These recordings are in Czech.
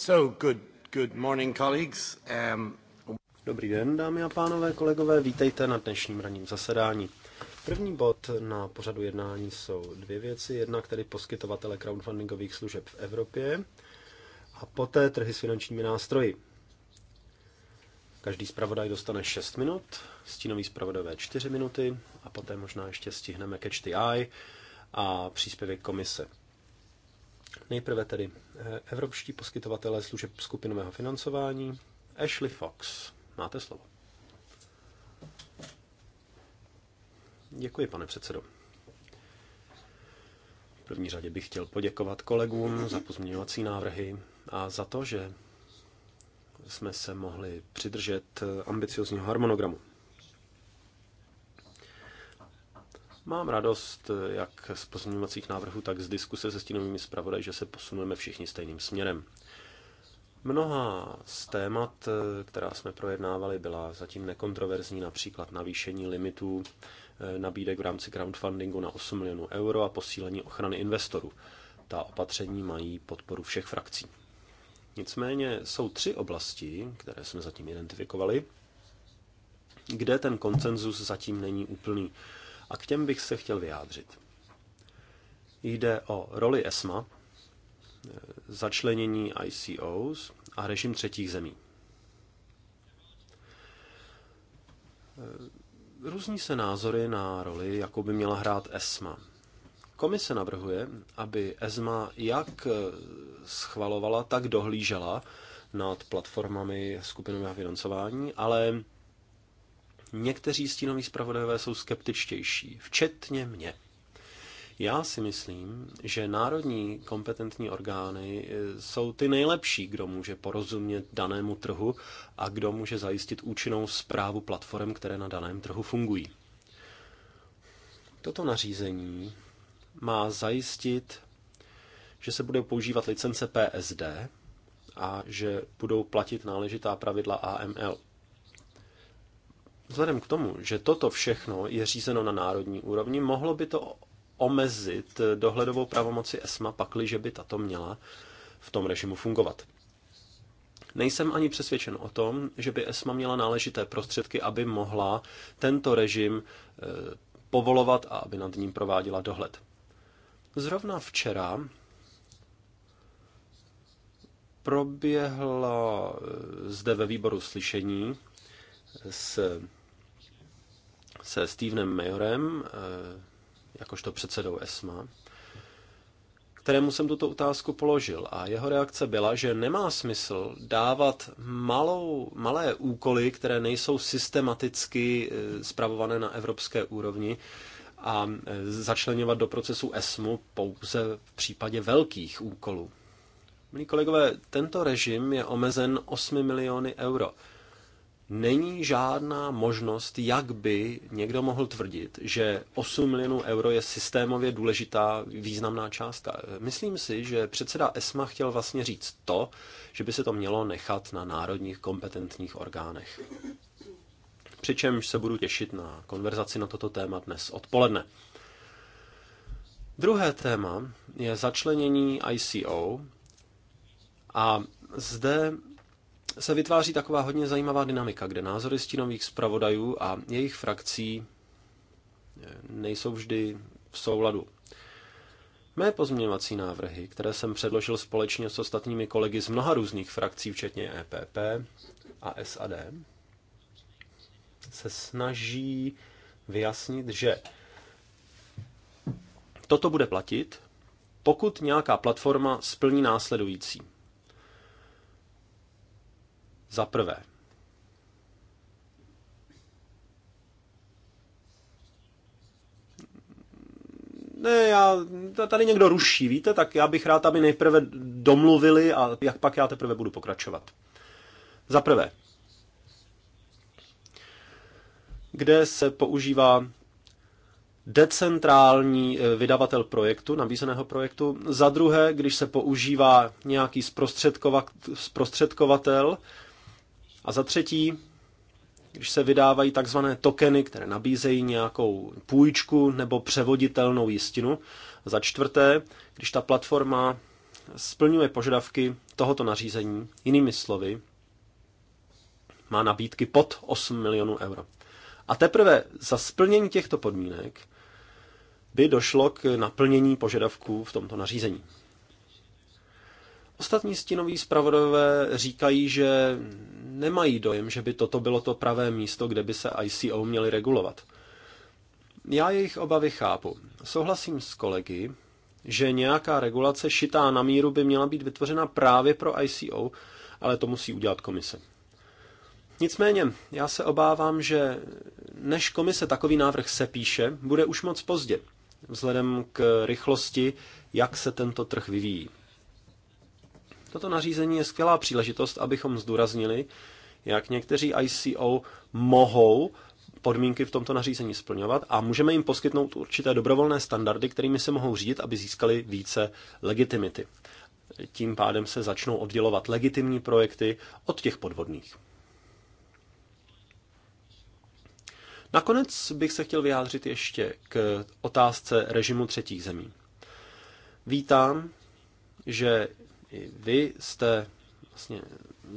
So, good, good morning, colleagues. Um... Dobrý den, dámy a pánové, kolegové, vítejte na dnešním ranním zasedání. První bod na pořadu jednání jsou dvě věci. Jedna, tedy poskytovatele crowdfundingových služeb v Evropě a poté trhy s finančními nástroji. Každý zpravodaj dostane 6 minut, stínový zpravodajové 4 minuty a poté možná ještě stihneme catch the eye a příspěvek komise. Nejprve tedy eh, evropští poskytovatelé služeb skupinového financování. Ashley Fox, máte slovo. Děkuji, pane předsedo. V první řadě bych chtěl poděkovat kolegům za pozměňovací návrhy a za to, že jsme se mohli přidržet eh, ambiciozního harmonogramu. Mám radost jak z pozměňovacích návrhů, tak z diskuse se stínovými zpravodaji, že se posuneme všichni stejným směrem. Mnoha z témat, která jsme projednávali, byla zatím nekontroverzní, například navýšení limitů eh, nabídek v rámci crowdfundingu na 8 milionů euro a posílení ochrany investorů. Ta opatření mají podporu všech frakcí. Nicméně jsou tři oblasti, které jsme zatím identifikovali, kde ten koncenzus zatím není úplný a k těm bych se chtěl vyjádřit. Jde o roli ESMA, eh, začlenění ICOs a režim třetích zemí. Eh, různí se názory na roli, jakou by měla hrát ESMA. Komise navrhuje, aby ESMA jak eh, schvalovala, tak dohlížela nad platformami skupinového financování, ale Někteří stínoví zpravodajové jsou skeptičtější, včetně mě. Já si myslím, že národní kompetentní orgány e, jsou ty nejlepší, kdo může porozumět danému trhu a kdo může zajistit účinnou zprávu platform, které na daném trhu fungují. Toto nařízení má zajistit, že se budou používat licence PSD a že budou platit náležitá pravidla AML. Vzhledem k tomu, že toto všechno je řízeno na národní úrovni, mohlo by to omezit dohledovou pravomoci ESMA, pakliže by tato měla v tom režimu fungovat. Nejsem ani přesvědčen o tom, že by ESMA měla náležité prostředky, aby mohla tento režim eh, povolovat a aby nad ním prováděla dohled. Zrovna včera proběhla eh, zde ve výboru slyšení s se Stevenem Mayorem, eh, jakožto předsedou ESMA, kterému jsem tuto otázku položil a jeho reakce byla, že nemá smysl dávat malou, malé úkoly, které nejsou systematicky zpravované eh, na evropské úrovni a eh, začlenovat do procesu ESMu pouze v případě velkých úkolů. Milí kolegové, tento režim je omezen 8 miliony euro není žádná možnost, jak by někdo mohl tvrdit, že 8 milionů euro je systémově důležitá významná částka. Myslím si, že předseda ESMA chtěl vlastně říct to, že by se to mělo nechat na národních kompetentních orgánech. Přičemž se budu těšit na konverzaci na toto téma dnes odpoledne. Druhé téma je začlenění ICO a zde se vytváří taková hodně zajímavá dynamika, kde názory stínových zpravodajů a jejich frakcí eh, nejsou vždy v souladu. Mé pozměňovací návrhy, které jsem předložil společně s ostatními kolegy z mnoha různých frakcí, včetně EPP a SAD, se snaží vyjasnit, že toto bude platit, pokud nějaká platforma splní následující. Za prvé, ne, já, tady někdo ruší, víte, tak já bych rád, aby nejprve domluvili a jak pak já teprve budu pokračovat. Za prvé, kde se používá decentrální eh, vydavatel projektu, nabízeného projektu. Za druhé, když se používá nějaký zprostředkovatel, a za třetí, když se vydávají takzvané tokeny, které nabízejí nějakou půjčku nebo převoditelnou jistinu. A za čtvrté, když ta platforma splňuje požadavky tohoto nařízení, jinými slovy, má nabídky pod 8 milionů euro. A teprve za splnění těchto podmínek by došlo k naplnění požadavků v tomto nařízení. Ostatní stínoví zpravodajové říkají, že nemají dojem, že by toto bylo to pravé místo, kde by se ICO měly regulovat. Já jejich obavy chápu. Souhlasím s kolegy, že nějaká regulace šitá na míru by měla být vytvořena právě pro ICO, ale to musí udělat komise. Nicméně, já se obávám, že než komise takový návrh sepíše, bude už moc pozdě, vzhledem k rychlosti, jak se tento trh vyvíjí. Toto nařízení je skvělá příležitost, abychom zdůraznili, jak někteří ICO mohou podmínky v tomto nařízení splňovat a můžeme jim poskytnout určité dobrovolné standardy, kterými se mohou řídit, aby získali více legitimity. Tím pádem se začnou oddělovat legitimní projekty od těch podvodných. Nakonec bych se chtěl vyjádřit ještě k otázce režimu třetích zemí. Vítám, že i vy jste vlastně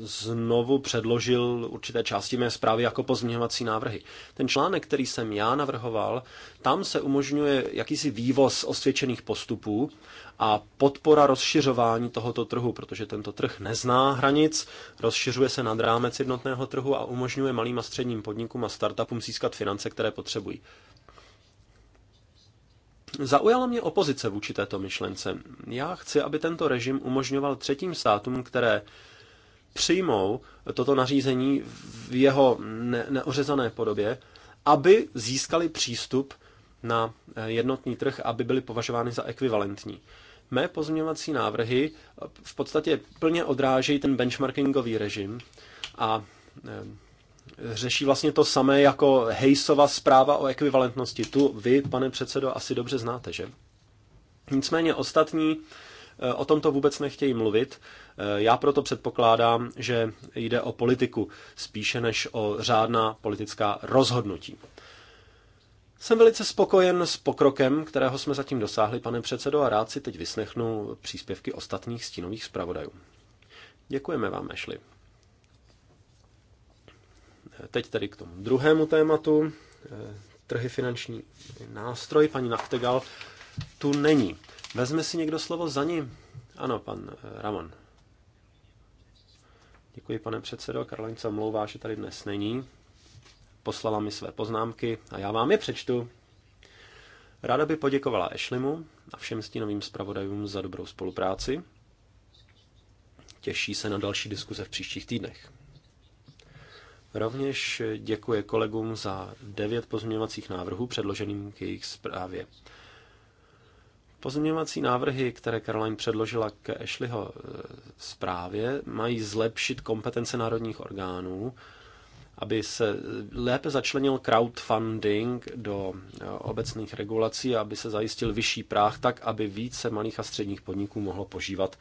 znovu předložil určité části mé zprávy jako pozměňovací návrhy. Ten článek, který jsem já navrhoval, tam se umožňuje jakýsi vývoz osvědčených postupů a podpora rozšiřování tohoto trhu, protože tento trh nezná hranic, rozšiřuje se nad rámec jednotného trhu a umožňuje malým a středním podnikům a startupům získat finance, které potřebují. Zaujala mě opozice vůči této myšlence. Já chci, aby tento režim umožňoval třetím státům, které přijmou toto nařízení v jeho ne- neořezané podobě, aby získali přístup na jednotný trh, aby byly považovány za ekvivalentní. Mé pozměňovací návrhy v podstatě plně odrážejí ten benchmarkingový režim a řeší vlastně to samé jako Hejsova zpráva o ekvivalentnosti. Tu vy, pane předsedo, asi dobře znáte, že? Nicméně ostatní eh, o tomto vůbec nechtějí mluvit. Eh, já proto předpokládám, že jde o politiku spíše než o řádná politická rozhodnutí. Jsem velice spokojen s pokrokem, kterého jsme zatím dosáhli, pane předsedo, a rád si teď vyslechnu příspěvky ostatních stínových zpravodajů. Děkujeme vám, Ashley. Teď tedy k tomu druhému tématu. Eh, trhy finanční nástroj, paní Naftegal, tu není. Vezme si někdo slovo za ní? Ano, pan eh, Ramon. Děkuji, pane předsedo. Karolín se omlouvá, že tady dnes není. Poslala mi své poznámky a já vám je přečtu. Ráda by poděkovala Ešlimu a všem stínovým zpravodajům za dobrou spolupráci. Těší se na další diskuze v příštích týdnech. Rovněž děkuje kolegům za devět pozměňovacích návrhů předloženým k jejich zprávě. Pozměňovací návrhy, které Caroline předložila k Ashleyho e, zprávě, mají zlepšit kompetence národních orgánů, aby se lépe začlenil crowdfunding do e, obecných regulací a aby se zajistil vyšší práh tak, aby více malých a středních podniků mohlo požívat e,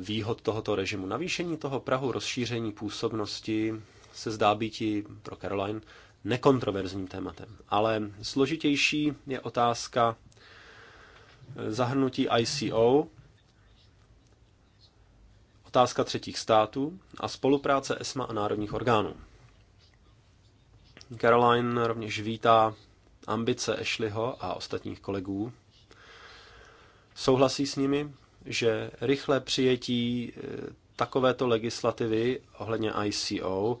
výhod tohoto režimu. Navýšení toho Prahu rozšíření působnosti se zdá být i pro Caroline nekontroverzním tématem. Ale složitější je otázka eh, zahrnutí ICO, otázka třetích států a spolupráce ESMA a národních orgánů. Caroline rovněž vítá ambice Ashleyho a ostatních kolegů. Souhlasí s nimi, že rychlé přijetí eh, takovéto legislativy ohledně ICO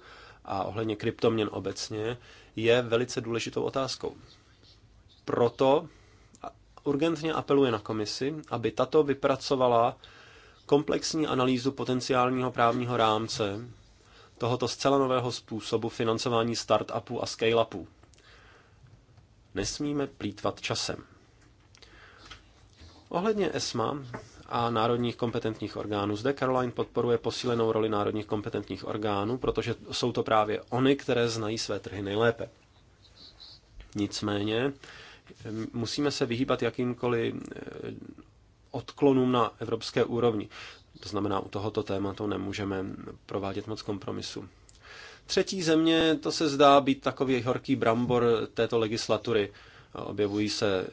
a ohledně kryptoměn obecně je velice důležitou otázkou. Proto urgentně apeluje na komisi, aby tato vypracovala komplexní analýzu potenciálního právního rámce tohoto zcela nového způsobu financování startupů a scale-upů. Nesmíme plítvat časem. Ohledně ESMA a národních kompetentních orgánů. Zde Caroline podporuje posílenou roli národních kompetentních orgánů, protože jsou to právě oni, které znají své trhy nejlépe. Nicméně musíme se vyhýbat jakýmkoliv e, odklonům na evropské úrovni. To znamená, u tohoto tématu nemůžeme provádět moc kompromisu. Třetí země, to se zdá být takový horký brambor této legislatury objevují se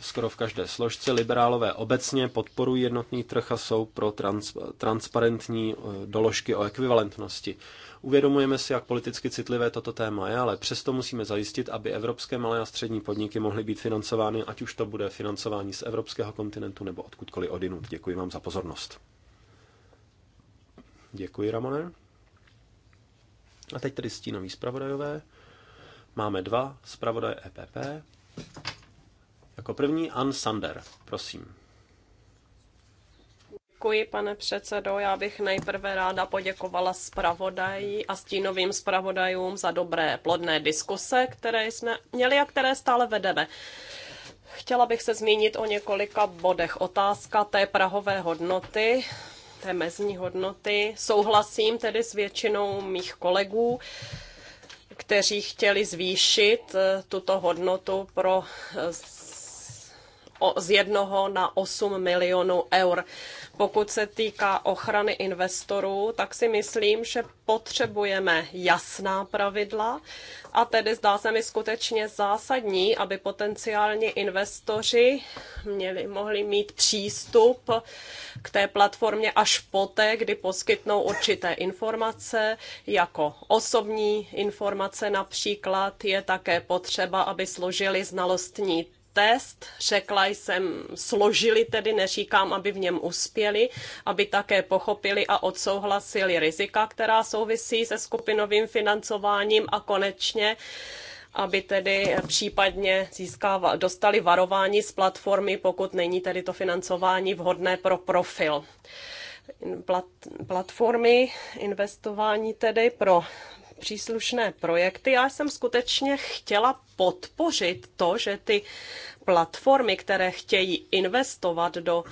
skoro v každé složce. Liberálové obecně podporují jednotný trh a jsou pro trans, transparentní eh, doložky o ekvivalentnosti. Uvědomujeme si, jak politicky citlivé toto téma je, ale přesto musíme zajistit, aby evropské malé a střední podniky mohly být financovány, ať už to bude financování z evropského kontinentu nebo odkudkoliv odinut. Děkuji vám za pozornost. Děkuji, Ramone. A teď tedy stínový zpravodajové. Máme dva zpravodaje EPP, jako první Ann Sander, prosím. Děkuji, pane předsedo. Já bych nejprve ráda poděkovala zpravodaji a stínovým zpravodajům za dobré plodné diskuse, které jsme měli a které stále vedeme. Chtěla bych se zmínit o několika bodech. Otázka té prahové hodnoty, té mezní hodnoty. Souhlasím tedy s většinou mých kolegů kteří chtěli zvýšit eh, tuto hodnotu pro eh, z jednoho na 8 milionů eur. Pokud se týká ochrany investorů, tak si myslím, že potřebujeme jasná pravidla a tedy zdá se mi skutečně zásadní, aby potenciální investoři měli, mohli mít přístup k té platformě až poté, kdy poskytnou určité informace, jako osobní informace například. Je také potřeba, aby složili znalostní test, řekla jsem, složili tedy, neříkám, aby v něm uspěli, aby také pochopili a odsouhlasili rizika, která souvisí se skupinovým financováním a konečně aby tedy případně získával dostali varování z platformy, pokud není tedy to financování vhodné pro profil. Plat, platformy investování tedy pro příslušné projekty. Já jsem skutečně chtěla podpořit to, že ty platformy, které chtějí investovat do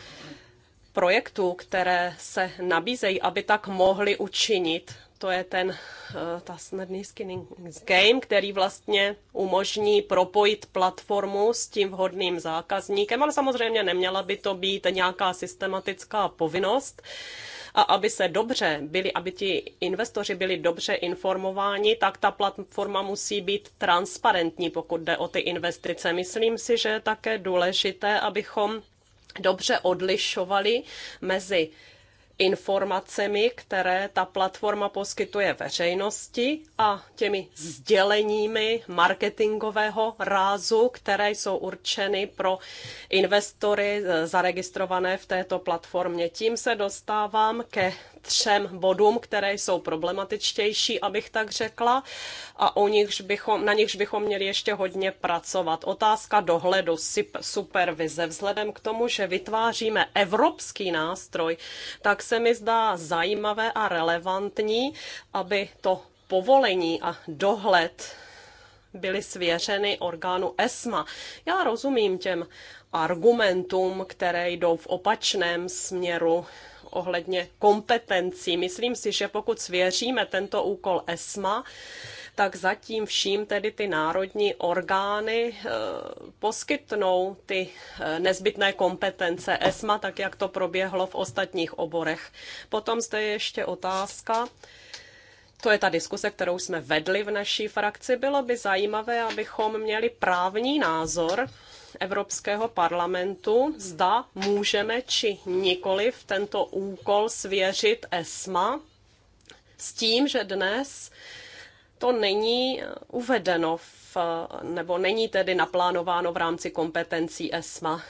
projektů, které se nabízejí, aby tak mohli učinit. To je ten eh, ta snadný skinning game, který vlastně umožní propojit platformu s tím vhodným zákazníkem, ale samozřejmě neměla by to být nějaká systematická povinnost a aby se dobře byli, aby ti investoři byli dobře informováni, tak ta platforma musí být transparentní, pokud jde o ty investice. Myslím si, že je také důležité, abychom dobře odlišovali mezi informacemi, které ta platforma poskytuje veřejnosti a těmi sděleními marketingového rázu, které jsou určeny pro investory eh, zaregistrované v této platformě. Tím se dostávám ke třem bodům, které jsou problematičtější, abych tak řekla, a u nichž bychom, na nichž bychom měli ještě hodně pracovat. Otázka dohledu, supervize. Vzhledem k tomu, že vytváříme evropský nástroj, tak se mi zdá zajímavé a relevantní, aby to povolení a dohled byly svěřeny orgánu ESMA. Já rozumím těm argumentům, které jdou v opačném směru ohledně kompetencí. Myslím si, že pokud svěříme tento úkol ESMA, tak zatím vším tedy ty národní orgány eh, poskytnou ty eh, nezbytné kompetence ESMA, tak jak to proběhlo v ostatních oborech. Potom zde je ještě otázka, to je ta diskuse, kterou jsme vedli v naší frakci. Bylo by zajímavé, abychom měli právní názor Evropského parlamentu, zda můžeme či nikoli v tento úkol svěřit ESMA s tím, že dnes to není eh, uvedeno v, eh, nebo není tedy naplánováno v rámci kompetencí ESMA.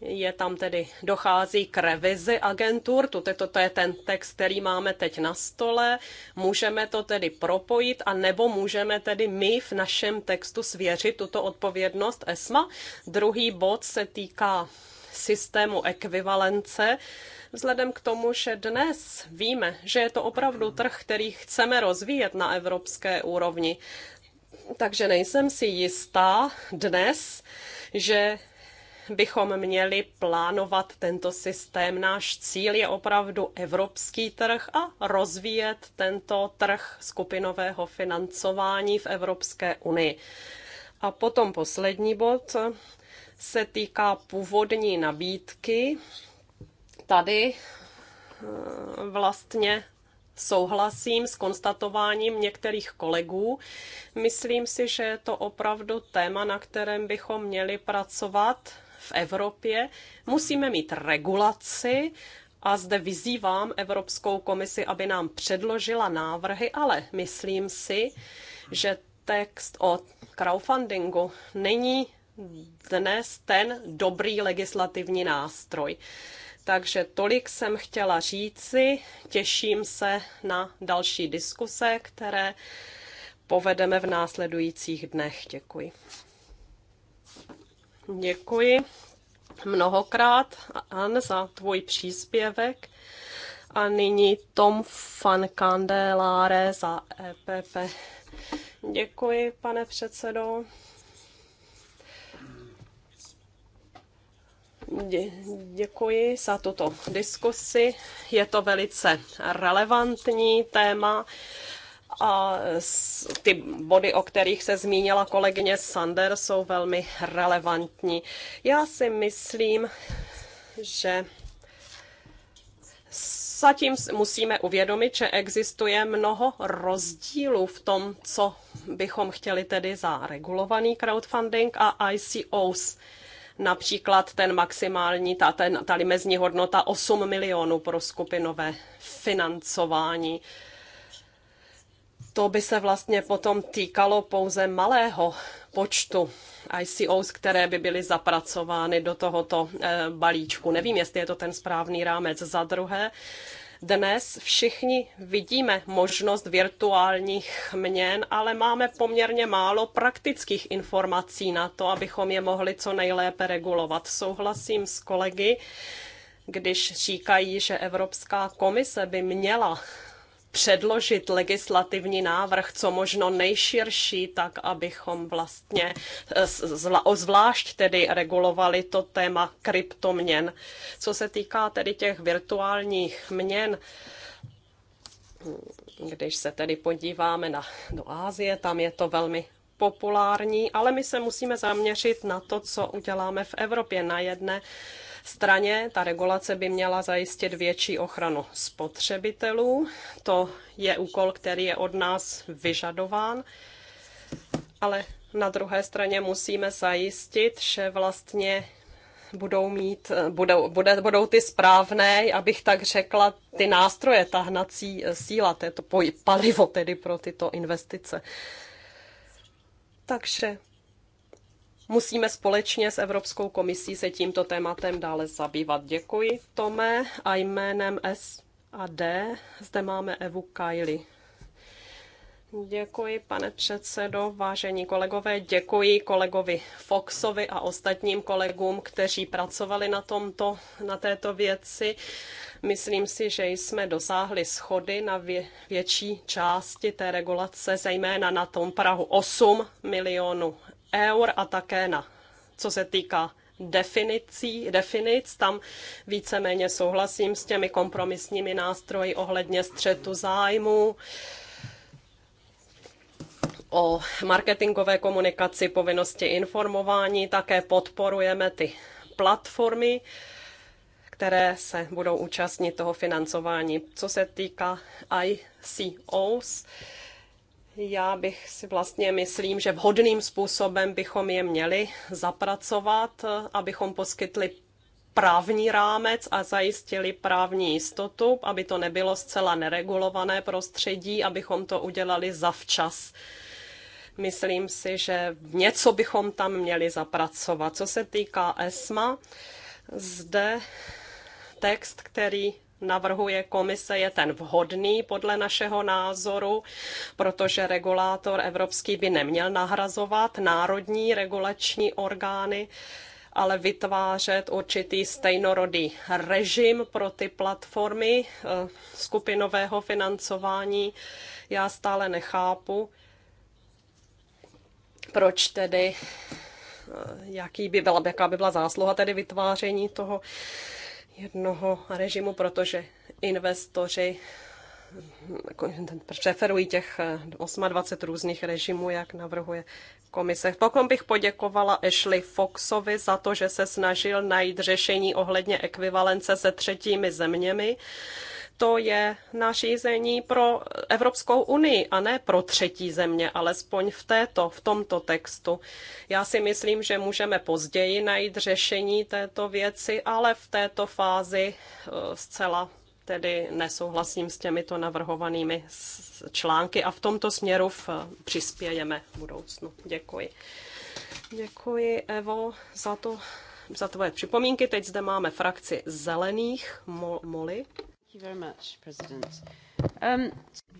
Je tam tedy, dochází k revizi agentur, to, to, to je ten text, který máme teď na stole, můžeme to tedy propojit a nebo můžeme tedy my v našem textu svěřit tuto odpovědnost ESMA. Druhý bod se týká systému ekvivalence. Uh, Vzhledem k tomu, že dnes víme, že je to opravdu trh, který chceme rozvíjet na evropské úrovni, takže nejsem si jistá dnes, že bychom měli plánovat tento systém. Náš cíl je opravdu evropský trh a rozvíjet tento trh skupinového financování v Evropské unii. A potom poslední bod se týká původní nabídky tady eh, vlastně souhlasím s konstatováním některých kolegů. Myslím si, že je to opravdu téma, na kterém bychom měli pracovat v Evropě. Musíme mít regulaci a zde vyzývám Evropskou komisi, aby nám předložila návrhy, ale myslím si, že text o crowdfundingu není dnes ten dobrý legislativní nástroj. Takže tolik jsem chtěla říci. Těším se na další diskuse, které povedeme v následujících dnech. Děkuji. Děkuji mnohokrát, An, za tvůj příspěvek. A nyní Tom van Candelare za EPP. Děkuji, pane předsedo. Dě, děkuji za tuto diskusi. Je to velice relevantní téma a ty body, o kterých se zmínila kolegyně Sander, jsou velmi relevantní. Já si myslím, že zatím musíme uvědomit, že existuje mnoho rozdílů v tom, co bychom chtěli tedy za regulovaný crowdfunding a ICOs. Například ten maximální, ta, ten, ta limezní hodnota 8 milionů pro skupinové financování. To by se vlastně potom týkalo pouze malého počtu ICOs, které by byly zapracovány do tohoto eh, balíčku. Nevím, jestli je to ten správný rámec. Za druhé, dnes všichni vidíme možnost virtuálních měn, ale máme poměrně málo praktických informací na to, abychom je mohli co nejlépe regulovat. Souhlasím s kolegy, když říkají, že Evropská komise by měla předložit legislativní návrh co možno nejširší, tak abychom vlastně eh, zvlášť tedy regulovali to téma kryptoměn. Co se týká tedy těch virtuálních měn, když se tedy podíváme na, do Ázie, tam je to velmi populární, ale my se musíme zaměřit na to, co uděláme v Evropě. Na jedné straně ta regulace by měla zajistit větší ochranu spotřebitelů. To je úkol, který je od nás vyžadován. Ale na druhé straně musíme zajistit, že vlastně budou mít, budou, bude, budou ty správné, abych tak řekla, ty nástroje, ta hnací síla, to je to palivo tedy pro tyto investice. Takže musíme společně s Evropskou komisí se tímto tématem dále zabývat. Děkuji, Tome, a jménem S a D zde máme Evu Kajli. Děkuji, pane předsedo, vážení kolegové. Děkuji kolegovi Foxovi a ostatním kolegům, kteří pracovali na, tomto, na této věci. Myslím si, že jsme dosáhli schody na vě, větší části té regulace, zejména na tom Prahu 8 milionů eur a také na, co se týká definicí, definic. Tam víceméně souhlasím s těmi kompromisními nástroji ohledně střetu zájmu o marketingové komunikaci, povinnosti informování. Také podporujeme ty platformy, které se budou účastnit toho financování. Co se týká ICOs, já bych si vlastně myslím, že vhodným způsobem bychom je měli zapracovat, abychom poskytli právní rámec a zajistili právní jistotu, aby to nebylo zcela neregulované prostředí, abychom to udělali zavčas. Myslím si, že něco bychom tam měli zapracovat. Co se týká ESMA, zde text, který navrhuje komise, je ten vhodný podle našeho názoru, protože regulátor evropský by neměl nahrazovat národní regulační orgány, ale vytvářet určitý stejnorodý režim pro ty platformy eh, skupinového financování. Já stále nechápu, proč tedy, eh, jaký by byla, jaká by byla zásluha tedy vytváření toho jednoho režimu, protože investoři mm, preferují těch 28 eh, různých režimů, jak navrhuje komise. Potom bych poděkovala Ashley Foxovi za to, že se snažil najít řešení ohledně ekvivalence se třetími zeměmi to je nařízení pro Evropskou unii a ne pro třetí země, alespoň v, této, v tomto textu. Já si myslím, že můžeme později najít řešení této věci, ale v této fázi eh, zcela tedy nesouhlasím s těmito navrhovanými články a v tomto směru v, přispějeme v budoucnu. Děkuji. Děkuji, Evo, za to za tvoje připomínky. Teď zde máme frakci zelených mo- moly. Um,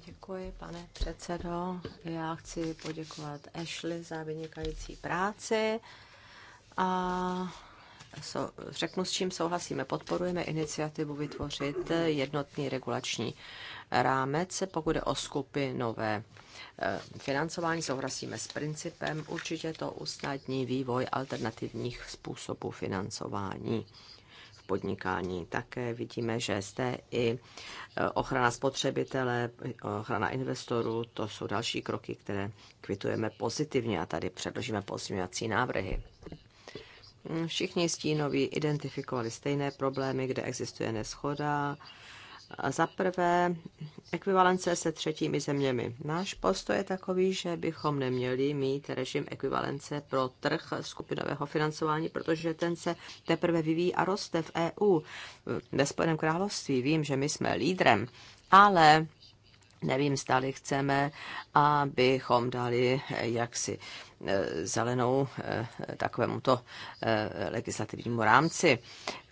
Děkuji, pane předsedo. Já chci poděkovat Ashley za vynikající práci a so, řeknu, s čím souhlasíme. Podporujeme iniciativu vytvořit jednotný regulační rámec, pokud je o skupinové eh, financování. Souhlasíme s principem, určitě to usnadní vývoj alternativních způsobů financování podnikání. Také vidíme, že zde i e, ochrana spotřebitele, ochrana investorů, to jsou další kroky, které kvitujeme pozitivně a tady předložíme pozměňovací návrhy. Všichni stínoví identifikovali stejné problémy, kde existuje neschoda, za prvé, ekvivalence se třetími zeměmi. Náš postoj je takový, že bychom neměli mít režim ekvivalence pro trh skupinového financování, protože ten se teprve vyvíjí a roste v EU. Ve Spojeném království vím, že my jsme lídrem, ale Nevím, stali chceme, abychom dali eh, jaksi eh, zelenou eh, takovému to legislativnímu rámci,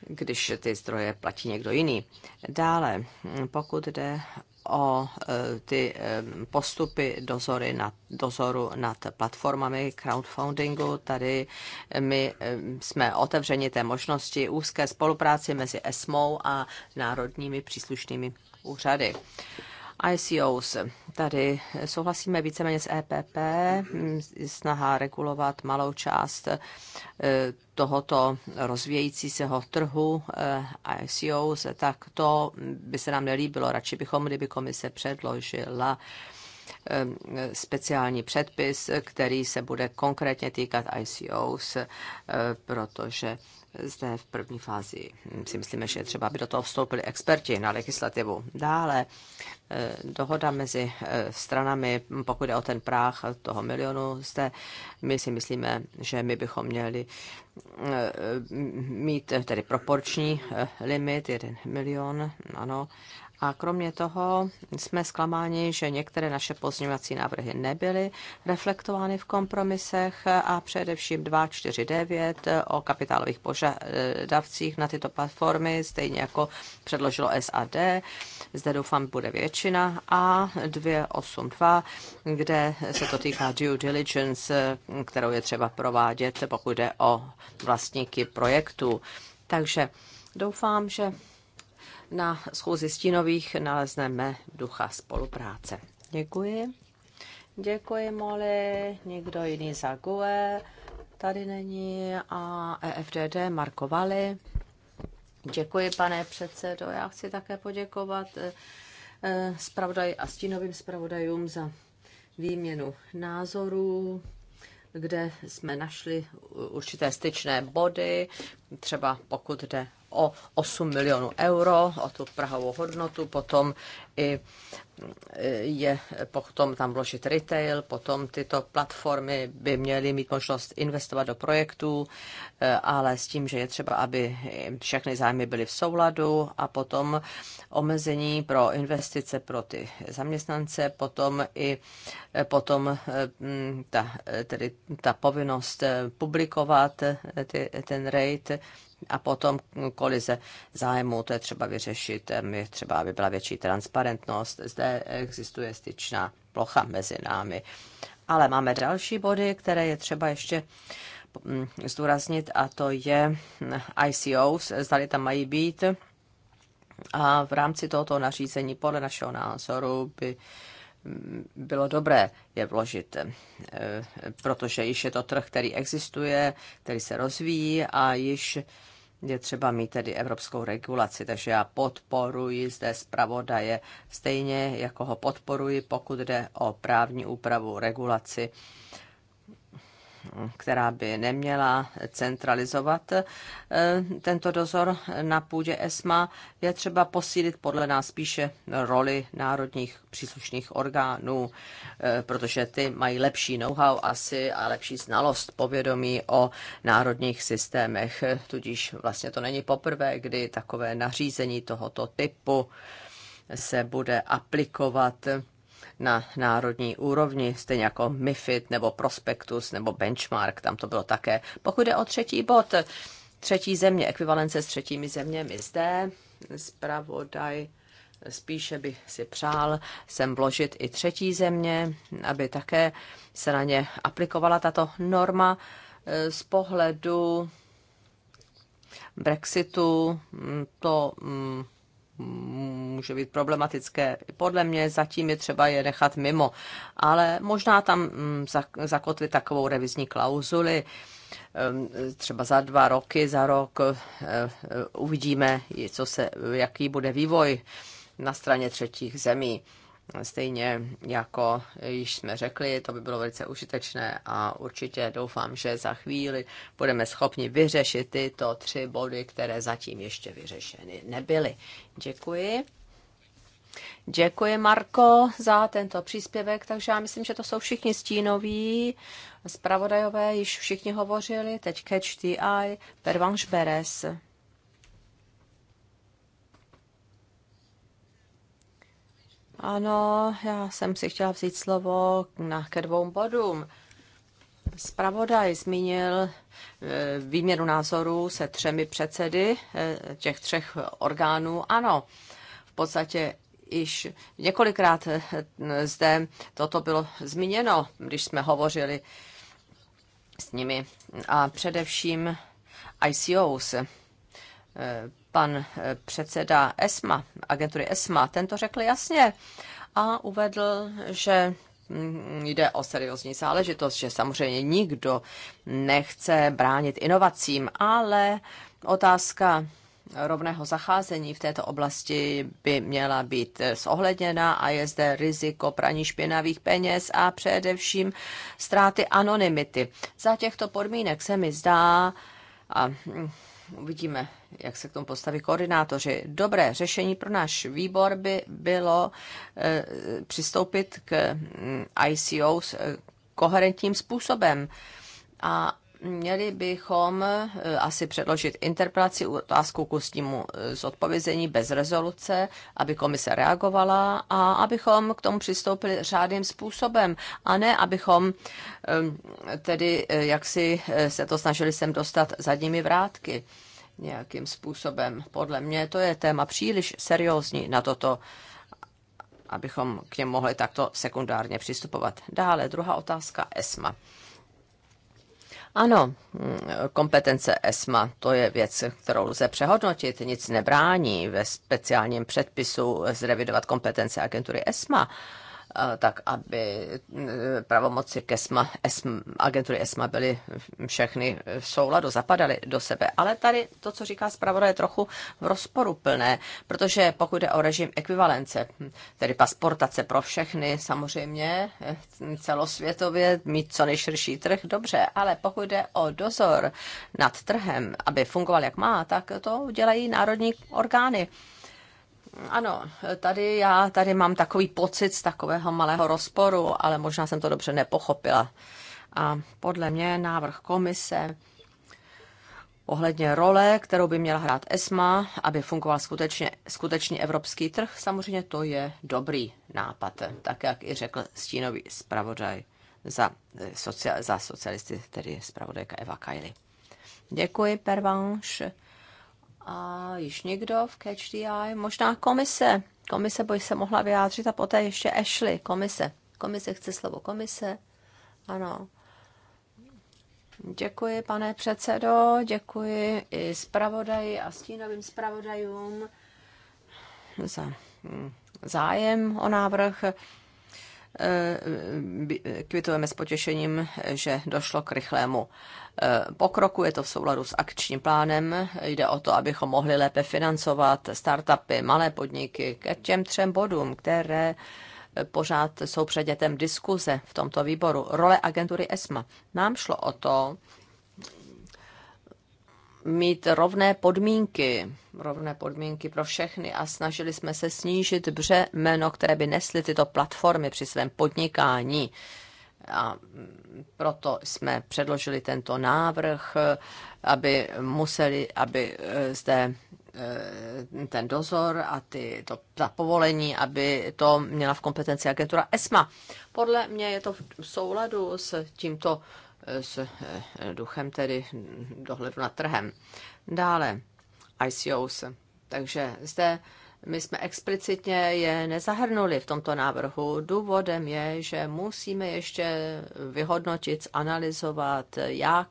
když ty zdroje platí někdo jiný. Dále, hm, pokud jde o ty postupy dozory nad, dozoru nad platformami crowdfundingu. Tady my jsme otevřeni té možnosti úzké spolupráci mezi ESMO a národními příslušnými úřady. ICOs. Tady souhlasíme víceméně s EPP, snaha regulovat malou část eh, tohoto rozvějící seho trhu eh, ICOs, tak to by se nám nelíbilo. Radši bychom, kdyby komise předložila eh, speciální předpis, který se bude konkrétně týkat ICOs, protože zde v první fázi si myslíme, že třeba by do toho vstoupili experti na legislativu. Dále eh, dohoda mezi eh, stranami, pokud je o ten práh toho milionu, zde my si myslíme, že my bychom měli eh, mít tedy proporční limit, jeden milion, ano, a kromě toho jsme zklamáni, že některé naše pozměňovací návrhy nebyly reflektovány v kompromisech a především 249 o kapitálových požadavcích na tyto platformy, stejně jako předložilo SAD. Zde doufám bude většina. A 282, kde se to týká due diligence, kterou je třeba provádět, pokud jde o vlastníky projektů. Takže doufám, že na schůzi stínových nalezneme ducha spolupráce. Děkuji. Děkuji, Molly. Někdo jiný za GUE tady není a EFDD Markovali. Děkuji, pane předsedo. Já chci také poděkovat spravodaj eh, a stínovým spravodajům za výměnu názorů, kde jsme našli určité styčné body, třeba pokud jde o 8 milionů euro, o tu prahovou hodnotu, potom i e, je potom tam vložit retail, potom tyto platformy by měly mít možnost investovat do projektů, e, ale s tím, že je třeba, aby všechny zájmy byly v souladu a potom omezení pro investice pro ty zaměstnance, potom i e, potom ta, tedy ta povinnost publikovat ty, ten rate a potom kolize zájmu, to je třeba vyřešit, je třeba, aby byla větší transparentnost. Zde existuje styčná plocha mezi námi. Ale máme další body, které je třeba ještě mm, zdůraznit, a to je mm, ICOs, zdali tam mají být. A v rámci tohoto nařízení, podle našeho názoru, by bylo dobré je vložit, eh, protože již je to trh, který existuje, který se rozvíjí a již je třeba mít tedy evropskou regulaci. Takže já podporuji zde zpravodaje stejně, jako ho podporuji, pokud jde o právní úpravu regulaci která by neměla centralizovat eh, tento dozor na půdě ESMA, je třeba posílit podle nás spíše roli národních příslušných orgánů, eh, protože ty mají lepší know-how asi a lepší znalost povědomí o národních systémech. Tudíž vlastně to není poprvé, kdy takové nařízení tohoto typu se bude aplikovat na národní úrovni, stejně jako MIFID nebo Prospektus nebo Benchmark, tam to bylo také. Pokud jde o třetí bod, třetí země, ekvivalence s třetími zeměmi zde, zpravodaj spíše by si přál sem vložit i třetí země, aby také se na ně aplikovala tato norma z pohledu Brexitu. Mm, to mm, může být problematické. Podle mě zatím je třeba je nechat mimo, ale možná tam mm, zakotvit takovou revizní klauzuli, mm, třeba za dva roky, za rok eh, eh, uvidíme, co se, jaký bude vývoj na straně třetích zemí. Stejně jako již jsme řekli, to by bylo velice užitečné a určitě doufám, že za chvíli budeme schopni vyřešit tyto tři body, které zatím ještě vyřešeny nebyly. Děkuji. Děkuji, Marko, za tento příspěvek. Takže já myslím, že to jsou všichni stínoví. Zpravodajové již všichni hovořili. Teď catch the eye. Pervanš Beres. Ano, já jsem si chtěla vzít slovo na, ke dvou bodům. Spravodaj zmínil e, výměnu názorů se třemi předsedy e, těch třech orgánů. Ano, v podstatě již několikrát e, zde toto bylo zmíněno, když jsme hovořili s nimi a především ICOs, pan eh, předseda ESMA, agentury ESMA, tento řekl jasně a uvedl, že mm, jde o seriózní záležitost, že samozřejmě nikdo nechce bránit inovacím, ale otázka rovného zacházení v této oblasti by měla být eh, zohledněna a je zde riziko praní špinavých peněz a především ztráty anonymity. Za těchto podmínek se mi zdá, a mm, uvidíme, jak se k tomu postaví koordinátoři. Dobré řešení pro náš výbor by bylo eh, přistoupit k mm, ICO s eh, koherentním způsobem. A měli bychom eh, asi předložit interpelaci, otázku k ústnímu zodpovězení bez rezoluce, aby komise reagovala a abychom k tomu přistoupili řádným způsobem a ne, abychom tedy jaksi se to snažili sem dostat zadními vrátky nějakým způsobem. Podle mě to je téma příliš seriózní na toto, abychom k něm mohli takto sekundárně přistupovat. Dále druhá otázka ESMA. Ano, mm, kompetence ESMA, to je věc, kterou lze přehodnotit. Nic nebrání ve speciálním předpisu zrevidovat kompetence agentury ESMA. Eh, tak aby eh, pravomoci ESMA, ESM, agentury ESMA byly všechny v souladu, zapadaly do sebe. Ale tady to, co říká zpravodaj, je trochu v rozporu plné, protože pokud jde o režim ekvivalence, tedy pasportace pro všechny, samozřejmě eh, celosvětově mít co nejširší trh, dobře, ale pokud jde o dozor nad trhem, aby fungoval jak má, tak to dělají národní orgány ano, tady já tady mám takový pocit z takového malého rozporu, ale možná jsem to dobře nepochopila. A podle mě návrh komise ohledně role, kterou by měla hrát ESMA, aby fungoval skutečně, skutečně evropský trh, samozřejmě to je dobrý nápad, tak jak i řekl stínový zpravodaj za, eh, za socialisty, tedy zpravodajka Eva Kajli. Děkuji, Pervanš. A již někdo v Catch the Eye, možná komise. Komise by se mohla vyjádřit a poté ještě Ashley, komise. Komise chce slovo komise. Ano. Děkuji, pane předsedo, děkuji i zpravodaji a stínovým zpravodajům za hm, zájem o návrh. Eh, eh, kvitujeme s potěšením, že došlo k rychlému eh, pokroku, je to v souladu s akčním plánem, jde o to, abychom mohli lépe financovat startupy, malé podniky ke těm třem bodům, které pořád jsou předmětem diskuze v tomto výboru. Role agentury ESMA. Nám šlo o to, mít rovné podmínky, rovné podmínky pro všechny a snažili jsme se snížit břemeno, které by nesly tyto platformy při svém podnikání. A proto jsme předložili tento návrh, aby museli, aby eh, zde eh, ten dozor a ty, to, ta povolení, aby to měla v kompetenci agentura ESMA. Podle mě je to v souladu s tímto s eh, duchem tedy dohledu nad trhem. Dále ICOs. Takže zde my jsme explicitně je nezahrnuli v tomto návrhu. Důvodem je, že musíme ještě vyhodnotit, analyzovat, jak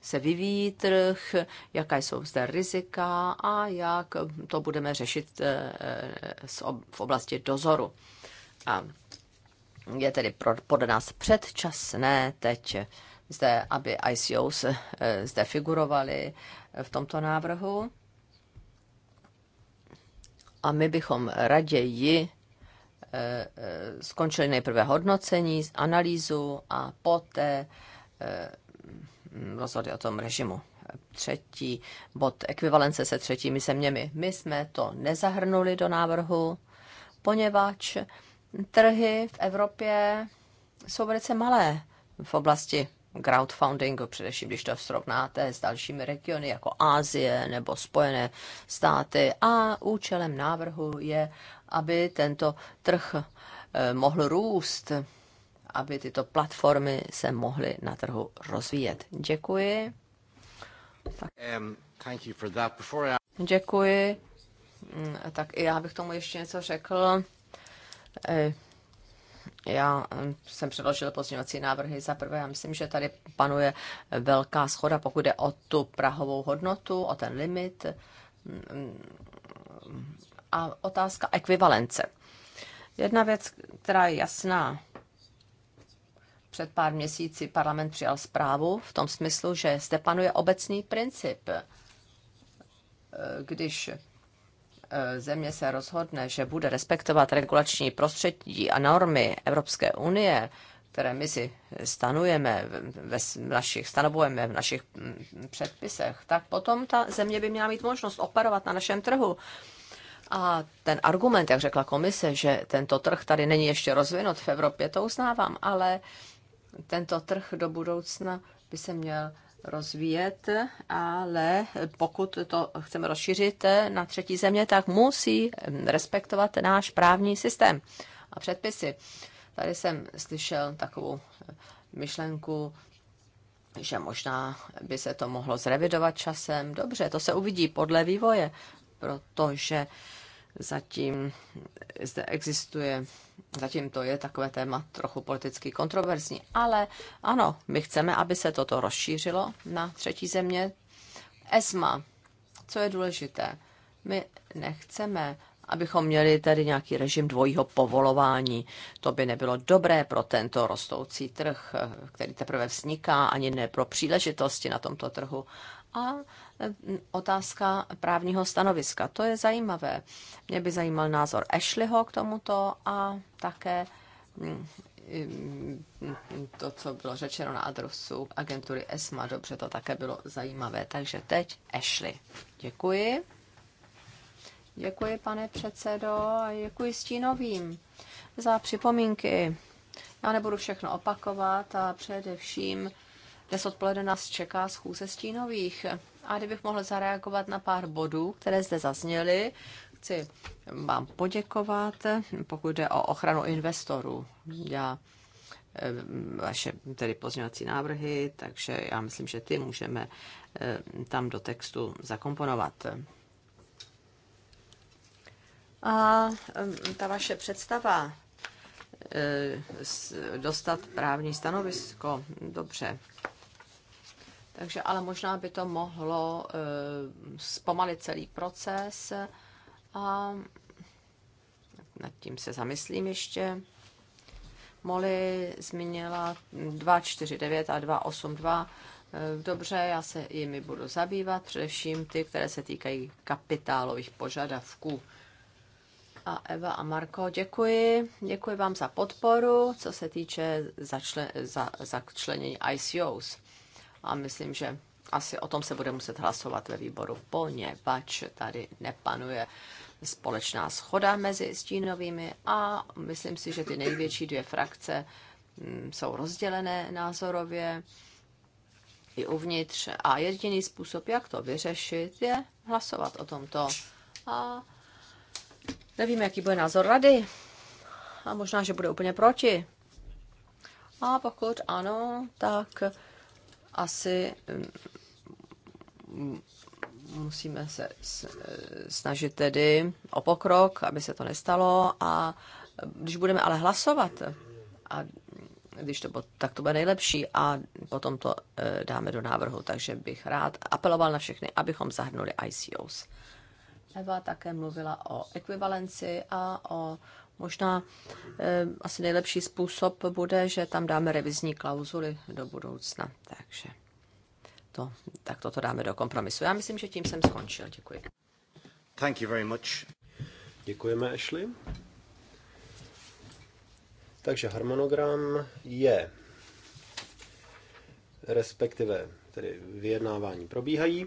se vyvíjí trh, jaká jsou zde rizika a jak to budeme řešit eh, v oblasti dozoru. A je tedy pro, pod nás předčasné teď zde, aby ICOs eh, zde figurovaly eh, v tomto návrhu. A my bychom raději eh, skončili nejprve hodnocení, analýzu a poté rozhodli o tom režimu. Třetí bod ekvivalence se třetími zeměmi. My jsme to nezahrnuli do návrhu, poněvadž trhy v Evropě jsou velice malé v oblasti crowdfundingu, především když to srovnáte s dalšími regiony jako Ázie nebo Spojené státy. A účelem návrhu je, aby tento trh eh, mohl růst, aby tyto platformy se mohly na trhu rozvíjet. Děkuji. Um, I... Děkuji. Mm, tak i já bych tomu ještě něco řekl. E, já mm, jsem předložil pozměňovací návrhy. Za prvé, já myslím, že tady panuje velká schoda, pokud jde o tu prahovou hodnotu, o ten limit mm, a otázka ekvivalence. Jedna věc, která je jasná, před pár měsíci parlament přijal zprávu v tom smyslu, že zde panuje obecný princip, e, když Eh, země se rozhodne, že bude respektovat regulační prostředí a normy Evropské unie, které my si stanujeme, ve našich, stanovujeme v našich mm, předpisech, tak potom ta země by měla mít možnost operovat na našem trhu. A ten argument, jak řekla komise, že tento trh tady není ještě rozvinut v Evropě, to uznávám, ale tento trh do budoucna by se měl rozvíjet, ale pokud to chceme rozšířit na třetí země, tak musí respektovat náš právní systém a předpisy. Tady jsem slyšel takovou myšlenku, že možná by se to mohlo zrevidovat časem. Dobře, to se uvidí podle vývoje, protože zatím zde existuje, zatím to je takové téma trochu politicky kontroverzní, ale ano, my chceme, aby se toto rozšířilo na třetí země. ESMA, co je důležité, my nechceme, abychom měli tady nějaký režim dvojího povolování. To by nebylo dobré pro tento rostoucí trh, který teprve vzniká, ani ne pro příležitosti na tomto trhu. A otázka právního stanoviska. To je zajímavé. Mě by zajímal názor Ashleyho k tomuto a také mm, mm, to, co bylo řečeno na adresu agentury ESMA. Dobře, to také bylo zajímavé. Takže teď Ashley. Děkuji. Děkuji, pane předsedo, a děkuji stínovým za připomínky. Já nebudu všechno opakovat a především dnes odpoledne nás čeká schůze stínových. A kdybych mohl zareagovat na pár bodů, které zde zazněly, chci vám poděkovat, pokud jde o ochranu investorů. Já eh, vaše tedy pozměňovací návrhy, takže já myslím, že ty můžeme eh, tam do textu zakomponovat. A eh, ta vaše představa dostat právní stanovisko, dobře, takže ale možná by to mohlo eh, zpomalit celý proces a nad tím se zamyslím ještě. Molly zmínila 249 a 282. Eh, dobře, já se jimi budu zabývat, především ty, které se týkají kapitálových požadavků. A Eva a Marko, děkuji. Děkuji vám za podporu, co se týče začle, za, začlenění ICOs a myslím, že asi o tom se bude muset hlasovat ve výboru, poněvadž tady nepanuje společná schoda mezi stínovými a myslím si, že ty největší dvě frakce mm, jsou rozdělené názorově i uvnitř a jediný způsob, jak to vyřešit, je hlasovat o tomto. A nevím, jaký bude názor rady a možná, že bude úplně proti. A pokud ano, tak asi mm, mm, musíme se snažit tedy o pokrok, aby se to nestalo a když budeme ale hlasovat a když to bude, tak to bude nejlepší a potom to e, dáme do návrhu, takže bych rád apeloval na všechny, abychom zahrnuli ICOs. Eva také mluvila o ekvivalenci a o Možná eh, asi nejlepší způsob bude, že tam dáme revizní klauzuly do budoucna. Takže to, tak toto dáme do kompromisu. Já myslím, že tím jsem skončil. Děkuji. Thank you very much. Děkujeme, Ashley. Takže harmonogram je, respektive tedy vyjednávání probíhají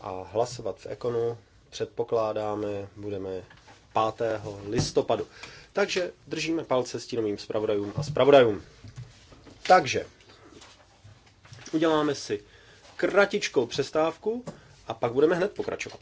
a hlasovat v ekonu předpokládáme, budeme 5. listopadu. Takže držíme palce stínovým zpravodajům a zpravodajům. Takže uděláme si kratičkou přestávku a pak budeme hned pokračovat.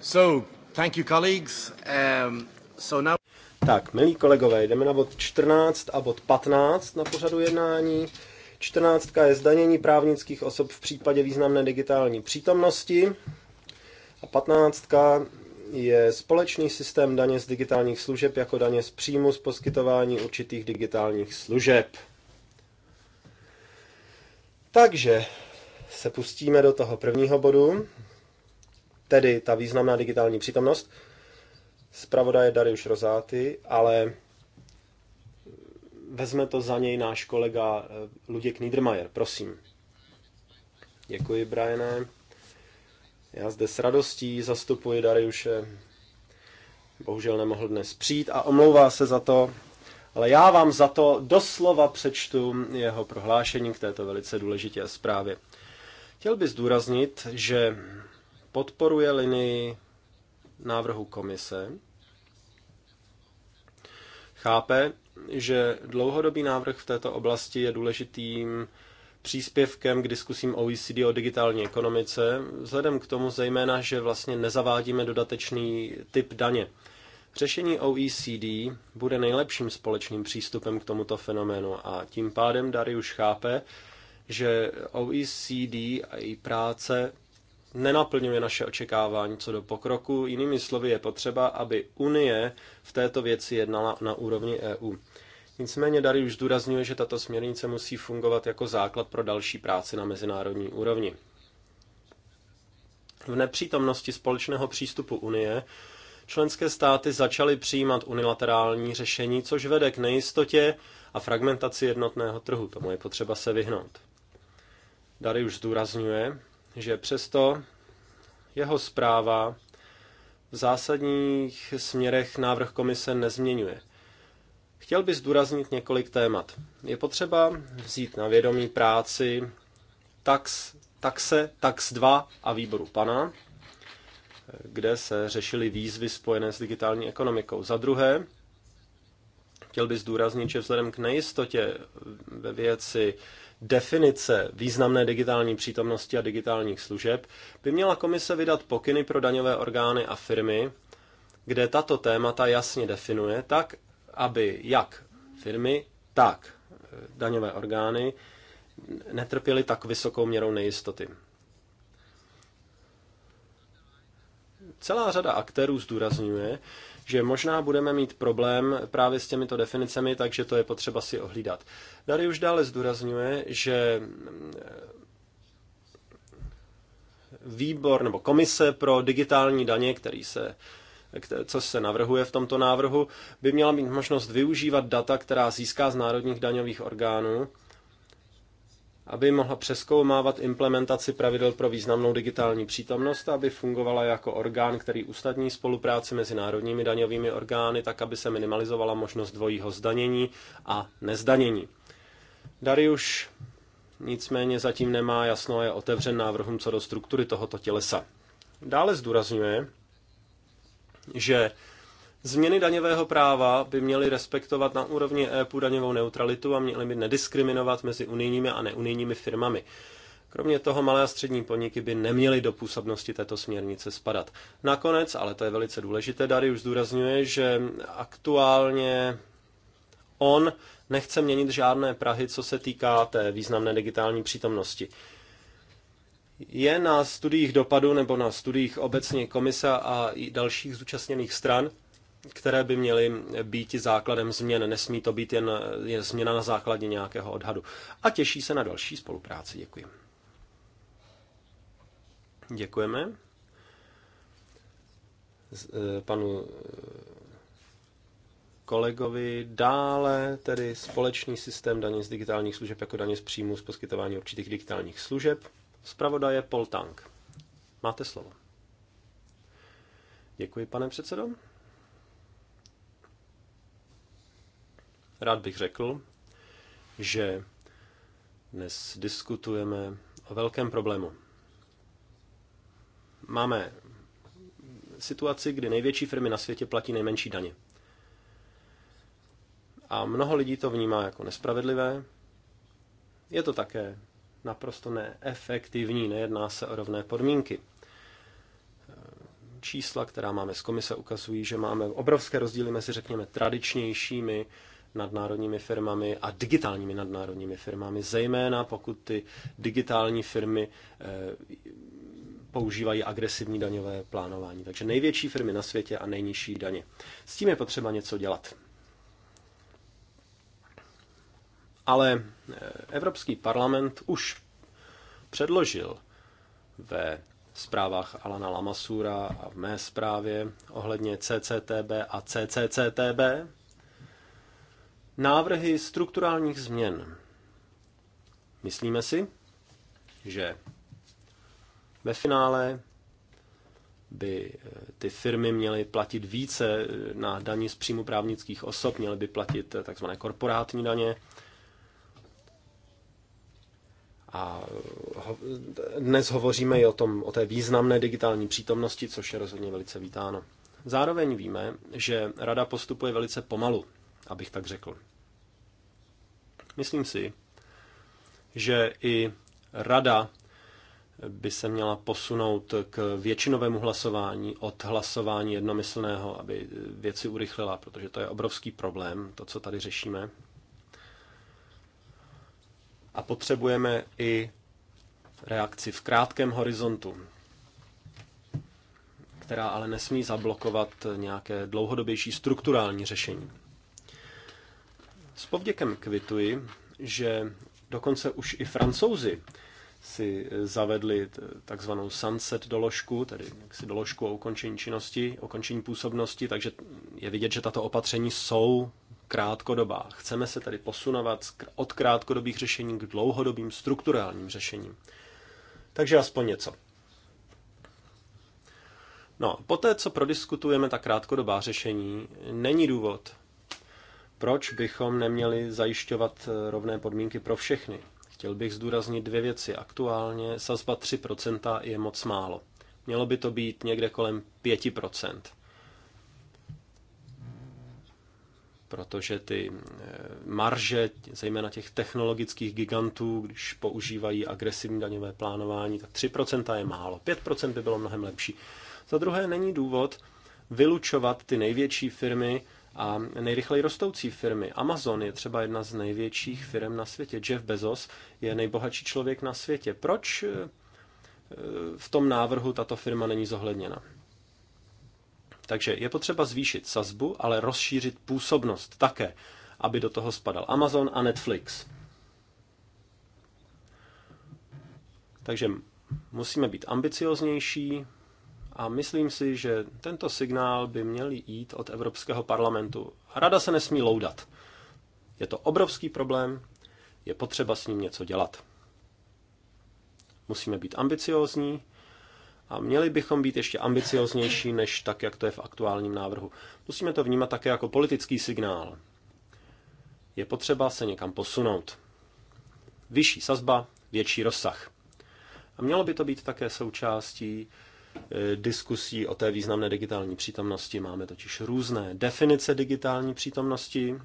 So, thank you colleagues. Um, so now... Tak, milí kolegové, jdeme na bod 14 a bod 15 na pořadu jednání. 14 je zdanění právnických osob v případě významné digitální přítomnosti. A 15 je společný systém daně z digitálních služeb jako daně z příjmu z poskytování určitých digitálních služeb. Takže se pustíme do toho prvního bodu, tedy ta významná digitální přítomnost. Zpravodaj je Darius Rozáty, ale vezme to za něj náš kolega eh, Luděk Niedermayer. Prosím. Děkuji, Brianne. Já zde s radostí zastupuji Dariuše. Bohužel nemohl dnes přijít a omlouvá se za to, ale já vám za to doslova přečtu jeho prohlášení k této velice důležité zprávě. Chtěl bych zdůraznit, že podporuje linii návrhu komise, chápe, že dlouhodobý návrh v této oblasti je důležitým příspěvkem k diskusím OECD o digitální ekonomice, vzhledem k tomu zejména, že vlastně nezavádíme dodatečný typ daně. Řešení OECD bude nejlepším společným přístupem k tomuto fenoménu a tím pádem Dary už chápe, že OECD a její práce nenaplňuje naše očekávání co do pokroku. Jinými slovy je potřeba, aby Unie v této věci jednala na úrovni EU. Nicméně Dary už zdůrazňuje, že tato směrnice musí fungovat jako základ pro další práci na mezinárodní úrovni. V nepřítomnosti společného přístupu Unie členské státy začaly přijímat unilaterální řešení, což vede k nejistotě a fragmentaci jednotného trhu. Tomu je potřeba se vyhnout. Dary už zdůrazňuje, že přesto jeho zpráva v zásadních směrech návrh komise nezměňuje. Chtěl bych zdůraznit několik témat. Je potřeba vzít na vědomí práci tax, taxe, tax 2 a výboru pana, kde se řešily výzvy spojené s digitální ekonomikou. Za druhé, chtěl bych zdůraznit, že vzhledem k nejistotě ve věci definice významné digitální přítomnosti a digitálních služeb by měla komise vydat pokyny pro daňové orgány a firmy, kde tato témata jasně definuje tak, aby jak firmy, tak eh, daňové orgány netrpěly tak vysokou měrou nejistoty. Celá řada aktérů zdůrazňuje, že možná budeme mít problém právě s těmito definicemi, takže to je potřeba si ohlídat. Dary už dále zdůrazňuje, že mm, výbor nebo komise pro digitální daně, který se co se navrhuje v tomto návrhu, by měla mít možnost využívat data, která získá z národních daňových orgánů aby mohla přeskoumávat implementaci pravidel pro významnou digitální přítomnost, aby fungovala jako orgán, který usnadní spolupráci mezi národními daňovými orgány, tak aby se minimalizovala možnost dvojího zdanění a nezdanění. Darius nicméně zatím nemá jasno a je otevřen návrhům co do struktury tohoto tělesa. Dále zdůrazňuje, že Změny daňového práva by měly respektovat na úrovni EU daňovou neutralitu a měly by nediskriminovat mezi unijními a neunijními firmami. Kromě toho malé a střední podniky by neměly do působnosti této směrnice spadat. Nakonec, ale to je velice důležité, Dary už zdůrazňuje, že aktuálně on nechce měnit žádné Prahy, co se týká té významné digitální přítomnosti. Je na studiích dopadu nebo na studiích obecně Komise a i dalších zúčastněných stran, které by měly být základem změn. Nesmí to být jen je změna na základě nějakého odhadu. A těší se na další spolupráci. Děkuji. Děkujeme e, panu e, kolegovi. Dále tedy společný systém daně z digitálních služeb jako daně z příjmu z poskytování určitých digitálních služeb. Zpravodaje Poltank. Máte slovo. Děkuji, pane předsedo. Rád bych řekl, že dnes diskutujeme o velkém problému. Máme situaci, kdy největší firmy na světě platí nejmenší daně. A mnoho lidí to vnímá jako nespravedlivé. Je to také naprosto neefektivní, nejedná se o rovné podmínky. Čísla, která máme z komise, ukazují, že máme obrovské rozdíly mezi, řekněme, tradičnějšími nadnárodními firmami a digitálními nadnárodními firmami, zejména pokud ty digitální firmy eh, používají agresivní daňové plánování. Takže největší firmy na světě a nejnižší daně. S tím je potřeba něco dělat. Ale eh, Evropský parlament už předložil ve zprávách Alana Lamasura a v mé zprávě ohledně CCTB a CCCTB návrhy strukturálních změn. Myslíme si, že ve finále by eh, ty firmy měly platit více eh, na daní z příjmu právnických osob, měly by platit eh, takzvané korporátní daně. A dnes hovoříme i o, tom, o té významné digitální přítomnosti, což je rozhodně velice vítáno. Zároveň víme, že rada postupuje velice pomalu abych tak řekl. Myslím si, že i rada by se měla posunout k většinovému hlasování od hlasování jednomyslného, aby věci urychlila, protože to je obrovský problém, to, co tady řešíme. A potřebujeme i reakci v krátkém horizontu, která ale nesmí zablokovat nějaké dlouhodobější strukturální řešení. S povděkem kvituji, že dokonce už i francouzi si eh, zavedli eh, takzvanou sunset doložku, tedy si doložku o ukončení činnosti, o ukončení působnosti, takže je vidět, že tato opatření jsou krátkodobá. Chceme se tedy posunovat od krátkodobých řešení k dlouhodobým strukturálním řešením. Takže aspoň něco. No, poté, co prodiskutujeme ta krátkodobá řešení, není důvod, proč bychom neměli zajišťovat eh, rovné podmínky pro všechny? Chtěl bych zdůraznit dvě věci. Aktuálně sazba 3% je moc málo. Mělo by to být někde kolem 5%. Protože ty eh, marže, zejména těch technologických gigantů, když používají agresivní daňové plánování, tak 3% je málo. 5% by bylo mnohem lepší. Za druhé, není důvod vylučovat ty největší firmy, a nejrychleji rostoucí firmy. Amazon je třeba jedna z největších firm na světě. Jeff Bezos je nejbohatší člověk na světě. Proč eh, v tom návrhu tato firma není zohledněna? Takže je potřeba zvýšit sazbu, ale rozšířit působnost také, aby do toho spadal Amazon a Netflix. Takže musíme být ambicioznější, a myslím si, že tento signál by měl jít od Evropského parlamentu. Rada se nesmí loudat. Je to obrovský problém, je potřeba s ním něco dělat. Musíme být ambiciózní a měli bychom být ještě ambicióznější než tak, jak to je v aktuálním návrhu. Musíme to vnímat také jako politický signál. Je potřeba se někam posunout. Vyšší sazba, větší rozsah. A mělo by to být také součástí Eh, diskusí o té významné digitální přítomnosti. Máme totiž různé definice digitální přítomnosti.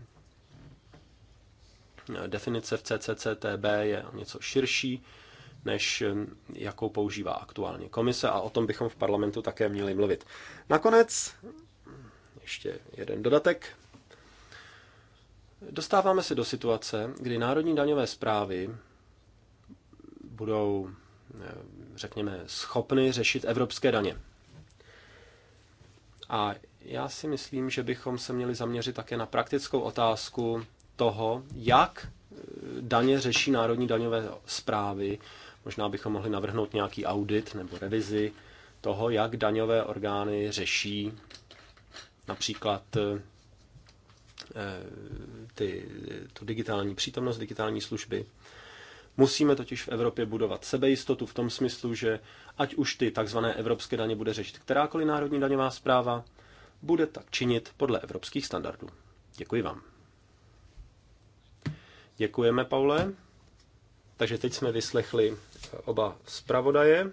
Eh, definice v CCCTB je něco širší, než eh, jakou používá aktuálně komise a o tom bychom v parlamentu také měli mluvit. Nakonec ještě jeden dodatek. Dostáváme se do situace, kdy národní daňové zprávy budou Eh, řekněme, schopny řešit evropské daně. A já si myslím, že bychom se měli zaměřit také na praktickou otázku toho, jak eh, daně řeší národní daňové zprávy. Možná bychom mohli navrhnout nějaký audit nebo revizi toho, jak daňové orgány řeší například eh, ty, tu digitální přítomnost, digitální služby Musíme totiž v Evropě budovat sebejistotu v tom smyslu, že ať už ty takzvané evropské daně bude řešit kterákoliv národní daňová zpráva, bude tak činit podle evropských standardů. Děkuji vám. Děkujeme, Paule. Takže teď jsme vyslechli eh, oba zpravodaje.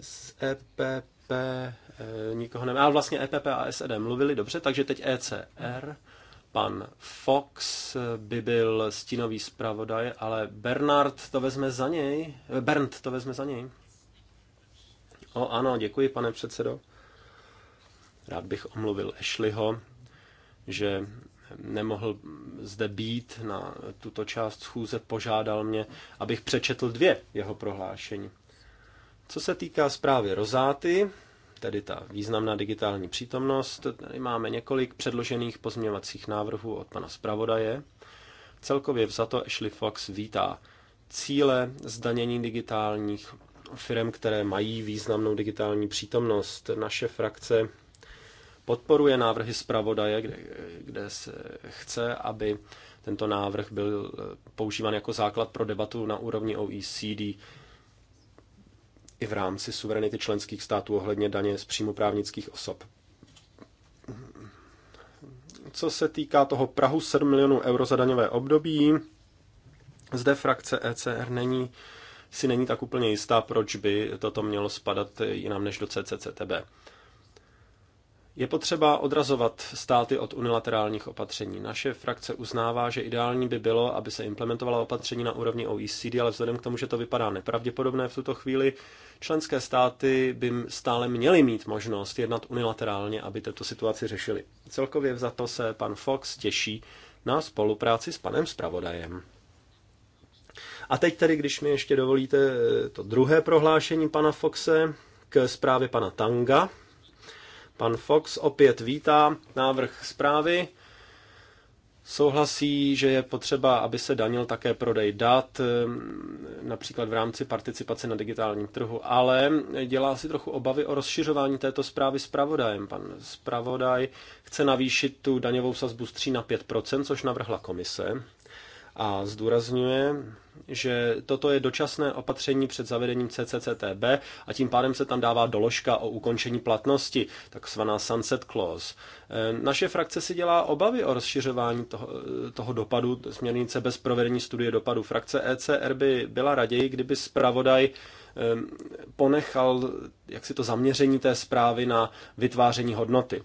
Z EPP eh, nikoho nemá. A vlastně EPP a SED mluvili dobře, takže teď ECR pan Fox by byl stínový zpravodaj, ale Bernard to vezme za něj. Bernd to vezme za něj. O ano, děkuji, pane předsedo. Rád bych omluvil Ashleyho, že nemohl zde být na tuto část schůze, požádal mě, abych přečetl dvě jeho prohlášení. Co se týká zprávy Rozáty, tedy ta významná digitální přítomnost. Tady máme několik předložených pozměňovacích návrhů od pana zpravodaje. Celkově vzato Ashley Fox vítá cíle zdanění digitálních firm, které mají významnou digitální přítomnost. Naše frakce podporuje návrhy zpravodaje, kde, kde se chce, aby tento návrh byl používán jako základ pro debatu na úrovni OECD i v rámci suverenity členských států ohledně daně z příjmu právnických osob. Co se týká toho Prahu 7 milionů euro za daňové období, zde frakce ECR není, si není tak úplně jistá, proč by toto mělo spadat jinam než do CCCTB. Je potřeba odrazovat státy od unilaterálních opatření. Naše frakce uznává, že ideální by bylo, aby se implementovala opatření na úrovni OECD, ale vzhledem k tomu, že to vypadá nepravděpodobné v tuto chvíli, členské státy by stále měly mít možnost jednat unilaterálně, aby tuto situaci řešili. Celkově za to se pan Fox těší na spolupráci s panem Spravodajem. A teď tedy, když mi ještě dovolíte eh, to druhé prohlášení pana Foxe k zprávě pana Tanga, Pan Fox opět vítá návrh zprávy. Souhlasí, že je potřeba, aby se danil také prodej dat, eh, například v rámci participace na digitálním trhu, ale dělá si trochu obavy o rozšiřování této zprávy pravodajem. Pan zpravodaj chce navýšit tu daňovou sazbu z 3 na 5 což navrhla komise a zdůrazňuje, že toto je dočasné opatření před zavedením CCCTB a tím pádem se tam dává doložka o ukončení platnosti, takzvaná sunset clause. E, naše frakce si dělá obavy o rozšiřování toho, toho dopadu směrnice bez provedení studie dopadu. Frakce ECR by byla raději, kdyby zpravodaj e, ponechal jak si to zaměření té zprávy na vytváření hodnoty.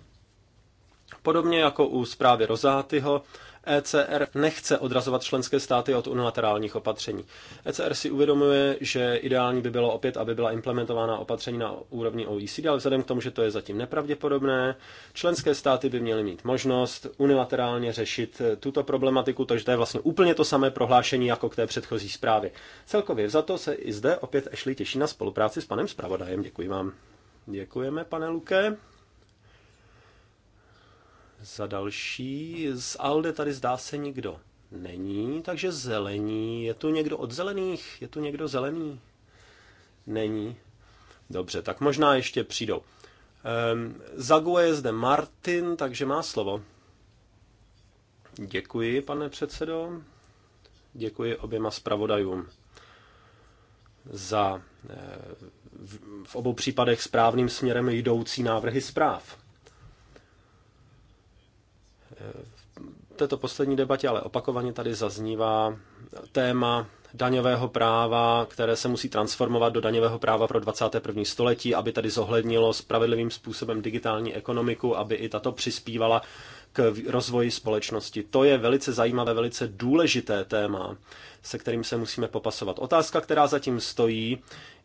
Podobně jako u zprávy Rozátyho, ECR nechce odrazovat členské státy od unilaterálních opatření. ECR si uvědomuje, že ideální by bylo opět, aby byla implementována opatření na úrovni OECD, ale vzhledem k tomu, že to je zatím nepravděpodobné, členské státy by měly mít možnost unilaterálně řešit e, tuto problematiku, takže to je vlastně úplně to samé prohlášení jako k té předchozí zprávě. Celkově za to se i zde opět Ashley těší na spolupráci s panem zpravodajem. Děkuji vám. Děkujeme, pane Luke. Za další, z ALDE tady zdá se nikdo není, takže zelení. Je tu někdo od zelených? Je tu někdo zelený? Není. Dobře, tak možná ještě přijdou. Um, ehm, zaguje je zde Martin, takže má slovo. Děkuji, pane předsedo. Děkuji oběma zpravodajům za eh, v obou případech správným směrem jdoucí návrhy zpráv. V této poslední debatě ale opakovaně tady zaznívá téma daňového práva, které se musí transformovat do daňového práva pro 21. století, aby tady zohlednilo spravedlivým způsobem digitální ekonomiku, aby i tato přispívala k rozvoji společnosti. To je velice zajímavé, velice důležité téma, se kterým se musíme popasovat. Otázka, která zatím stojí,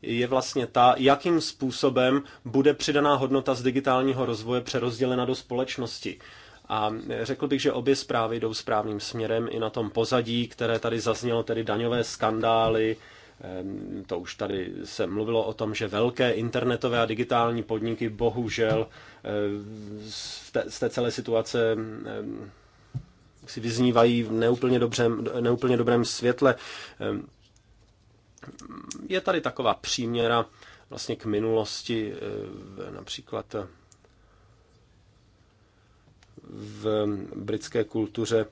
je vlastně ta, jakým způsobem bude přidaná hodnota z digitálního rozvoje přerozdělena do společnosti. A řekl bych, že obě zprávy jdou správným směrem i na tom pozadí, které tady zaznělo, tedy daňové skandály, to už tady se mluvilo o tom, že velké internetové a digitální podniky bohužel eh, z té celé situace si vyznívají v neúplně, dobřem, neúplně dobrém světle. Je tady taková příměra vlastně k minulosti, eh, například eh, v britské kultuře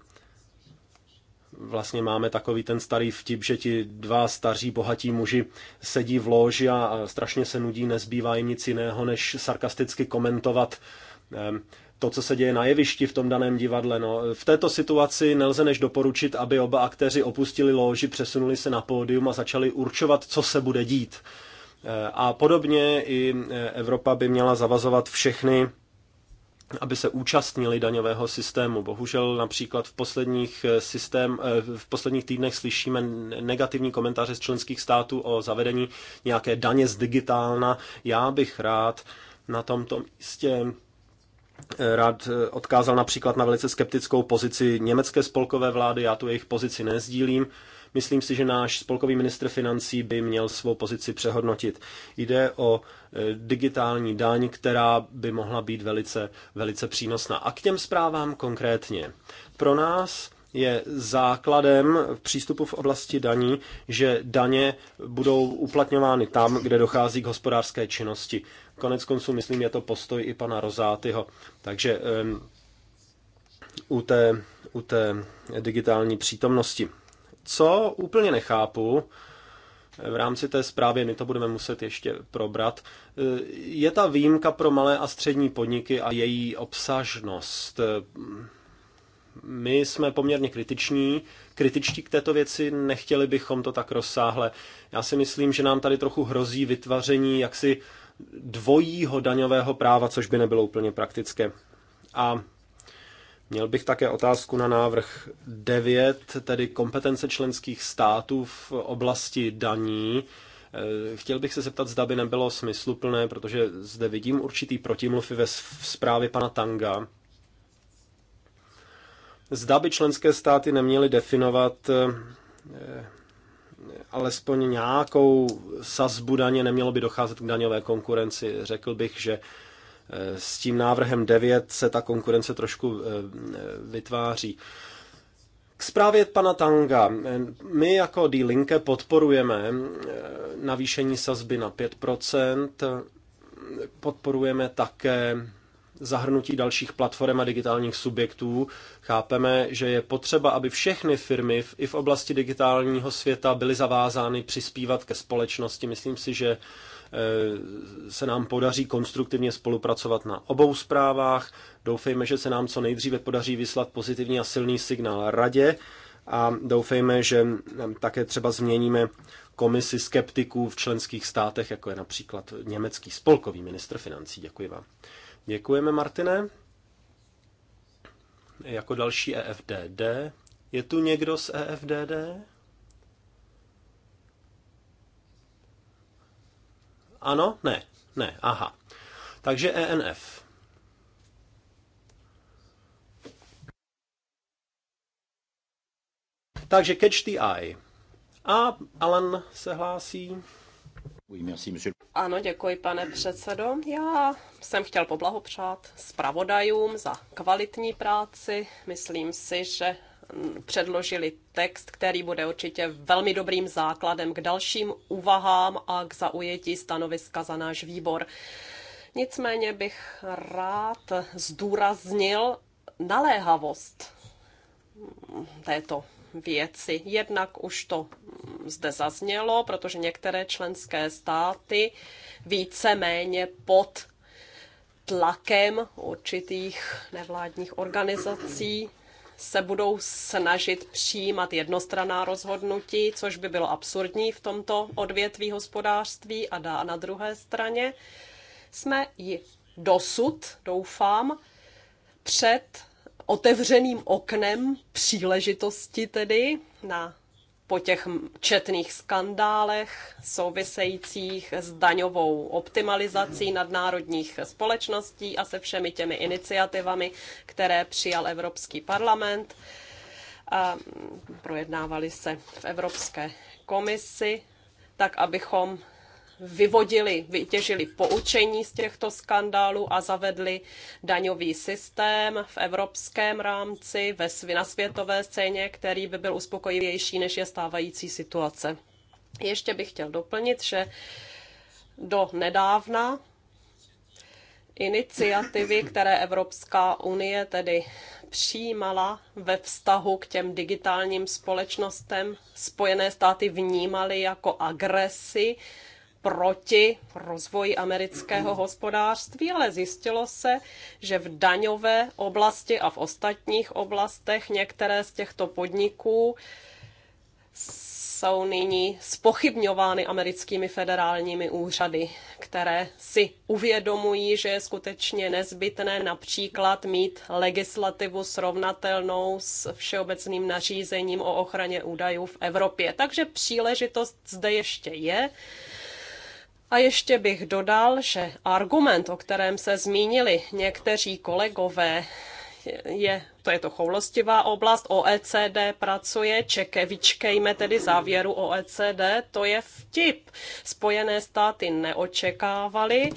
vlastně máme takový ten starý vtip, že ti dva staří bohatí muži sedí v loži a strašně se nudí, nezbývá jim nic jiného, než sarkasticky komentovat to, co se děje na jevišti v tom daném divadle. No, v této situaci nelze než doporučit, aby oba aktéři opustili loži, přesunuli se na pódium a začali určovat, co se bude dít. E, a podobně i e, Evropa by měla zavazovat všechny aby se účastnili daňového systému. Bohužel například v posledních, eh, systém, eh, v posledních týdnech slyšíme negativní komentáře z členských států o zavedení nějaké daně z digitálna. Já bych rád na tomto místě eh, rád odkázal například na velice skeptickou pozici německé spolkové vlády, já tu jejich pozici nezdílím. Myslím si, že náš spolkový ministr financí by měl svou pozici přehodnotit. Jde o e, digitální daň, která by mohla být velice, velice přínosná. A k těm zprávám konkrétně. Pro nás je základem v přístupu v oblasti daní, že daně budou uplatňovány tam, kde dochází k hospodářské činnosti. Konec konců, myslím, je to postoj i pana Rozátyho. Takže um, u, té, u té digitální přítomnosti. Co úplně nechápu, v rámci té zprávy my to budeme muset ještě probrat. Je ta výjimka pro malé a střední podniky a její obsažnost. My jsme poměrně kritiční, kritičtí k této věci, nechtěli bychom to tak rozsáhle. Já si myslím, že nám tady trochu hrozí vytvaření jaksi dvojího daňového práva, což by nebylo úplně praktické. A Měl bych také otázku na návrh 9, tedy kompetence členských států v oblasti daní. Eh, chtěl bych se zeptat, zda by nebylo smysluplné, protože zde vidím určitý protimluv ve zprávě pana Tanga. Zda by členské státy neměly definovat eh, eh, alespoň nějakou sazbu daně, nemělo by docházet k daňové konkurenci. Řekl bych, že Eh, s tím návrhem 9 se ta konkurence trošku eh, vytváří. K zprávě pana Tanga. My jako d linke podporujeme eh, navýšení sazby na 5%, podporujeme také zahrnutí dalších platform a digitálních subjektů. Chápeme, že je potřeba, aby všechny firmy v, i v oblasti digitálního světa byly zavázány přispívat ke společnosti. Myslím si, že se nám podaří konstruktivně spolupracovat na obou zprávách. Doufejme, že se nám co nejdříve podaří vyslat pozitivní a silný signál radě a doufejme, že také třeba změníme komisi skeptiků v členských státech, jako je například německý spolkový ministr financí. Děkuji vám. Děkujeme, Martine. Jako další EFDD. Je tu někdo z EFDD? Ano? Ne. Ne. Aha. Takže ENF. Takže catch the eye. A Alan se hlásí. Ano, děkuji, pane předsedo. Já jsem chtěl poblahopřát zpravodajům za kvalitní práci. Myslím si, že předložili text, který bude určitě velmi dobrým základem k dalším úvahám a k zaujetí stanoviska za náš výbor. Nicméně bych rád zdůraznil naléhavost této věci. Jednak už to zde zaznělo, protože některé členské státy více-méně pod tlakem určitých nevládních organizací se budou snažit přijímat jednostranná rozhodnutí, což by bylo absurdní v tomto odvětví hospodářství a dá na druhé straně. Jsme ji dosud, doufám, před otevřeným oknem příležitosti tedy na po těch četných skandálech souvisejících s daňovou optimalizací nadnárodních společností a se všemi těmi iniciativami, které přijal Evropský parlament. A mm, projednávali se v Evropské komisi, tak abychom vyvodili, vytěžili poučení z těchto skandálů a zavedli daňový systém v evropském rámci ve, na světové scéně, který by byl uspokojivější, než je stávající situace. Ještě bych chtěl doplnit, že do nedávna iniciativy, které Evropská unie tedy přijímala ve vztahu k těm digitálním společnostem, Spojené státy vnímaly jako agresi proti rozvoji amerického hospodářství, ale zjistilo se, že v daňové oblasti a v ostatních oblastech některé z těchto podniků jsou nyní spochybňovány americkými federálními úřady, které si uvědomují, že je skutečně nezbytné například mít legislativu srovnatelnou s všeobecným nařízením o ochraně údajů v Evropě. Takže příležitost zde ještě je a ještě bych dodal, že argument, o kterém se zmínili někteří kolegové, je to je to choulostivá oblast, OECD pracuje, čeke, vyčkejme tedy závěru OECD, to je vtip. Spojené státy neočekávali,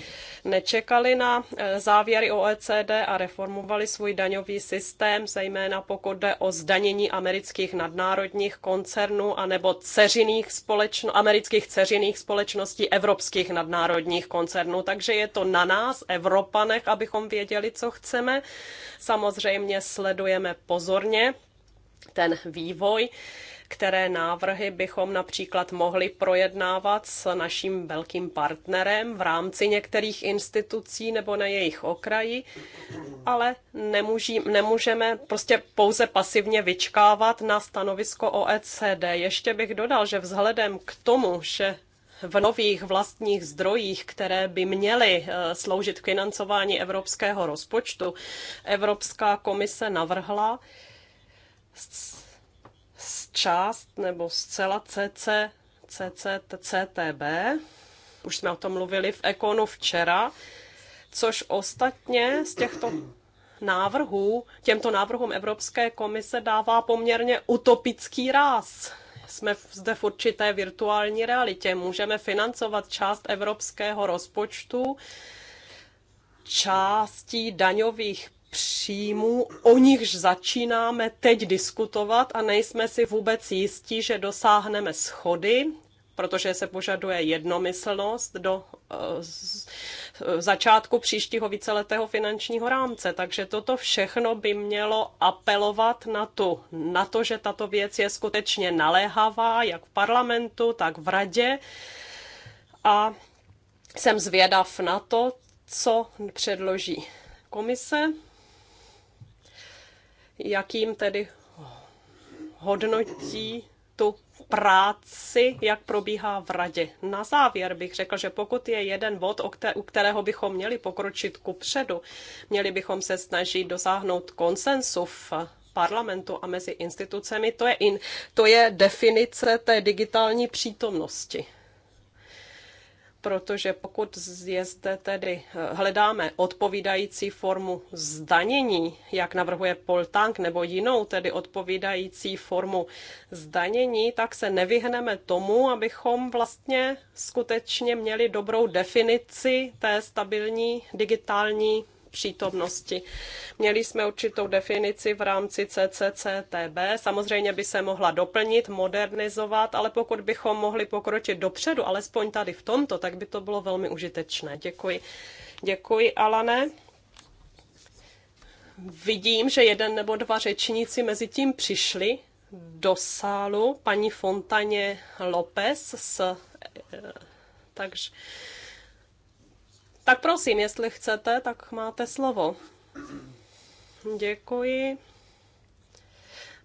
nečekali na e, závěry OECD a reformovali svůj daňový systém, zejména pokud jde o zdanění amerických nadnárodních koncernů anebo ceřiných společno, amerických ceřiných společností evropských nadnárodních koncernů. Takže je to na nás, Evropanech, abychom věděli, co chceme. Samozřejmě sledujeme sledujeme pozorně ten vývoj, které návrhy bychom například mohli projednávat s naším velkým partnerem v rámci některých institucí nebo na jejich okraji, ale nemůži, nemůžeme prostě pouze pasivně vyčkávat na stanovisko OECD. Ještě bych dodal, že vzhledem k tomu, že v nových vlastních zdrojích, které by měly eh, sloužit k financování evropského rozpočtu, Evropská komise navrhla z část nebo zcela CC, CC, CTB, už jsme o tom mluvili v Ekonu včera, což ostatně z těchto návrhů, těmto návrhům Evropské komise dává poměrně utopický ráz jsme zde v určité virtuální realitě. Můžeme financovat část evropského rozpočtu částí daňových příjmů, o nichž začínáme teď diskutovat a nejsme si vůbec jistí, že dosáhneme schody, protože se požaduje jednomyslnost do eh, Eh, začátku příštího víceletého finančního rámce. Takže toto všechno by mělo apelovat na, tu, na to, že tato věc je skutečně naléhavá, jak v parlamentu, tak v radě. A jsem zvědav na to, co předloží komise, jakým tedy hodnotí tu práci, jak probíhá v radě. Na závěr bych řekl, že pokud je jeden bod, u kterého bychom měli pokročit ku předu, měli bychom se snažit dosáhnout konsensu v parlamentu a mezi institucemi, to je, in, to je definice té digitální přítomnosti protože pokud je zde tedy eh, hledáme odpovídající formu zdanění, jak navrhuje Poltank, nebo jinou tedy odpovídající formu zdanění, tak se nevyhneme tomu, abychom vlastně skutečně měli dobrou definici té stabilní digitální přítomnosti. Měli jsme určitou definici v rámci CCCTB, samozřejmě by se mohla doplnit, modernizovat, ale pokud bychom mohli pokročit dopředu, alespoň tady v tomto, tak by to bylo velmi užitečné. Děkuji. Děkuji, Alane vidím, že jeden nebo dva řečníci mezi tím přišli do sálu, paní Fontaně López, s, eh, takže tak prosím, jestli chcete, tak máte slovo. Děkuji.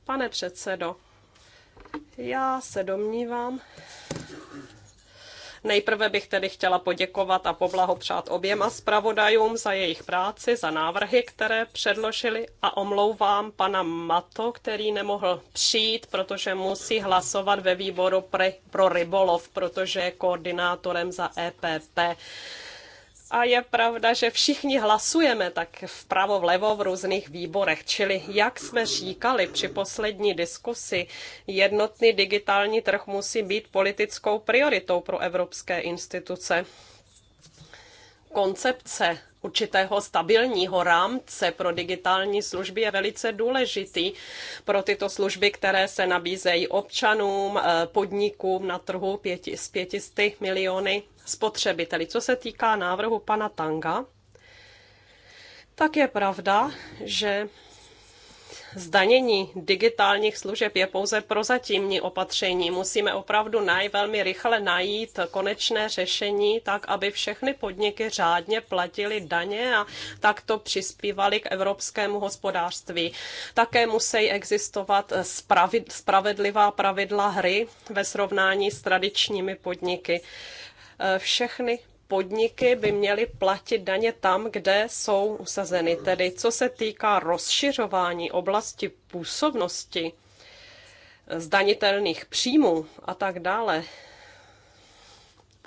Pane předsedo, já se domnívám, Nejprve bych tedy chtěla poděkovat a poblahopřát oběma zpravodajům za jejich práci, za návrhy, které předložili a omlouvám pana Mato, který nemohl přijít, protože musí hlasovat ve výboru pre, pro rybolov, protože je koordinátorem za EPP. A je pravda, že všichni hlasujeme tak vpravo, vlevo v různých výborech. Čili, jak jsme říkali při poslední diskusi, jednotný digitální trh musí být politickou prioritou pro evropské instituce. Koncepce určitého stabilního rámce pro digitální služby je velice důležitý pro tyto služby, které se nabízejí občanům, eh, podnikům na trhu pěti, z 500 miliony spotřebiteli. Co se týká návrhu pana Tanga, tak je pravda, že zdanění digitálních služeb je pouze prozatímní opatření. Musíme opravdu naj, velmi rychle najít konečné řešení, tak aby všechny podniky řádně platily daně a takto přispívali k evropskému hospodářství. Také musí existovat spravedlivá pravidla hry ve srovnání s tradičními podniky. Eh, všechny podniky by měly platit daně tam, kde jsou usazeny. Tedy co se týká rozšiřování oblasti působnosti, eh, zdanitelných příjmů a tak dále,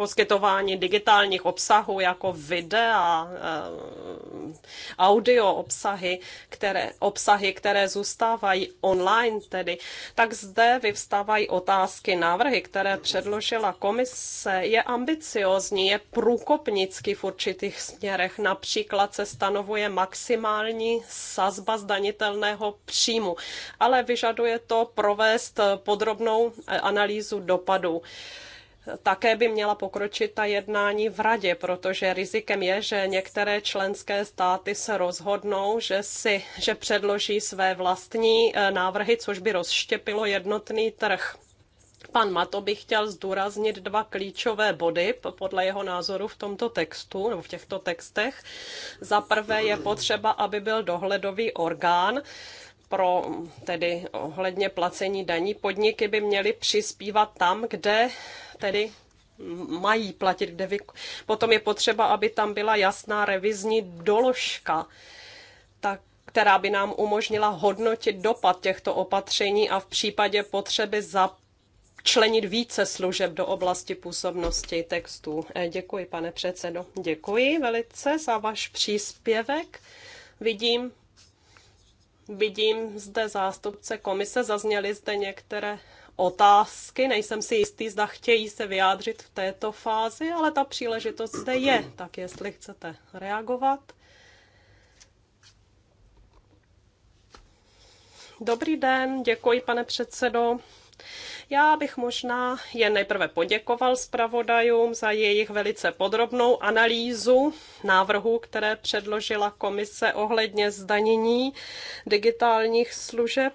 poskytování digitálních obsahů jako videa, eh, audio obsahy, které, obsahy, které zůstávají online tedy, tak zde vyvstávají otázky, návrhy, které předložila komise, je ambiciozní, je průkopnický v určitých směrech. Například se stanovuje maximální sazba zdanitelného příjmu, ale vyžaduje to provést podrobnou eh, analýzu dopadů také by měla pokročit ta jednání v radě, protože rizikem je, že některé členské státy se rozhodnou, že, si, že předloží své vlastní eh, návrhy, což by rozštěpilo jednotný trh. Pan Mato by chtěl zdůraznit dva klíčové body podle jeho názoru v tomto textu nebo v těchto textech. Za prvé je potřeba, aby byl dohledový orgán, pro tedy ohledně placení daní podniky by měly přispívat tam, kde tedy mají platit, kde vy... potom je potřeba, aby tam byla jasná revizní doložka, tak která by nám umožnila hodnotit dopad těchto opatření a v případě potřeby začlenit více služeb do oblasti působnosti textů. Eh, děkuji, pane předsedo. Děkuji velice za váš příspěvek. Vidím, Vidím zde zástupce komise, zazněly zde některé otázky. Nejsem si jistý, zda chtějí se vyjádřit v této fázi, ale ta příležitost zde je. Tak jestli chcete reagovat. Dobrý den, děkuji pane předsedo. Já bych možná jen nejprve poděkoval zpravodajům za jejich velice podrobnou analýzu návrhu, které předložila komise ohledně zdanění digitálních služeb.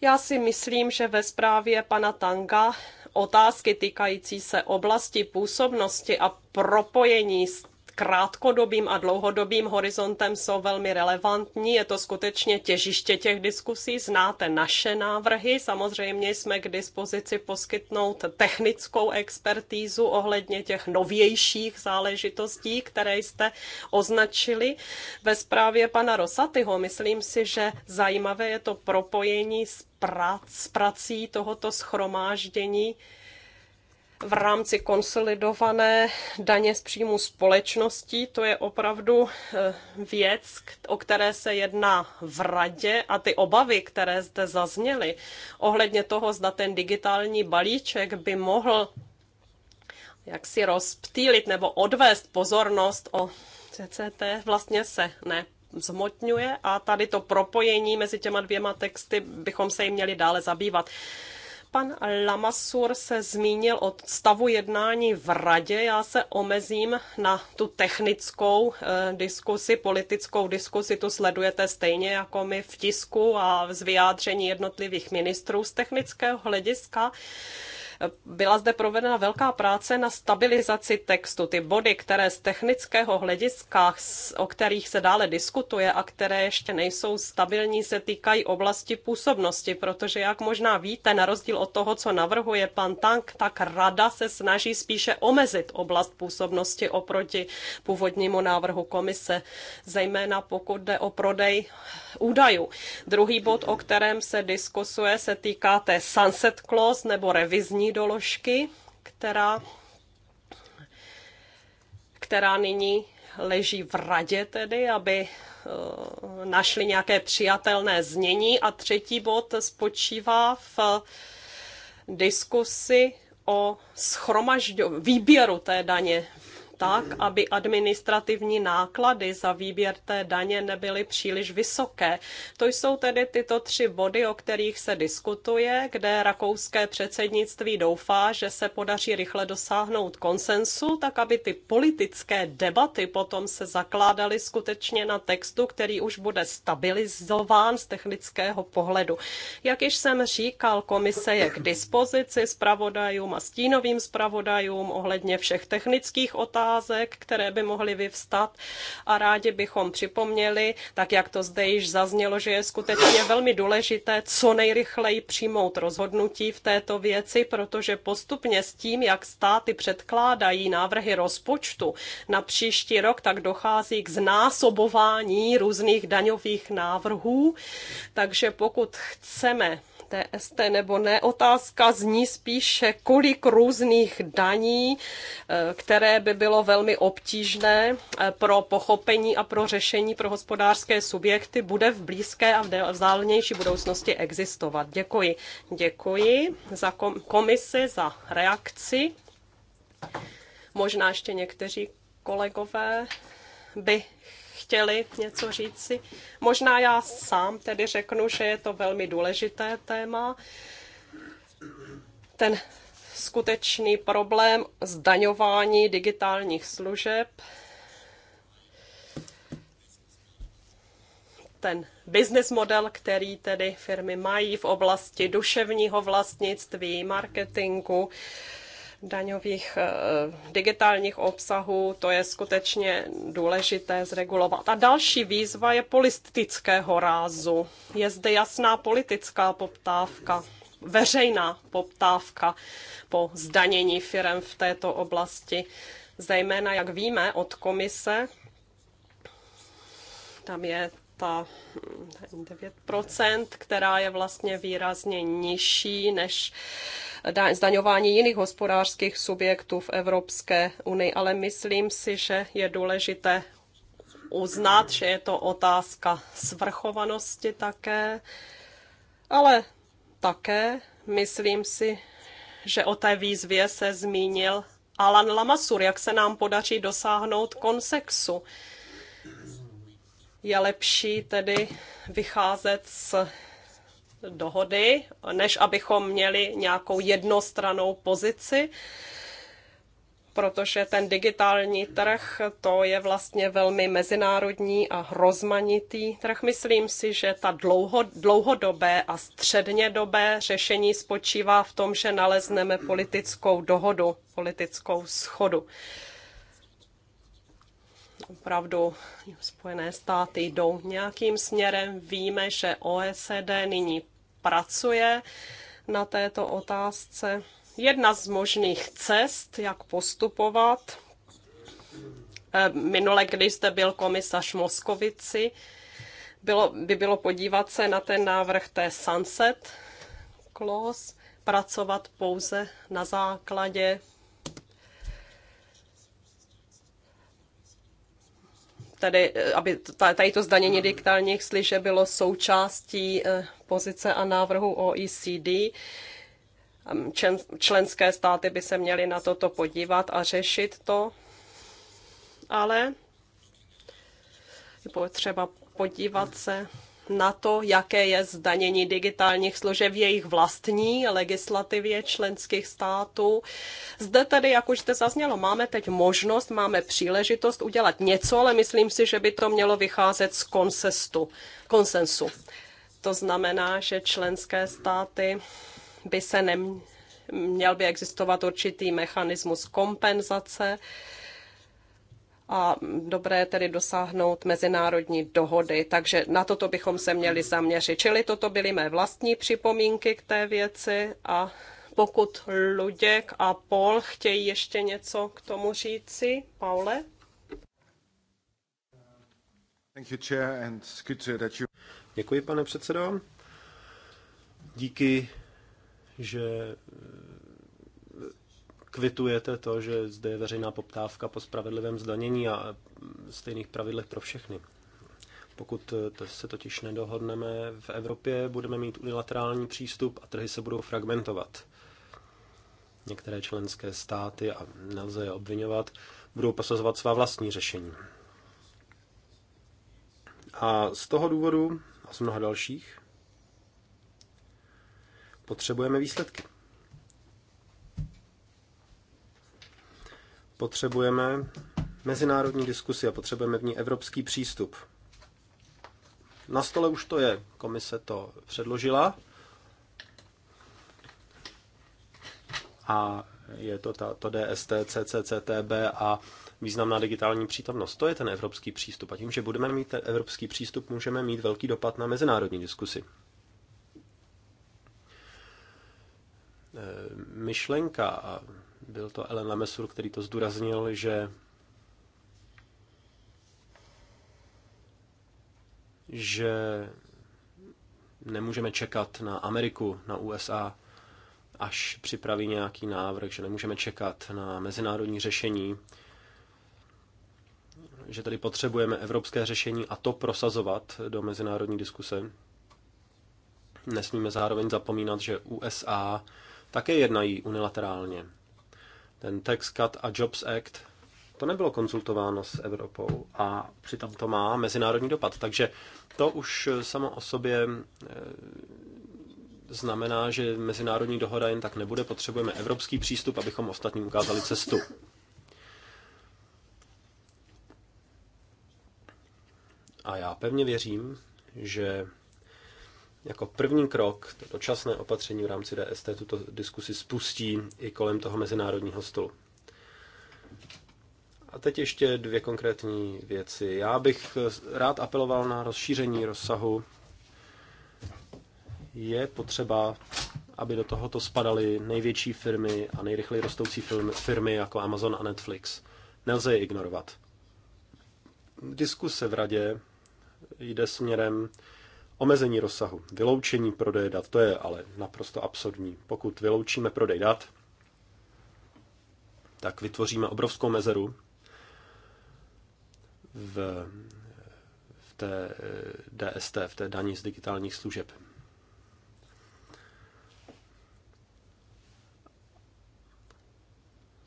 Já si myslím, že ve zprávě pana Tanga otázky týkající se oblasti působnosti a propojení s krátkodobým a dlouhodobým horizontem jsou velmi relevantní. Je to skutečně těžiště těch diskusí. Znáte naše návrhy. Samozřejmě jsme k dispozici poskytnout technickou expertízu ohledně těch novějších záležitostí, které jste označili ve zprávě pana Rosatyho. Myslím si, že zajímavé je to propojení s, prac, s prací tohoto schromáždění v rámci konsolidované daně z příjmu společností. To je opravdu eh, věc, o které se jedná v radě a ty obavy, které zde zazněly ohledně toho, zda ten digitální balíček by mohl jak si rozptýlit nebo odvést pozornost o CCT, vlastně se ne zmotňuje a tady to propojení mezi těma dvěma texty bychom se jim měli dále zabývat. Pan Lamasur se zmínil o stavu jednání v radě. Já se omezím na tu technickou eh, diskusi, politickou diskusi. Tu sledujete stejně jako my v tisku a z vyjádření jednotlivých ministrů z technického hlediska byla zde provedena velká práce na stabilizaci textu. Ty body, které z technického hlediska, o kterých se dále diskutuje a které ještě nejsou stabilní, se týkají oblasti působnosti, protože jak možná víte, na rozdíl od toho, co navrhuje pan Tank, tak rada se snaží spíše omezit oblast působnosti oproti původnímu návrhu komise, zejména pokud jde o prodej údajů. Druhý bod, o kterém se diskusuje, se týká té sunset clause nebo revizní první doložky, která, která nyní leží v radě tedy, aby eh, našli nějaké přijatelné znění. A třetí bod spočívá v diskusi o schromažďo- výběru té daně tak, aby administrativní náklady za výběr té daně nebyly příliš vysoké. To jsou tedy tyto tři body, o kterých se diskutuje, kde rakouské předsednictví doufá, že se podaří rychle dosáhnout konsensu, tak aby ty politické debaty potom se zakládaly skutečně na textu, který už bude stabilizován z technického pohledu. Jak již jsem říkal, komise je k dispozici zpravodajům a stínovým zpravodajům ohledně všech technických otázek, otázek, které by mohly vyvstat a rádi bychom připomněli, tak jak to zde již zaznělo, že je skutečně velmi důležité co nejrychleji přijmout rozhodnutí v této věci, protože postupně s tím, jak státy předkládají návrhy rozpočtu na příští rok, tak dochází k znásobování různých daňových návrhů. Takže pokud chceme TST nebo ne. Otázka zní spíše, kolik různých daní, eh, které by bylo velmi obtížné eh, pro pochopení a pro řešení pro hospodářské subjekty, bude v blízké a vzdálenější budoucnosti existovat. Děkuji. Děkuji za komisi, za reakci. Možná ještě někteří kolegové by chtěli něco říci. Možná já sám tedy řeknu, že je to velmi důležité téma. Ten skutečný problém zdaňování digitálních služeb. Ten business model, který tedy firmy mají v oblasti duševního vlastnictví, marketingu, daňových eh, digitálních obsahů, to je skutečně důležité zregulovat. A další výzva je politického rázu. Je zde jasná politická poptávka veřejná poptávka po zdanění firm v této oblasti. Zejména, jak víme od komise, tam je ta 9%, hmm, která je vlastně výrazně nižší než zdaňování jiných hospodářských subjektů v Evropské unii, ale myslím si, že je důležité uznat, že je to otázka svrchovanosti také, ale také myslím si, že o té výzvě se zmínil Alan Lamasur, jak se nám podaří dosáhnout konsexu. Je lepší tedy vycházet z dohody, než abychom měli nějakou jednostranou pozici, protože ten digitální trh to je vlastně velmi mezinárodní a rozmanitý trh. Myslím si, že ta dlouho, dlouhodobé a střednědobé řešení spočívá v tom, že nalezneme politickou dohodu, politickou schodu opravdu Spojené státy jdou nějakým směrem. Víme, že OSD nyní pracuje na této otázce. Jedna z možných cest, jak postupovat, eh, minule, když zde byl komisař Moskovici, bylo, by bylo podívat se na ten návrh té sunset clause, pracovat pouze na základě tedy, eh, aby tady to zdanění digitálních slyže bylo součástí eh, pozice a návrhu OECD. Ehm, členské státy by se měly na toto podívat a řešit to, ale je potřeba podívat se na to, jaké je zdanění digitálních služeb v jejich vlastní legislativě členských států. Zde tedy, jak už zde zaznělo, máme teď možnost, máme příležitost udělat něco, ale myslím si, že by to mělo vycházet z konsestu, konsensu. To znamená, že členské státy by se neměl by existovat určitý mechanismus kompenzace, a dobré tedy dosáhnout mezinárodní dohody. Takže na toto bychom se měli zaměřit. Čili toto byly mé vlastní připomínky k té věci a pokud Luděk a Paul chtějí ještě něco k tomu říci, Paule? Děkuji, pane předsedo. Díky, že kvitujete to, že zde je veřejná poptávka po spravedlivém zdanění a stejných pravidlech pro všechny. Pokud eh, se totiž nedohodneme v Evropě, budeme mít unilaterální přístup a trhy se budou fragmentovat. Některé členské státy, a nelze je obvinovat, budou posazovat svá vlastní řešení. A z toho důvodu, a z mnoha dalších, potřebujeme výsledky. Potřebujeme mezinárodní diskusi a potřebujeme v ní evropský přístup. Na stole už to je. Komise to předložila. A je to ta, to DST, CCCTB a významná digitální přítomnost. To je ten evropský přístup. A tím, že budeme mít ten evropský přístup, můžeme mít velký dopad na mezinárodní diskusi. Myšlenka a byl to Ellen Lemesur, který to zdůraznil, že že nemůžeme čekat na Ameriku, na USA, až připraví nějaký návrh, že nemůžeme čekat na mezinárodní řešení, že tady potřebujeme evropské řešení a to prosazovat do mezinárodní diskuse. Nesmíme zároveň zapomínat, že USA také jednají unilaterálně ten Tax Cut a Jobs Act, to nebylo konzultováno s Evropou a přitom to má mezinárodní dopad. Takže to už samo o sobě eh, znamená, že mezinárodní dohoda jen tak nebude. Potřebujeme evropský přístup, abychom ostatním ukázali cestu. A já pevně věřím, že jako první krok, to dočasné opatření v rámci DST, tuto diskusi spustí i kolem toho mezinárodního stolu. A teď ještě dvě konkrétní věci. Já bych rád apeloval na rozšíření rozsahu. Je potřeba, aby do tohoto spadaly největší firmy a nejrychleji rostoucí firmy jako Amazon a Netflix. Nelze je ignorovat. Diskuse v radě jde směrem Omezení rozsahu, vyloučení prodeje dat, to je ale naprosto absurdní. Pokud vyloučíme prodej dat, tak vytvoříme obrovskou mezeru v, v té eh, DST, v té daní z digitálních služeb.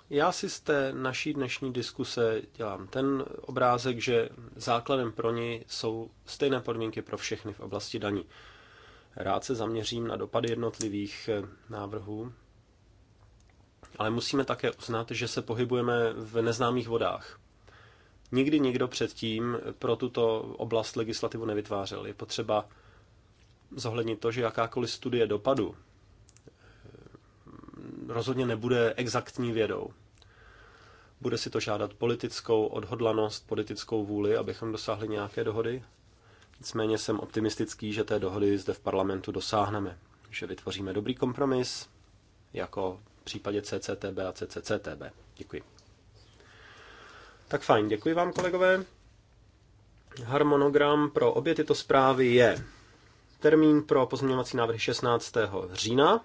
Já si z té naší dnešní diskuse dělám ten obrázek, že základem pro ní jsou stejné podmínky pro všechny v oblasti daní. Rád se zaměřím na dopady jednotlivých eh, návrhů, ale musíme také uznat, že se pohybujeme v neznámých vodách. Nikdy nikdo předtím pro tuto oblast legislativu nevytvářel. Je potřeba zohlednit to, že jakákoliv studie dopadu rozhodně nebude exaktní vědou. Bude si to žádat politickou odhodlanost, politickou vůli, abychom dosáhli nějaké dohody. Nicméně jsem optimistický, že té dohody zde v parlamentu dosáhneme, že vytvoříme dobrý kompromis, jako v případě CCTB a CCCTB. Děkuji. Tak fajn, děkuji vám, kolegové. Harmonogram pro obě tyto zprávy je termín pro pozměňovací návrhy 16. října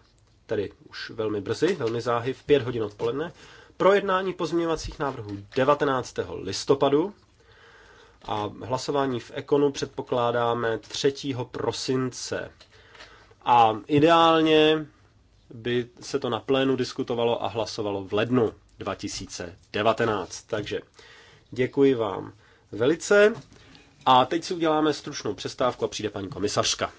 tedy už velmi brzy, velmi záhy, v pět hodin odpoledne, projednání pozměňovacích návrhů 19. listopadu a hlasování v Ekonu předpokládáme 3. prosince. A ideálně by se to na plénu diskutovalo a hlasovalo v lednu 2019. Takže děkuji vám velice. A teď si uděláme stručnou přestávku a přijde paní komisařka.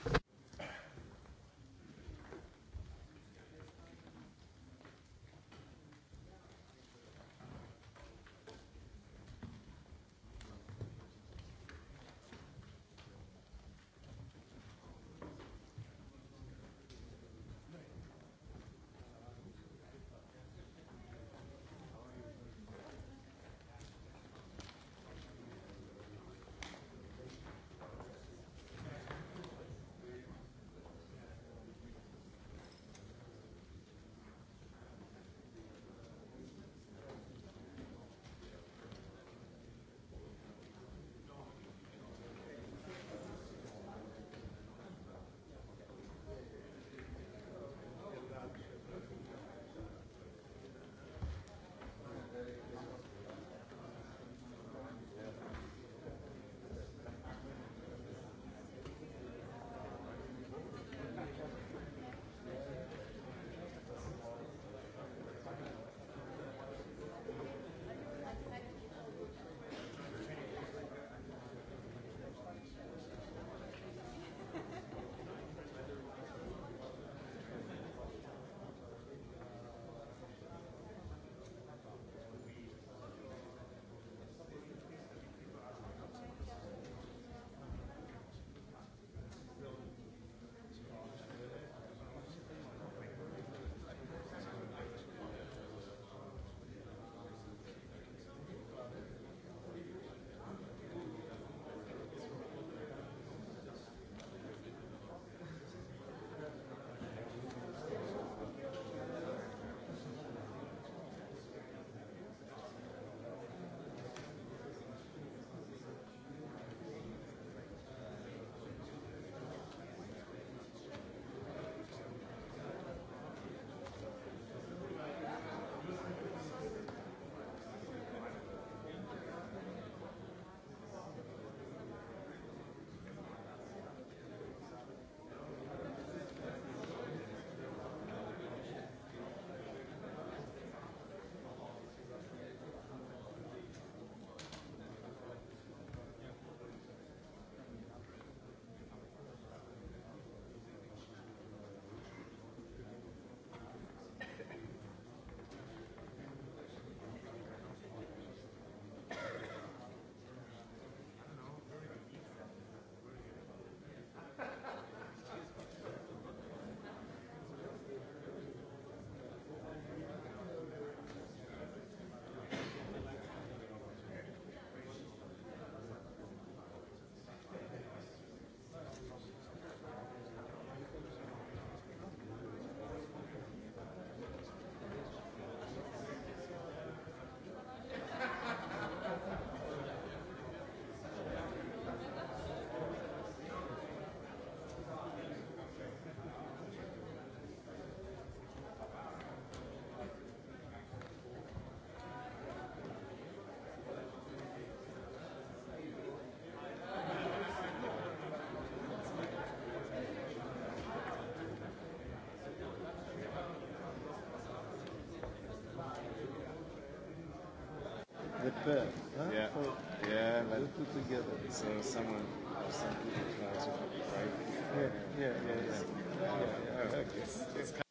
fit. Huh? Yeah. So yeah. But put together. So someone, some people try to write. Yeah. Yeah. Yeah. Yeah. yeah. yeah. yeah. yeah. yeah. yeah. yeah. yeah. yeah.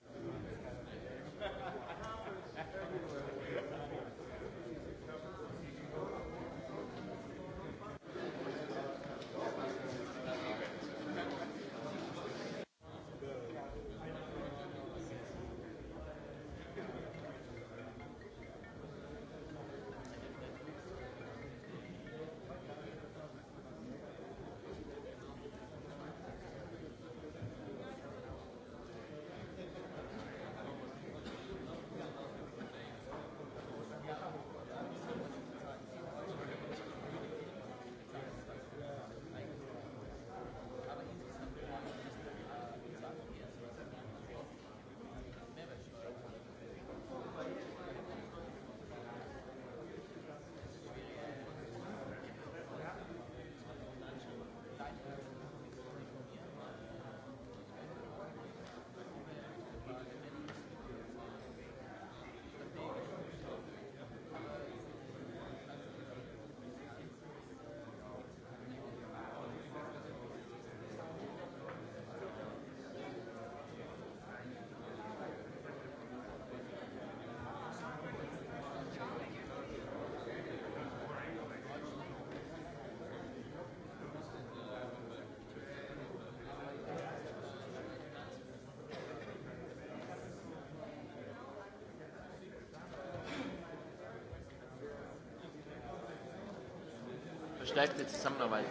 verstärkte Zusammenarbeit?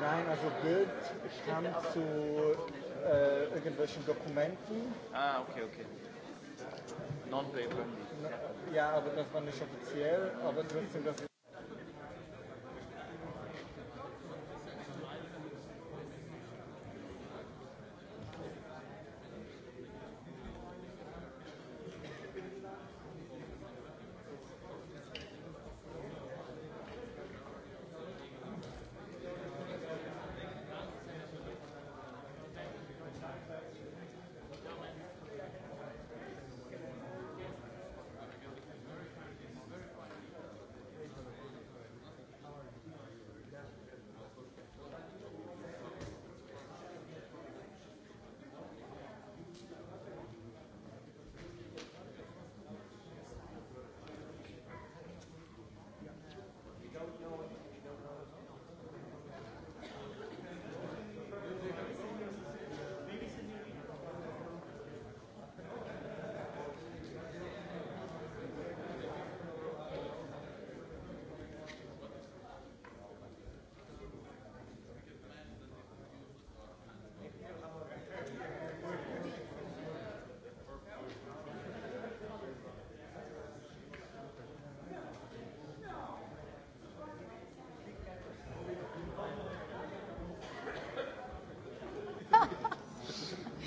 Nein, also Bild kam zu äh, irgendwelchen Dokumenten. Ah, okay, okay. Non-paper. Ja, aber das war nicht offiziell, aber trotzdem, das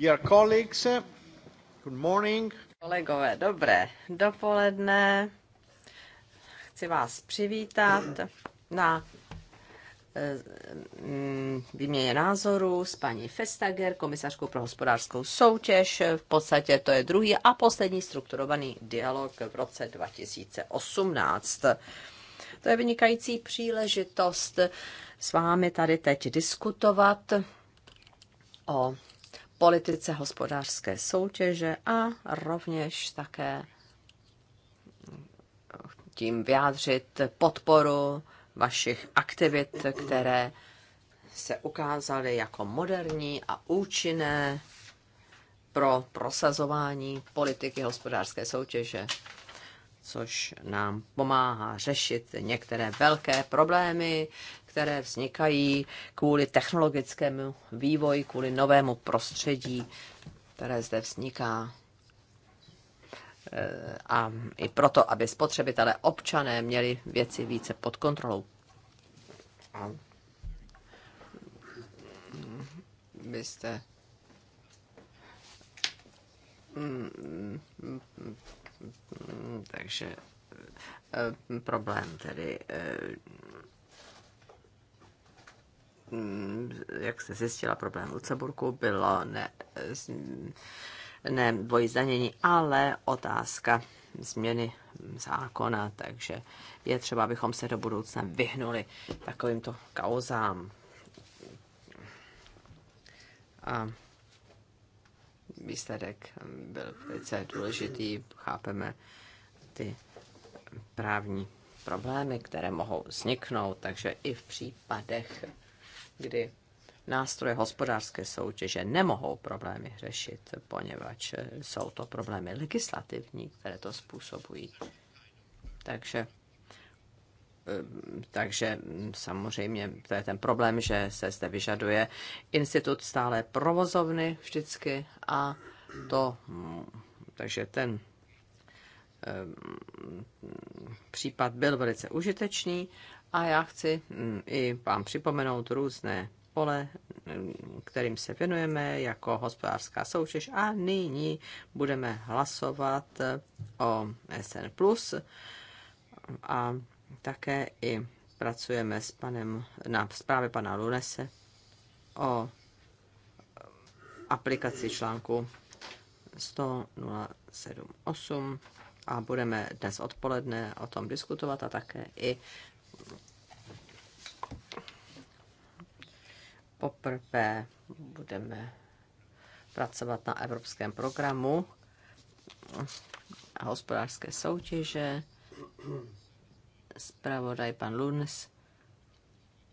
Dear colleagues, good morning. Kolegové, dobré dopoledne. Chci vás přivítat na eh, mm, výměně názoru s paní Festager, komisařkou pro hospodářskou soutěž. V podstatě to je druhý a poslední strukturovaný dialog v roce 2018. To je vynikající příležitost s vámi tady teď diskutovat o politice hospodářské soutěže a rovněž také tím vyjádřit podporu vašich aktivit, které se ukázaly jako moderní a účinné pro prosazování politiky hospodářské soutěže, což nám pomáhá řešit některé velké problémy, které vznikají kvůli technologickému vývoji, kvůli novému prostředí, které zde vzniká. E, a i proto, aby spotřebitelé, občané měli věci více pod kontrolou. A vy jste mm, mm, mm, takže e, problém tedy e, Mm, jak se zjistila, problém v Lucemburku bylo ne, ne dvojí zdanění, ale otázka změny zákona, takže je třeba, abychom se do budoucna vyhnuli takovýmto kauzám. A výsledek byl velice důležitý, chápeme ty právní problémy, které mohou vzniknout, takže i v případech kdy nástroje hospodářské soutěže nemohou problémy řešit, poněvadž jsou to problémy legislativní, které to způsobují. Takže eh, takže samozřejmě to je ten problém, že se zde vyžaduje institut stále provozovny vždycky a to, mm, takže ten Ehm, případ byl velice užitečný a já chci mm, i vám připomenout různé pole, mm, kterým se věnujeme jako hospodářská soutěž a nyní budeme hlasovat o SN+. A také i pracujeme s panem, na zprávě pana Lunese o aplikaci článku 100078 a budeme dnes odpoledne o tom diskutovat a také i poprvé budeme pracovat na evropském programu a hospodářské soutěže. Zpravodaj pan Lunes,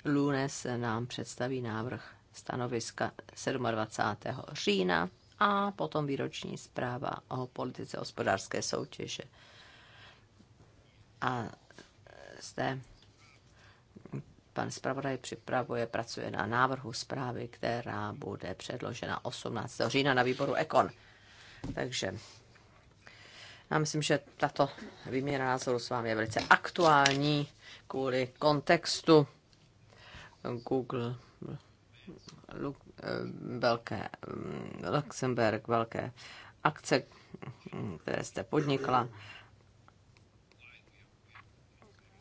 Lunes nám představí návrh stanoviska 27. října a potom výroční zpráva o politice hospodářské soutěže. A zde pan zpravodaj připravuje, pracuje na návrhu zprávy, která bude předložena 18. října na výboru Ekon. Takže já myslím, že tato výměna názoru s vámi je velice aktuální kvůli kontextu Google, Eh, velké mm, Luxemburg, velké akce, mm, které jste podnikla.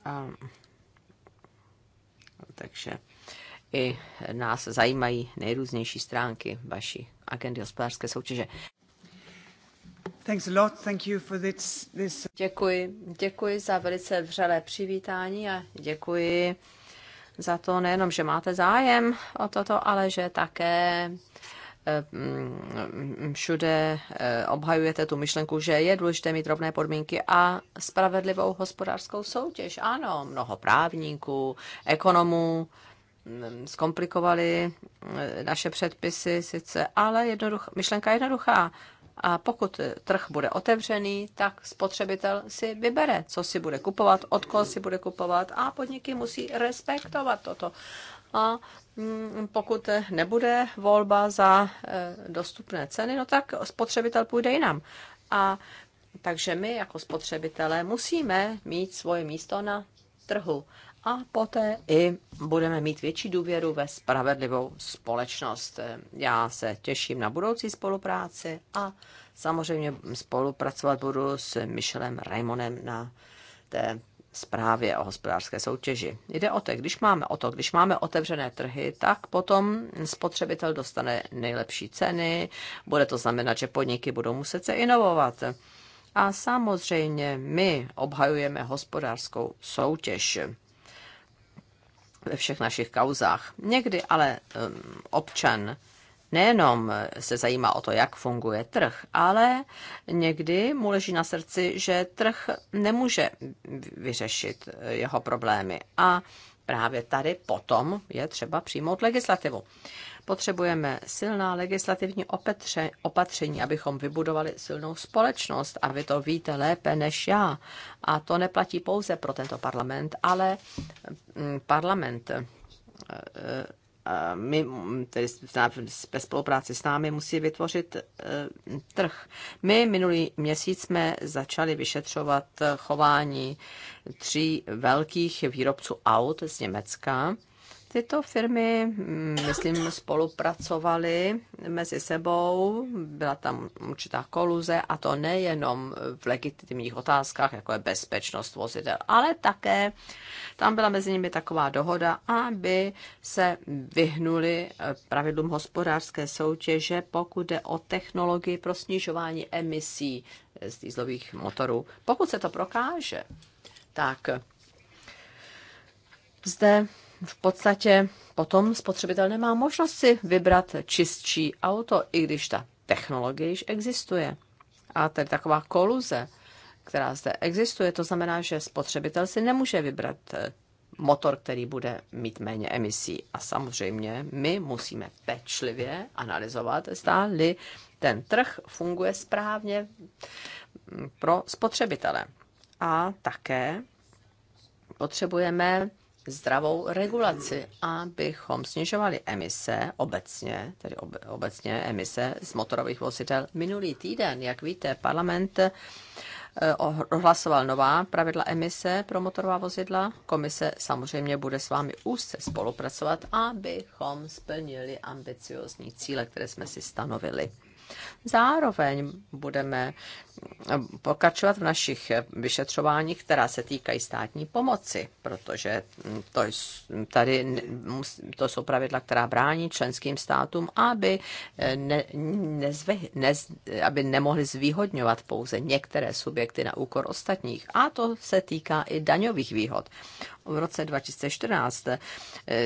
A, takže i nás zajímají nejrůznější stránky vaší agendy hospodářské soutěže. Thanks a lot. Thank you for this, this... Děkuji, děkuji za velice vřelé přivítání a děkuji za to nejenom, že máte zájem o toto, ale že také eh, mm, všude eh, obhajujete tu myšlenku, že je důležité mít rovné podmínky a spravedlivou hospodářskou soutěž. Ano, mnoho právníků, ekonomů mm, zkomplikovali eh, naše předpisy sice, ale jednoduch, myšlenka jednoduchá. A pokud trh bude otevřený, tak spotřebitel si vybere, co si bude kupovat, od koho si bude kupovat a podniky musí respektovat toto. A mm, pokud nebude volba za e, dostupné ceny, no tak spotřebitel půjde jinam. A takže my jako spotřebitelé musíme mít svoje místo na trhu a poté i budeme mít větší důvěru ve spravedlivou společnost. Já se těším na budoucí spolupráci a samozřejmě spolupracovat budu s Michelem Raimonem na té zprávě o hospodářské soutěži. Jde o to, když máme o to, když máme otevřené trhy, tak potom spotřebitel dostane nejlepší ceny, bude to znamenat, že podniky budou muset se inovovat. A samozřejmě my obhajujeme hospodářskou soutěž ve všech našich kauzách. Někdy ale um, občan nejenom se zajímá o to, jak funguje trh, ale někdy mu leží na srdci, že trh nemůže vyřešit jeho problémy. A právě tady potom je třeba přijmout legislativu. Potřebujeme silná legislativní opetře, opatření, abychom vybudovali silnou společnost a vy to víte lépe než já. A to neplatí pouze pro tento parlament, ale mm, parlament e, e, my, tedy ve spolupráci s námi, musí vytvořit e, trh. My minulý měsíc jsme začali vyšetřovat chování tří velkých výrobců aut z Německa, Tyto firmy, mm, myslím, spolupracovaly mezi sebou, byla tam určitá koluze a to nejenom v legitimních otázkách, jako je bezpečnost vozidel, ale také tam byla mezi nimi taková dohoda, aby se vyhnuli eh, pravidlům hospodářské soutěže, pokud jde o technologii pro snižování emisí eh, z dýzlových motorů. Pokud se to prokáže, tak zde v podstatě potom spotřebitel nemá možnost si vybrat čistší auto, i když ta technologie již existuje. A tedy taková koluze, která zde existuje, to znamená, že spotřebitel si nemůže vybrat eh, motor, který bude mít méně emisí. A samozřejmě my musíme pečlivě analyzovat, zda-li ten trh funguje správně mm, pro spotřebitele. A také potřebujeme zdravou regulaci, abychom snižovali emise obecně, tedy ob, obecně emise z motorových vozidel. Minulý týden, jak víte, parlament eh, ohlasoval nová pravidla emise pro motorová vozidla. Komise samozřejmě bude s vámi úzce spolupracovat, abychom splnili ambiciozní cíle, které jsme si stanovili. Zároveň budeme pokračovat v našich vyšetřováních, která se týkají státní pomoci, protože to, tady, to jsou pravidla, která brání členským státům, aby, ne, nezve, ne, aby nemohli zvýhodňovat pouze některé subjekty na úkor ostatních. A to se týká i daňových výhod. V roce 2014 eh,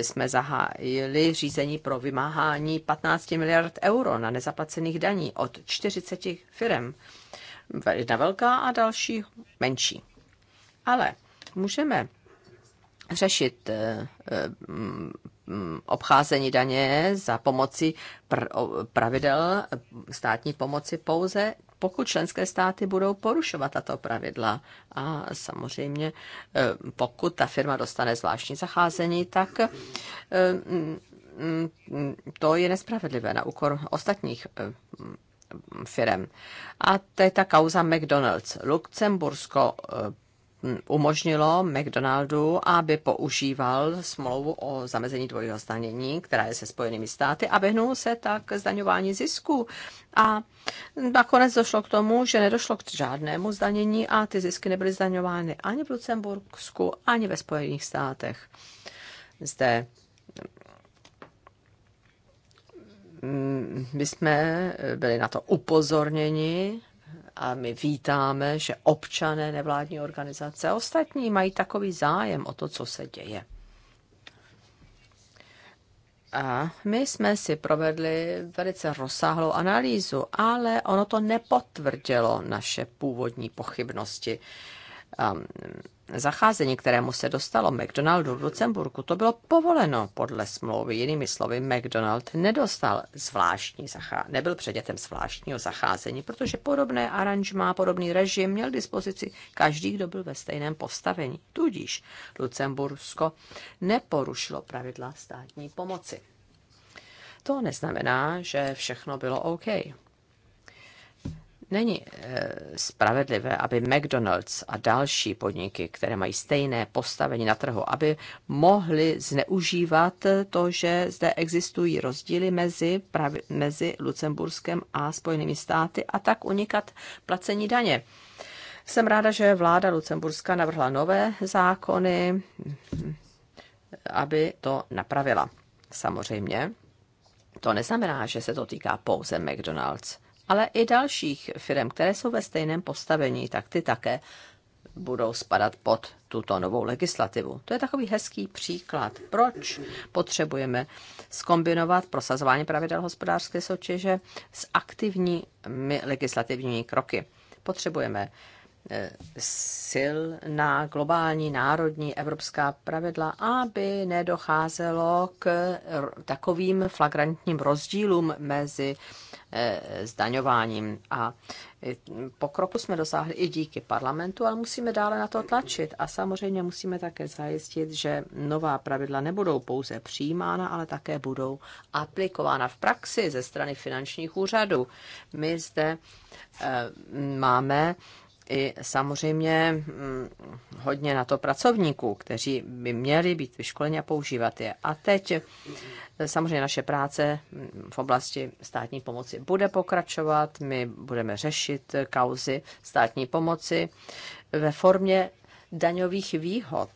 jsme zahájili řízení pro vymáhání 15 miliard euro na nezaplacených daních daní od 40 firm. Jedna velká a další menší. Ale můžeme řešit eh, eh, obcházení daně za pomoci pravidel státní pomoci pouze, pokud členské státy budou porušovat tato pravidla. A samozřejmě, eh, pokud ta firma dostane zvláštní zacházení, tak to je nespravedlivé na úkor ostatních eh, mm, firm. A to je ta kauza McDonald's. Luxembursko eh, umožnilo McDonaldu, aby používal smlouvu o zamezení dvojího zdanění, která je se Spojenými státy, a vyhnul se tak zdaňování zisku. A nakonec došlo k tomu, že nedošlo k žádnému zdanění a ty zisky nebyly zdaňovány ani v Lucembursku, ani ve Spojených státech. Zde my jsme byli na to upozorněni a my vítáme, že občané nevládní organizace a ostatní mají takový zájem o to, co se děje. A my jsme si provedli velice rozsáhlou analýzu, ale ono to nepotvrdilo naše původní pochybnosti. Um, zacházení, kterému se dostalo McDonaldu v Lucemburku, to bylo povoleno podle smlouvy. Jinými slovy, McDonald nedostal zvláštní zachá- nebyl předětem zvláštního zacházení, protože podobné aranžma, podobný režim měl dispozici každý, kdo byl ve stejném postavení. Tudíž Lucembursko neporušilo pravidla státní pomoci. To neznamená, že všechno bylo OK. Není eh, spravedlivé, aby McDonald's a další podniky, které mají stejné postavení na trhu, aby mohly zneužívat eh, to, že zde existují rozdíly mezi, pravi, mezi Lucemburskem a Spojenými státy a tak unikat placení daně. Jsem ráda, že vláda Lucemburska navrhla nové zákony, aby to napravila. Samozřejmě to neznamená, že se to týká pouze McDonald's ale i dalších firm, které jsou ve stejném postavení, tak ty také budou spadat pod tuto novou legislativu. To je takový hezký příklad, proč potřebujeme skombinovat prosazování pravidel hospodářské soutěže s aktivními legislativními kroky. Potřebujeme eh, silná globální, národní, evropská pravidla, aby nedocházelo k takovým flagrantním rozdílům mezi Eh, zdaňováním. A eh, pokroku jsme dosáhli i díky parlamentu, ale musíme dále na to tlačit. A samozřejmě musíme také zajistit, že nová pravidla nebudou pouze přijímána, ale také budou aplikována v praxi ze strany finančních úřadů. My zde eh, máme i samozřejmě mm, hodně na to pracovníků, kteří by měli být vyškoleni a používat je. A teď e, samozřejmě naše práce mm, v oblasti státní pomoci bude pokračovat. My budeme řešit kauzy státní pomoci ve formě daňových výhod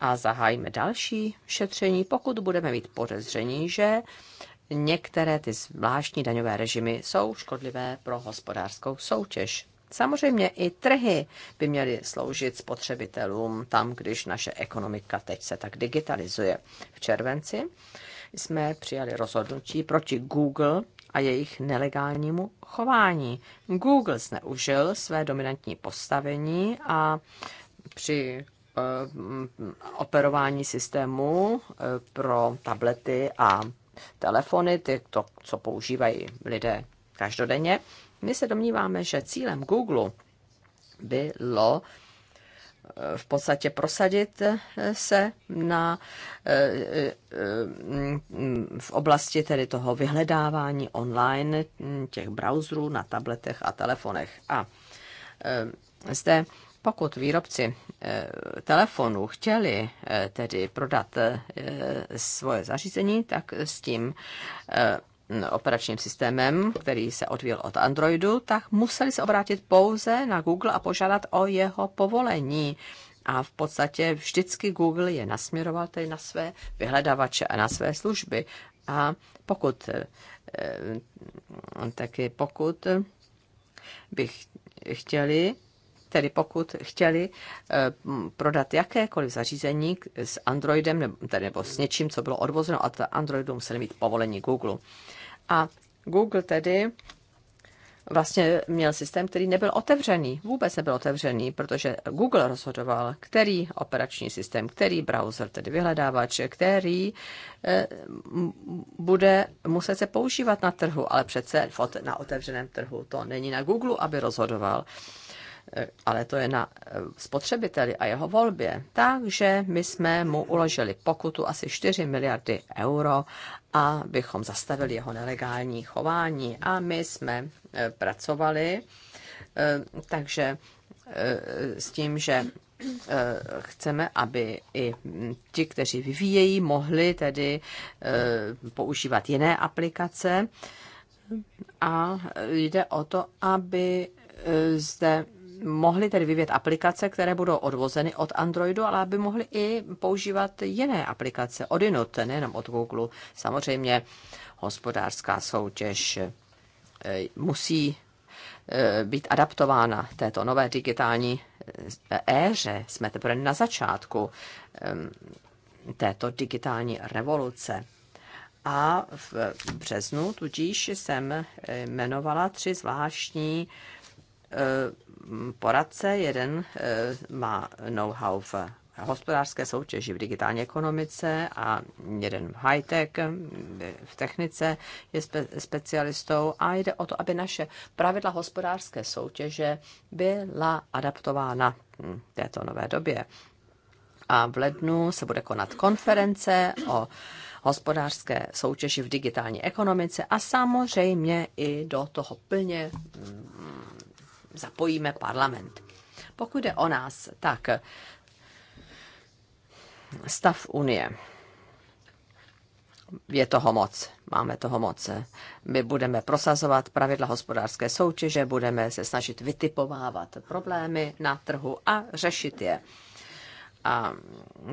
a zahájíme další šetření, pokud budeme mít podezření, že některé ty zvláštní daňové režimy jsou škodlivé pro hospodářskou soutěž. Samozřejmě i trhy by měly sloužit spotřebitelům tam, když naše ekonomika teď se tak digitalizuje. V červenci jsme přijali rozhodnutí proti Google a jejich nelegálnímu chování. Google zneužil své dominantní postavení a při eh, operování systému eh, pro tablety a telefony, ty, to, co používají lidé každodenně, my se domníváme, že cílem Google bylo eh, v podstatě prosadit eh, se na, eh, mm, mm, v oblasti tedy toho vyhledávání online mm, těch browserů na tabletech a telefonech. A zde pokud výrobci telefonů chtěli tedy prodat svoje zařízení, tak s tím operačním systémem, který se odvíjel od Androidu, tak museli se obrátit pouze na Google a požádat o jeho povolení. A v podstatě vždycky Google je nasměroval tedy na své vyhledavače a na své služby. A pokud eh, taky pokud bych chtěli, tedy pokud chtěli eh, prodat jakékoliv zařízení s Androidem, nebo, tedy nebo s něčím, co bylo odvozeno od Androidu, museli mít povolení Google. A Google tedy vlastně měl systém, který nebyl otevřený, vůbec nebyl otevřený, protože Google rozhodoval, který operační systém, který browser, tedy vyhledávač, který eh, bude muset se používat na trhu, ale přece na otevřeném trhu. To není na Google, aby rozhodoval ale to je na eh, spotřebiteli a jeho volbě. Takže my jsme mu uložili pokutu asi 4 miliardy euro, abychom zastavili jeho nelegální chování. A my jsme eh, pracovali, eh, takže s tím, že chceme, aby i ti, kteří vyvíjejí, mohli tedy používat jiné aplikace. A jde o to, aby zde mohly tedy vyvět aplikace, které budou odvozeny od Androidu, ale aby mohly i používat jiné aplikace od jinut, nejenom od Google. Samozřejmě hospodářská soutěž eh, musí eh, být adaptována této nové digitální eh, éře. Jsme teprve na začátku této digitální revoluce. A v březnu tudíž jsem jmenovala tři zvláštní uh, Eh, poradce, jeden eh, má know-how v hospodářské soutěži v digitální ekonomice a jeden v high-tech, v technice je spe- specialistou a jde o to, aby naše pravidla hospodářské soutěže byla adaptována v této nové době. A v lednu se bude konat konference o hospodářské soutěži v digitální ekonomice a samozřejmě i do toho plně mm, zapojíme parlament. Pokud je o nás, tak stav Unie. Je toho moc, máme toho moc. My budeme prosazovat pravidla hospodářské soutěže, budeme se snažit vytipovávat problémy na trhu a řešit je. A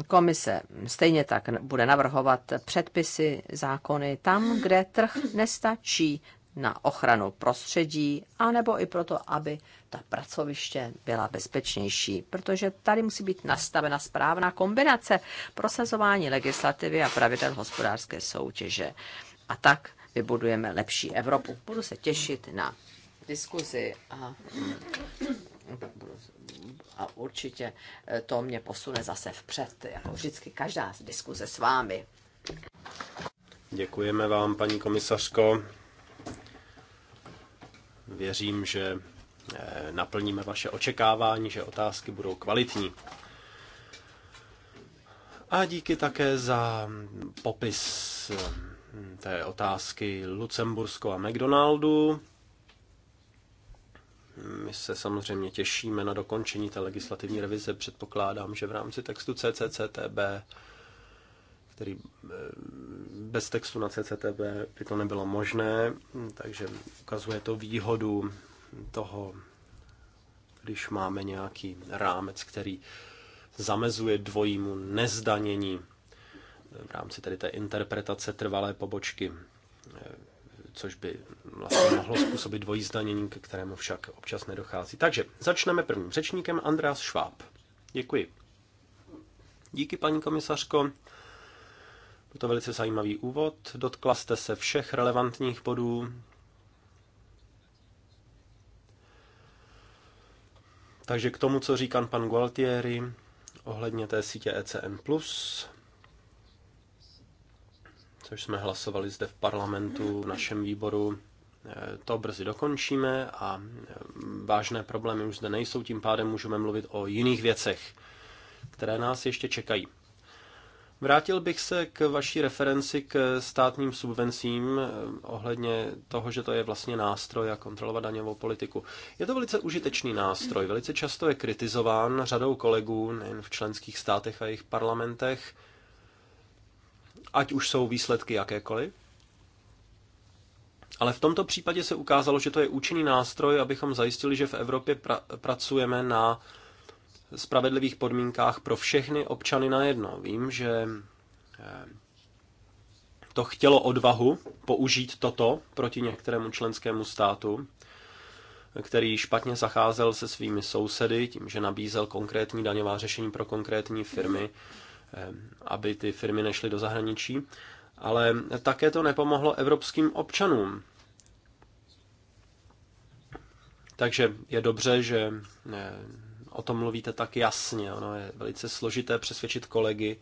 komise stejně tak bude navrhovat předpisy, zákony tam, kde trh nestačí na ochranu prostředí, anebo i proto, aby ta pracoviště byla bezpečnější, protože tady musí být nastavena správná kombinace prosazování legislativy a pravidel hospodářské soutěže. A tak vybudujeme lepší Evropu. Budu se těšit na diskuzi a, a určitě to mě posune zase vpřed, jako vždycky každá diskuze s vámi. Děkujeme vám, paní komisařko. Věřím, že eh, naplníme vaše očekávání, že otázky budou kvalitní. A díky také za popis eh, té otázky Lucembursko a McDonaldu. My se samozřejmě těšíme na dokončení té legislativní revize. Předpokládám, že v rámci textu CCCTB který eh, bez textu na CCTV by to nebylo možné, takže ukazuje to výhodu toho, když máme nějaký rámec, který zamezuje dvojímu nezdanění eh, v rámci tedy té interpretace trvalé pobočky, eh, což by vlastně mohlo způsobit dvojí zdanění, ke kterému však občas nedochází. Takže začneme prvním řečníkem, Andreas Schwab. Děkuji. Díky, paní komisařko. Byl to velice zajímavý úvod. Dotkla jste se všech relevantních bodů. Takže k tomu, co říká pan Gualtieri ohledně té sítě ECN+, což jsme hlasovali zde v parlamentu, v našem výboru, eh, to brzy dokončíme a eh, vážné problémy už zde nejsou, tím pádem můžeme mluvit o jiných věcech, které nás ještě čekají. Vrátil bych se k vaší referenci k státním subvencím eh, ohledně toho, že to je vlastně nástroj a kontrolovat daňovou politiku. Je to velice užitečný nástroj, velice často je kritizován řadou kolegů nejen v členských státech a jejich parlamentech, ať už jsou výsledky jakékoliv. Ale v tomto případě se ukázalo, že to je účinný nástroj, abychom zajistili, že v Evropě pra- pracujeme na spravedlivých podmínkách pro všechny občany najednou. Vím, že eh, to chtělo odvahu použít toto proti některému členskému státu, který špatně zacházel se svými sousedy tím, že nabízel konkrétní daňová řešení pro konkrétní firmy, eh, aby ty firmy nešly do zahraničí. Ale také to nepomohlo evropským občanům. Takže je dobře, že eh, o tom mluvíte tak jasně. Ono je velice složité přesvědčit kolegy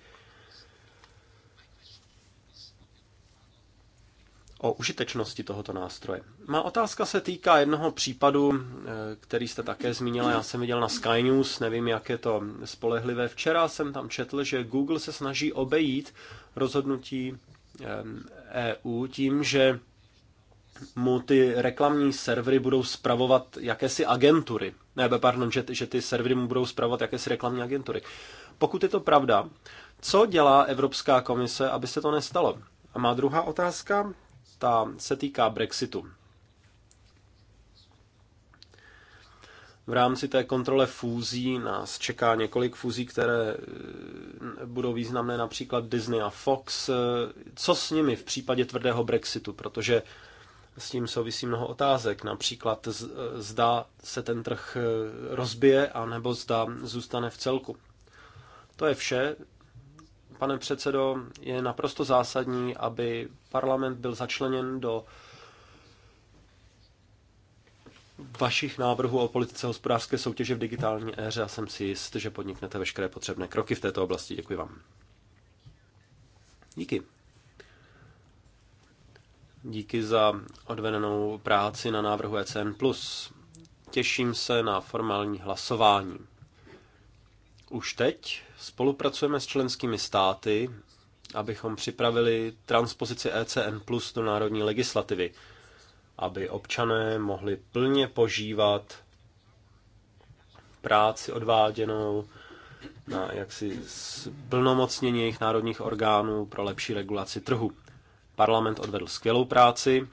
o užitečnosti tohoto nástroje. Má otázka se týká jednoho případu, eh, který jste také zmínila. Já jsem viděl na Sky News, nevím, jak je to spolehlivé. Včera jsem tam četl, že Google se snaží obejít rozhodnutí EU eh, e tím, že mu ty reklamní servery budou spravovat jakési agentury. Ne, pardon, že, že ty servery mu budou spravovat jakési reklamní agentury. Pokud je to pravda, co dělá Evropská komise, aby se to nestalo? A má druhá otázka, ta se týká Brexitu. V rámci té kontrole fúzí nás čeká několik fúzí, které eh, budou významné, například Disney a Fox. Eh, co s nimi v případě tvrdého Brexitu? Protože s tím souvisí mnoho otázek. Například zda se ten trh eh, rozbije, anebo zda zůstane v celku. To je vše. Pane předsedo, je naprosto zásadní, aby parlament byl začleněn do vašich návrhů o politice hospodářské soutěže v digitální éře a jsem si jist, že podniknete veškeré potřebné kroky v této oblasti. Děkuji vám. Díky. Díky za odvedenou práci na návrhu ECN+. Těším se na formální hlasování. Už teď spolupracujeme s členskými státy, abychom připravili transpozici ECN Plus do národní legislativy, aby občané mohli plně požívat práci odváděnou na jaksi plnomocnění jejich národních orgánů pro lepší regulaci trhu. Parlament odvedl skvělou práci,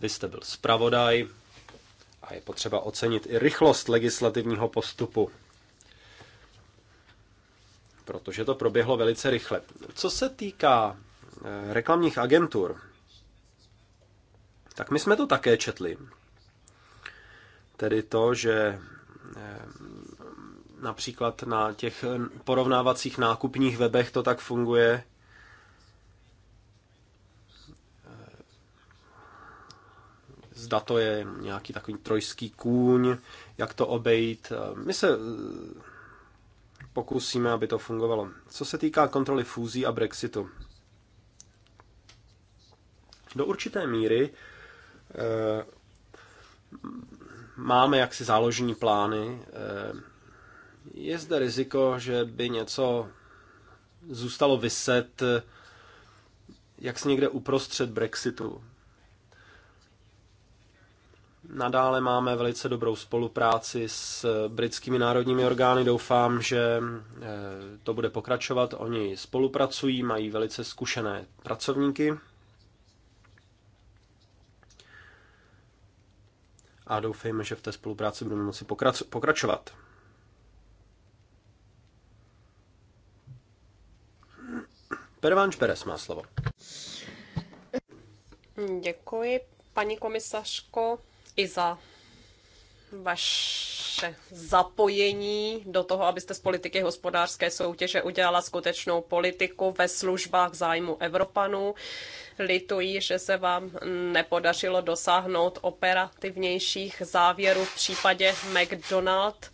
vy jste byl zpravodaj a je potřeba ocenit i rychlost legislativního postupu, protože to proběhlo velice rychle. Co se týká eh, reklamních agentur, tak my jsme to také četli. Tedy to, že eh, například na těch porovnávacích nákupních webech to tak funguje, zda to je nějaký takový trojský kůň, jak to obejít. My se eh, pokusíme, aby to fungovalo. Co se týká kontroly fúzí a Brexitu. Do určité míry eh, máme jaksi záložní plány. Eh, je zde riziko, že by něco zůstalo vyset jak se někde uprostřed Brexitu. Nadále máme velice dobrou spolupráci s britskými národními orgány. Doufám, že eh, to bude pokračovat. Oni spolupracují, mají velice zkušené pracovníky. A doufejme, že v té spolupráci budeme moci pokračovat. Pervanč Peres má slovo. Děkuji, paní komisařko i za vaše zapojení do toho, abyste z politiky hospodářské soutěže udělala skutečnou politiku ve službách zájmu Evropanů. Lituji, že se vám nepodařilo dosáhnout operativnějších závěrů v případě McDonald's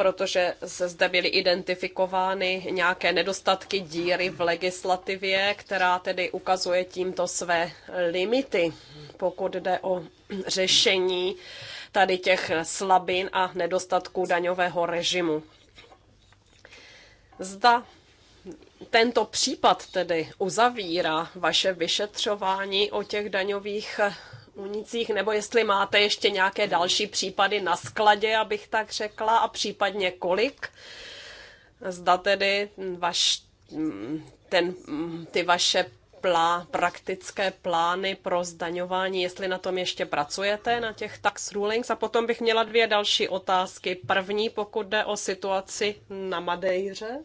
protože se zde byly identifikovány nějaké nedostatky díry v legislativě, která tedy ukazuje tímto své limity, pokud jde o řešení tady těch slabin a nedostatků daňového režimu. Zda tento případ tedy uzavírá vaše vyšetřování o těch daňových unicích, nebo jestli máte ještě nějaké další případy na skladě, abych tak řekla, a případně kolik. Zda tedy vaš, mm, ten, mm, ty vaše plá, praktické plány pro zdaňování, jestli na tom ještě pracujete, na těch tax rulings. A potom bych měla dvě další otázky. První, pokud jde o situaci na Madejře,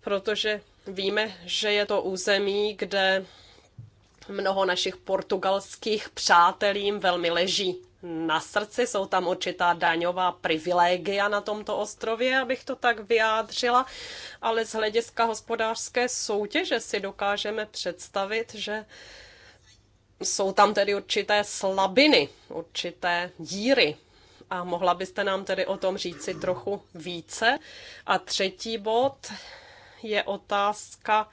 protože víme, že je to území, kde Mnoho našich portugalských přátel jim velmi leží na srdci, jsou tam určitá daňová privilegia na tomto ostrově, abych to tak vyjádřila, ale z hlediska hospodářské soutěže si dokážeme představit, že jsou tam tedy určité slabiny, určité díry. A mohla byste nám tedy o tom říci trochu více? A třetí bod je otázka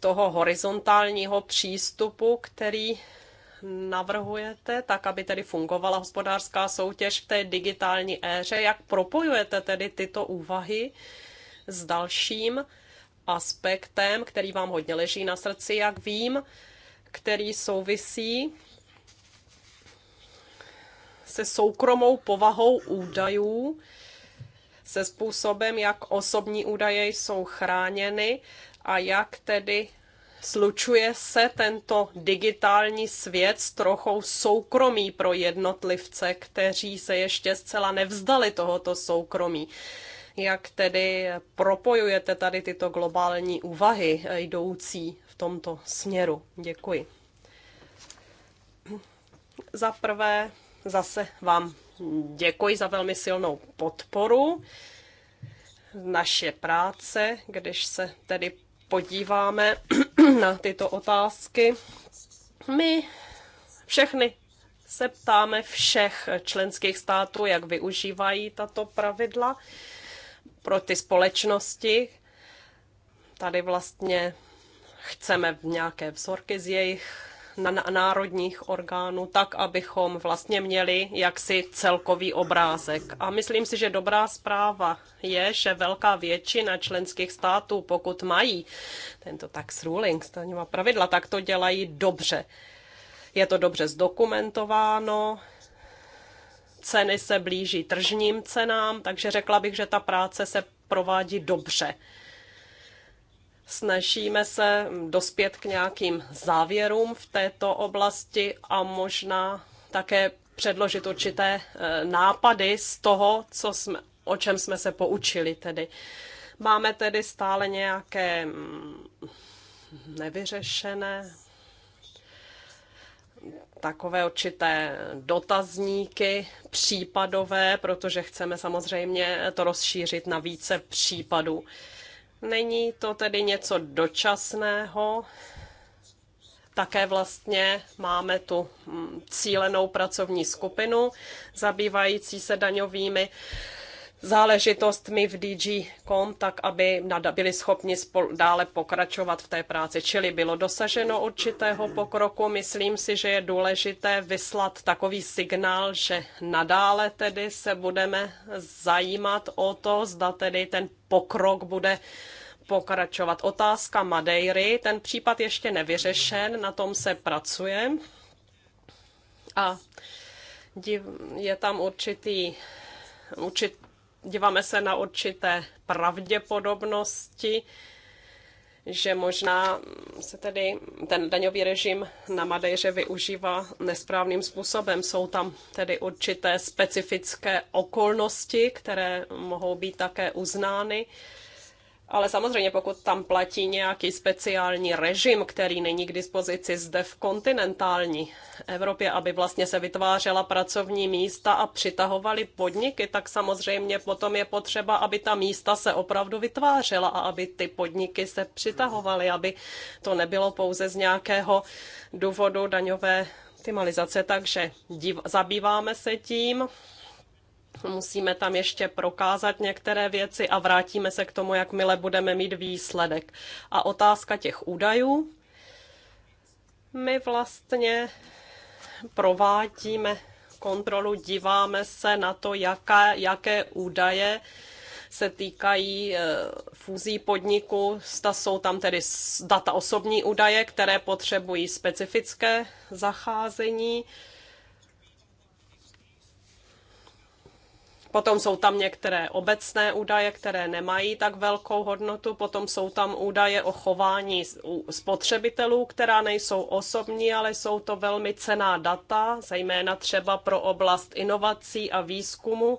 toho horizontálního přístupu, který navrhujete, tak aby tedy fungovala hospodářská soutěž v té digitální éře. Jak propojujete tedy tyto úvahy s dalším aspektem, který vám hodně leží na srdci, jak vím, který souvisí se soukromou povahou údajů, se způsobem, jak osobní údaje jsou chráněny a jak tedy slučuje se tento digitální svět s trochou soukromí pro jednotlivce, kteří se ještě zcela nevzdali tohoto soukromí. Jak tedy propojujete tady tyto globální úvahy eh, jdoucí v tomto směru? Děkuji. Za prvé zase vám děkuji za velmi silnou podporu naše práce, když se tedy podíváme na tyto otázky, my všechny se ptáme všech členských států, jak využívají tato pravidla pro ty společnosti. Tady vlastně chceme nějaké vzorky z jejich na národních orgánů, tak abychom vlastně měli jaksi celkový obrázek. A myslím si, že dobrá zpráva je, že velká většina členských států, pokud mají tento tax ruling, stanová pravidla, tak to dělají dobře. Je to dobře zdokumentováno, ceny se blíží tržním cenám, takže řekla bych, že ta práce se provádí dobře. Snažíme se dospět k nějakým závěrům v této oblasti a možná také předložit určité e, nápady z toho, co jsme, o čem jsme se poučili tedy. Máme tedy stále nějaké mm, nevyřešené takové určité dotazníky případové, protože chceme samozřejmě to rozšířit na více případů. Není to tedy něco dočasného, také vlastně máme tu mm, cílenou pracovní skupinu zabývající se daňovými záležitostmi v DG tak aby byli schopni dále pokračovat v té práci. Čili bylo dosaženo určitého pokroku. Myslím si, že je důležité vyslat takový signál, že nadále tedy se budeme zajímat o to, zda tedy ten pokrok bude pokračovat. Otázka Madeiry, ten případ ještě nevyřešen, na tom se pracuje. A je tam určitý určitý díváme se na určité pravděpodobnosti, že možná se tedy ten daňový režim na Madejře využívá nesprávným způsobem. Jsou tam tedy určité specifické okolnosti, které mohou být také uznány ale samozřejmě, pokud tam platí nějaký speciální režim, který není k dispozici zde v kontinentální Evropě, aby vlastně se vytvářela pracovní místa a přitahovali podniky, tak samozřejmě potom je potřeba, aby ta místa se opravdu vytvářela a aby ty podniky se přitahovaly, aby to nebylo pouze z nějakého důvodu daňové optimalizace. Takže div- zabýváme se tím musíme tam ještě prokázat některé věci a vrátíme se k tomu, jakmile budeme mít výsledek. A otázka těch údajů. My vlastně provádíme kontrolu, díváme se na to, jaká, jaké údaje se týkají e, fúzí podniku. Zda jsou tam tedy data osobní údaje, které potřebují specifické zacházení Potom jsou tam některé obecné údaje, které nemají tak velkou hodnotu. Potom jsou tam údaje o chování spotřebitelů, která nejsou osobní, ale jsou to velmi cená data, zejména třeba pro oblast inovací a výzkumu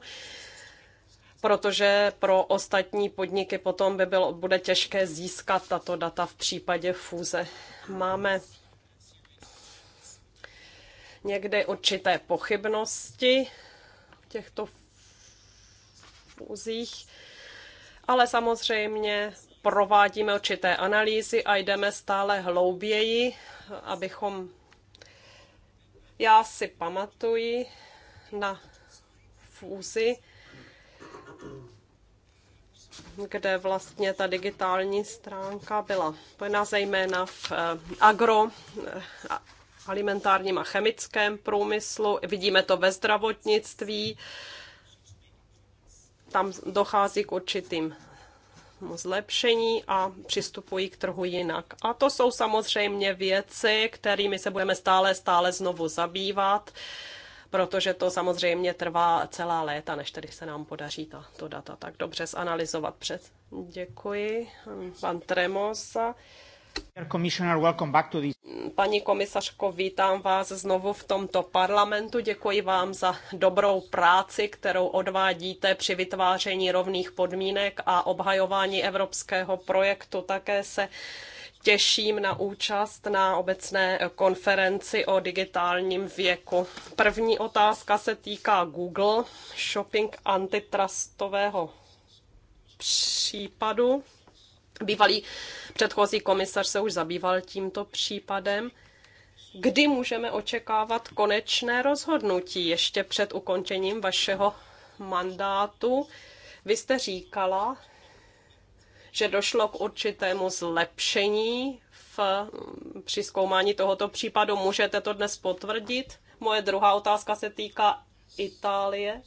protože pro ostatní podniky potom by bylo, bude těžké získat tato data v případě fúze. Máme někde určité pochybnosti těchto impulzích, ale samozřejmě provádíme určité analýzy a jdeme stále hlouběji, abychom. Já si pamatuji na fúzi, kde vlastně ta digitální stránka byla pojena zejména v eh, agro, eh, alimentárním a chemickém průmyslu. Vidíme to ve zdravotnictví, tam dochází k určitým zlepšení a přistupují k trhu jinak. A to jsou samozřejmě věci, kterými se budeme stále, stále znovu zabývat, protože to samozřejmě trvá celá léta, než tedy se nám podaří ta, to data tak dobře zanalizovat před. Děkuji, pan Tremosa. Paní komisařko, vítám vás znovu v tomto parlamentu. Děkuji vám za dobrou práci, kterou odvádíte při vytváření rovných podmínek a obhajování evropského projektu. Také se těším na účast na obecné konferenci o digitálním věku. První otázka se týká Google Shopping antitrustového případu Bývalý předchozí komisař se už zabýval tímto případem. Kdy můžeme očekávat konečné rozhodnutí ještě před ukončením vašeho mandátu? Vy jste říkala, že došlo k určitému zlepšení v, při zkoumání tohoto případu. Můžete to dnes potvrdit? Moje druhá otázka se týká Itálie.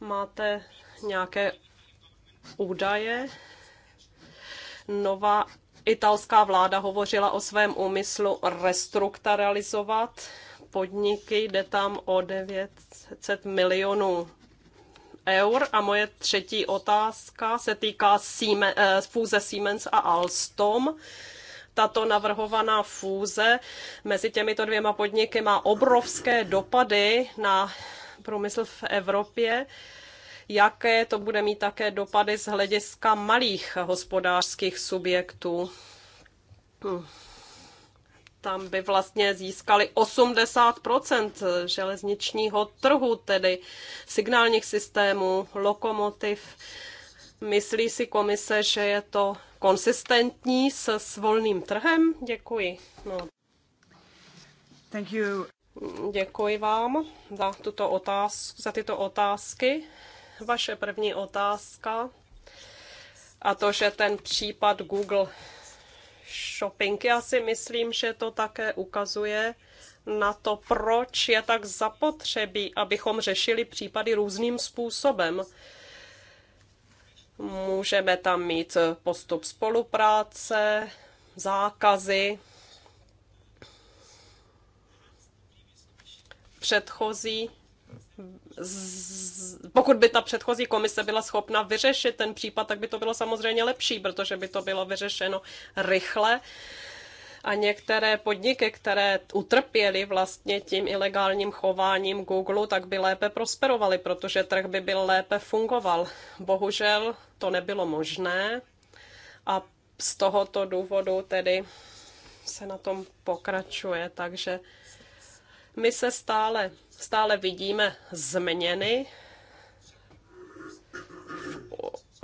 Máte nějaké údaje Nová italská vláda hovořila o svém úmyslu restrukturalizovat podniky, jde tam o 900 milionů eur. A moje třetí otázka se týká Siemens, eh, fůze Siemens a Alstom tato navrhovaná fúze mezi těmito dvěma podniky má obrovské dopady na průmysl v Evropě jaké to bude mít také dopady z hlediska malých hospodářských subjektů. Hm tam by vlastně získali 80% železničního trhu, tedy signálních systémů, lokomotiv. Myslí si komise, že je to konsistentní se s volným trhem? Děkuji. No. Thank you. Děkuji vám za, tuto otázku, za tyto otázky. Vaše první otázka a to, že ten případ Google Shopping, já si myslím, že to také ukazuje na to, proč je tak zapotřebí, abychom řešili případy různým způsobem. Můžeme tam mít postup spolupráce, zákazy. Předchozí pokud by ta předchozí komise byla schopna vyřešit ten případ, tak by to bylo samozřejmě lepší, protože by to bylo vyřešeno rychle. A některé podniky, které utrpěly vlastně tím ilegálním chováním Google, tak by lépe prosperovaly, protože trh by byl lépe fungoval. Bohužel to nebylo možné a z tohoto důvodu tedy se na tom pokračuje. Takže my se stále stále vidíme změny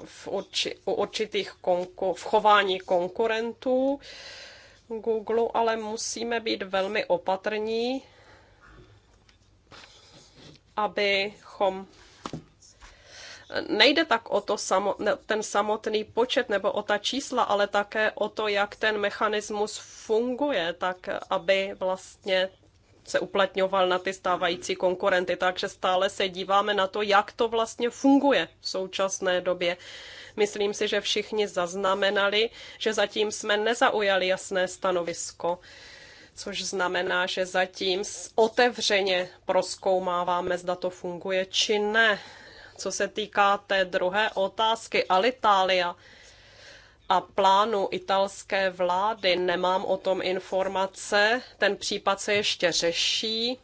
v, urči, u určitých konku, v chování konkurentů Google, ale musíme být velmi opatrní, abychom nejde tak o to samo, ten samotný počet nebo o ta čísla, ale také o to, jak ten mechanismus funguje, tak aby vlastně se uplatňoval na ty stávající konkurenty, takže stále se díváme na to, jak to vlastně funguje v současné době. Myslím si, že všichni zaznamenali, že zatím jsme nezaujali jasné stanovisko což znamená, že zatím otevřeně proskoumáváme, zda to funguje či ne. Co se týká té druhé otázky, Alitalia, a plánu italské vlády. Nemám o tom informace, ten případ se ještě řeší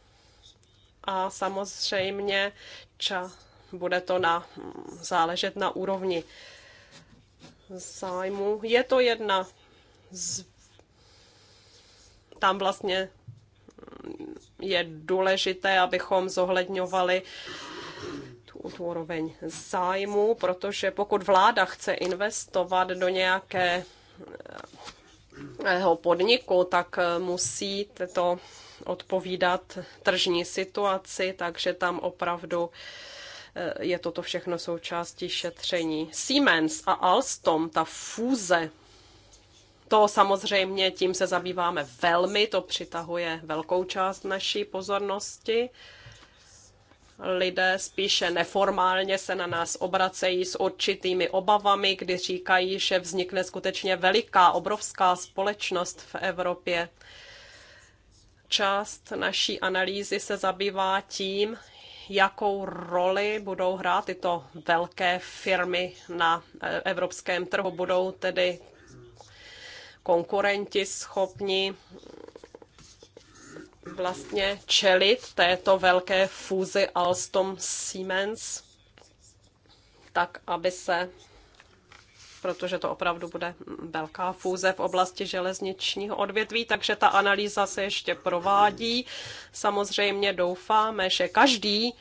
a samozřejmě ča, bude to na, záležet na úrovni zájmu. Je to jedna z... Tam vlastně je důležité, abychom zohledňovali uh, úroveň zájmu, protože pokud vláda chce investovat do nějaké podniku, tak musí to odpovídat tržní situaci, takže tam opravdu eh, je toto všechno součástí šetření. Siemens a Alstom, ta fúze, to samozřejmě tím se zabýváme velmi, to přitahuje velkou část naší pozornosti lidé spíše neformálně se na nás obracejí s určitými obavami, kdy říkají, že vznikne skutečně veliká, obrovská společnost v Evropě. Část naší analýzy se zabývá tím, jakou roli budou hrát tyto velké firmy na eh, evropském trhu. Budou tedy konkurenti schopni vlastně čelit této velké fúzi Alstom Siemens, tak aby se, protože to opravdu bude velká fúze v oblasti železničního odvětví, takže ta analýza se ještě provádí. Samozřejmě doufáme, že každý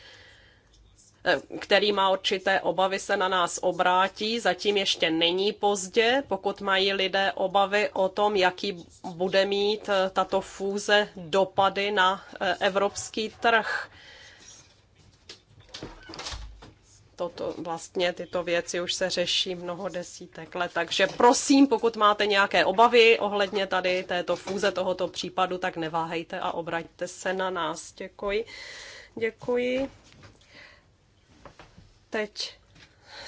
Eh, který má určité obavy, se na nás obrátí. Zatím ještě není pozdě, pokud mají lidé obavy o tom, jaký bude mít eh, tato fúze dopady na eh, evropský trh. toto, vlastně tyto věci už se řeší mnoho desítek let. Takže prosím, pokud máte nějaké obavy ohledně tady této fůze tohoto případu, tak neváhejte a obraťte se na nás. Děkuji. Děkuji. Teď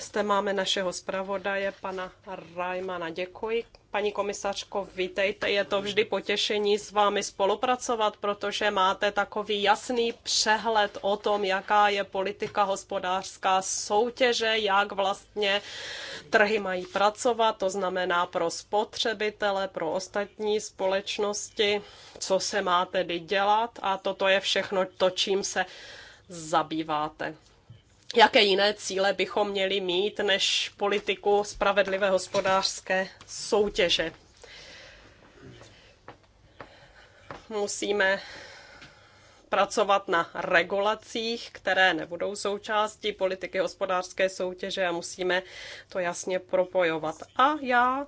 zde máme našeho zpravodaje, pana Rajmana. Děkuji. Paní komisařko, vítejte. Je to vždy potěšení s vámi spolupracovat, protože máte takový jasný přehled o tom, jaká je politika hospodářská soutěže, jak vlastně trhy mají pracovat, to znamená pro spotřebitele, pro ostatní společnosti, co se má tedy dělat a toto je všechno to, čím se zabýváte jaké jiné cíle bychom měli mít než politiku spravedlivé hospodářské soutěže. Musíme pracovat na regulacích, které nebudou součástí politiky hospodářské soutěže a musíme to jasně propojovat. A já,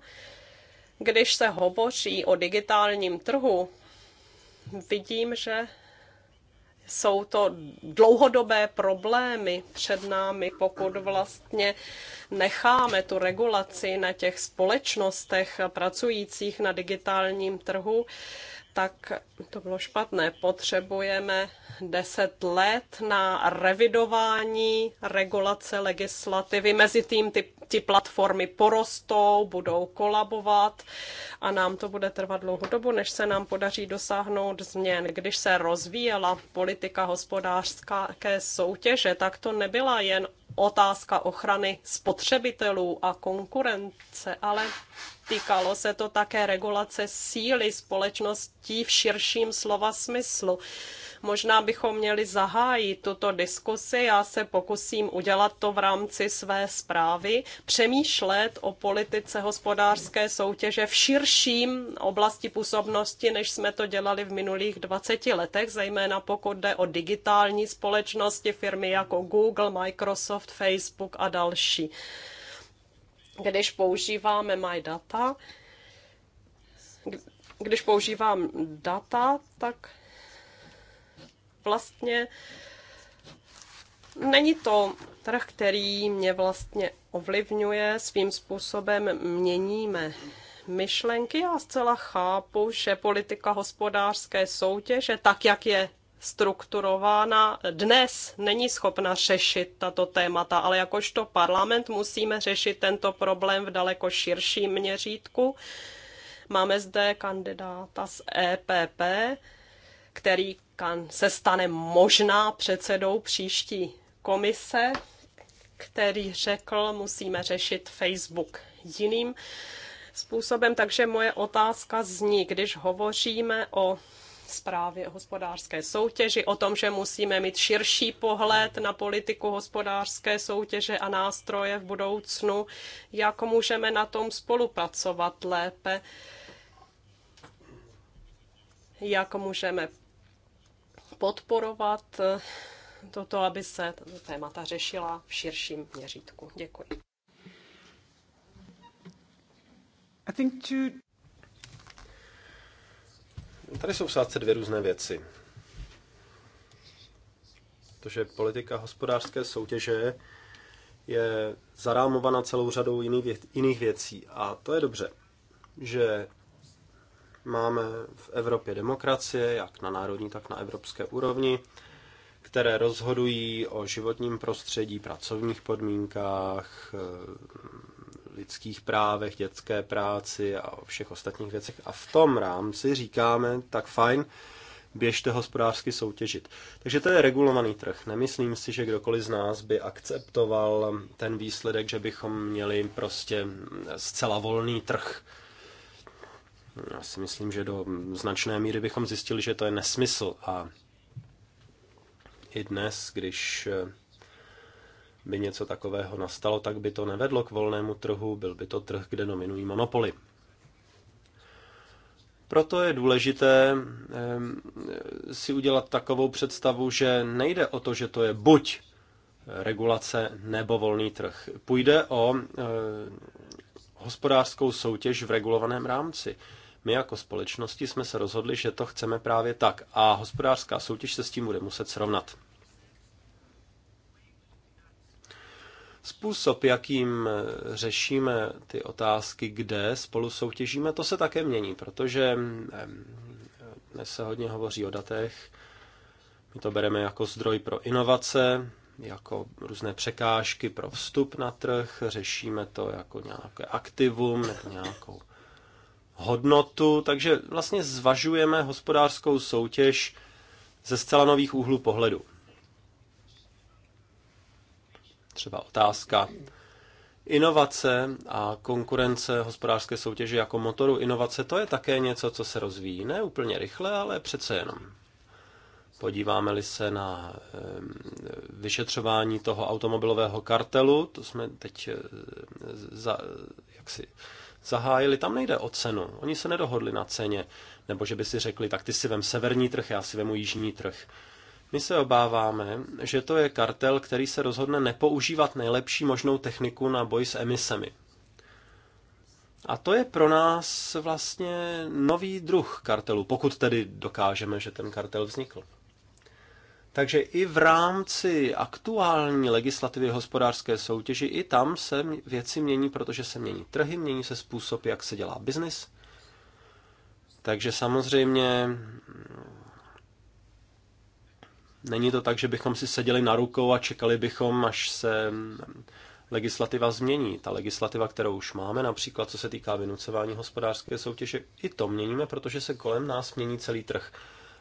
když se hovoří o digitálním trhu, vidím, že jsou to dlouhodobé problémy před námi, pokud vlastně necháme tu regulaci na těch společnostech pracujících na digitálním trhu, tak to bylo špatné. Potřebujeme deset let na revidování regulace legislativy. Mezi tím ty, ty platformy porostou, budou kolabovat a nám to bude trvat dlouhou dobu, než se nám podaří dosáhnout změn. Když se rozvíjela politika hospodářská ke soutěže, tak to nebyla jen otázka ochrany spotřebitelů a konkurence, ale Týkalo se to také regulace síly společností v širším slova smyslu. Možná bychom měli zahájit tuto diskusi. Já se pokusím udělat to v rámci své zprávy, přemýšlet o politice hospodářské soutěže v širším oblasti působnosti, než jsme to dělali v minulých 20 letech, zejména pokud jde o digitální společnosti, firmy jako Google, Microsoft, Facebook a další. Když používáme My Data, když používám data, tak vlastně není to trh, který mě vlastně ovlivňuje, svým způsobem měníme myšlenky. Já zcela chápu, že politika hospodářské soutěže, tak jak je strukturována dnes, není schopna řešit tato témata, ale jakožto parlament musíme řešit tento problém v daleko širším měřítku. Máme zde kandidáta z EPP, který se stane možná předsedou příští komise, který řekl, musíme řešit Facebook jiným způsobem. Takže moje otázka zní, když hovoříme o zprávy o hospodářské soutěži, o tom, že musíme mít širší pohled na politiku hospodářské soutěže a nástroje v budoucnu, jak můžeme na tom spolupracovat lépe, jak můžeme podporovat toto, aby se tato témata řešila v širším měřítku. Děkuji. I think to. Tady jsou v sázce dvě různé věci. Protože politika hospodářské soutěže je zarámovaná celou řadou jiných věcí. A to je dobře, že máme v Evropě demokracie, jak na národní, tak na evropské úrovni, které rozhodují o životním prostředí, pracovních podmínkách, lidských právech, dětské práci a o všech ostatních věcech. A v tom rámci říkáme, tak fajn, běžte hospodářsky soutěžit. Takže to je regulovaný trh. Nemyslím si, že kdokoliv z nás by akceptoval ten výsledek, že bychom měli prostě zcela volný trh. Já si myslím, že do značné míry bychom zjistili, že to je nesmysl a i dnes, když by něco takového nastalo, tak by to nevedlo k volnému trhu, byl by to trh, kde dominují monopoly. Proto je důležité si udělat takovou představu, že nejde o to, že to je buď regulace nebo volný trh. Půjde o hospodářskou soutěž v regulovaném rámci. My jako společnosti jsme se rozhodli, že to chceme právě tak a hospodářská soutěž se s tím bude muset srovnat. Způsob, jakým řešíme ty otázky, kde spolu soutěžíme, to se také mění, protože dnes se hodně hovoří o datech. My to bereme jako zdroj pro inovace, jako různé překážky pro vstup na trh, řešíme to jako nějaké aktivum nebo nějakou hodnotu, takže vlastně zvažujeme hospodářskou soutěž ze zcela nových úhlů pohledu třeba otázka inovace a konkurence hospodářské soutěže jako motoru inovace, to je také něco, co se rozvíjí. Ne úplně rychle, ale přece jenom. Podíváme-li se na vyšetřování toho automobilového kartelu, to jsme teď e, za, jak si zahájili, tam nejde o cenu. Oni se nedohodli na ceně, nebo že by si řekli, tak ty si vem severní trh, já si vemu jižní trh. My se obáváme, že to je kartel, který se rozhodne nepoužívat nejlepší možnou techniku na boj s emisemi. A to je pro nás vlastně nový druh kartelu, pokud tedy dokážeme, že ten kartel vznikl. Takže i v rámci aktuální legislativy hospodářské soutěži, i tam se věci mění, protože se mění trhy, mění se způsob, jak se dělá biznis. Takže samozřejmě Není to tak, že bychom si seděli na rukou a čekali bychom, až se legislativa změní. Ta legislativa, kterou už máme, například co se týká vynucování hospodářské soutěže, i to měníme, protože se kolem nás mění celý trh.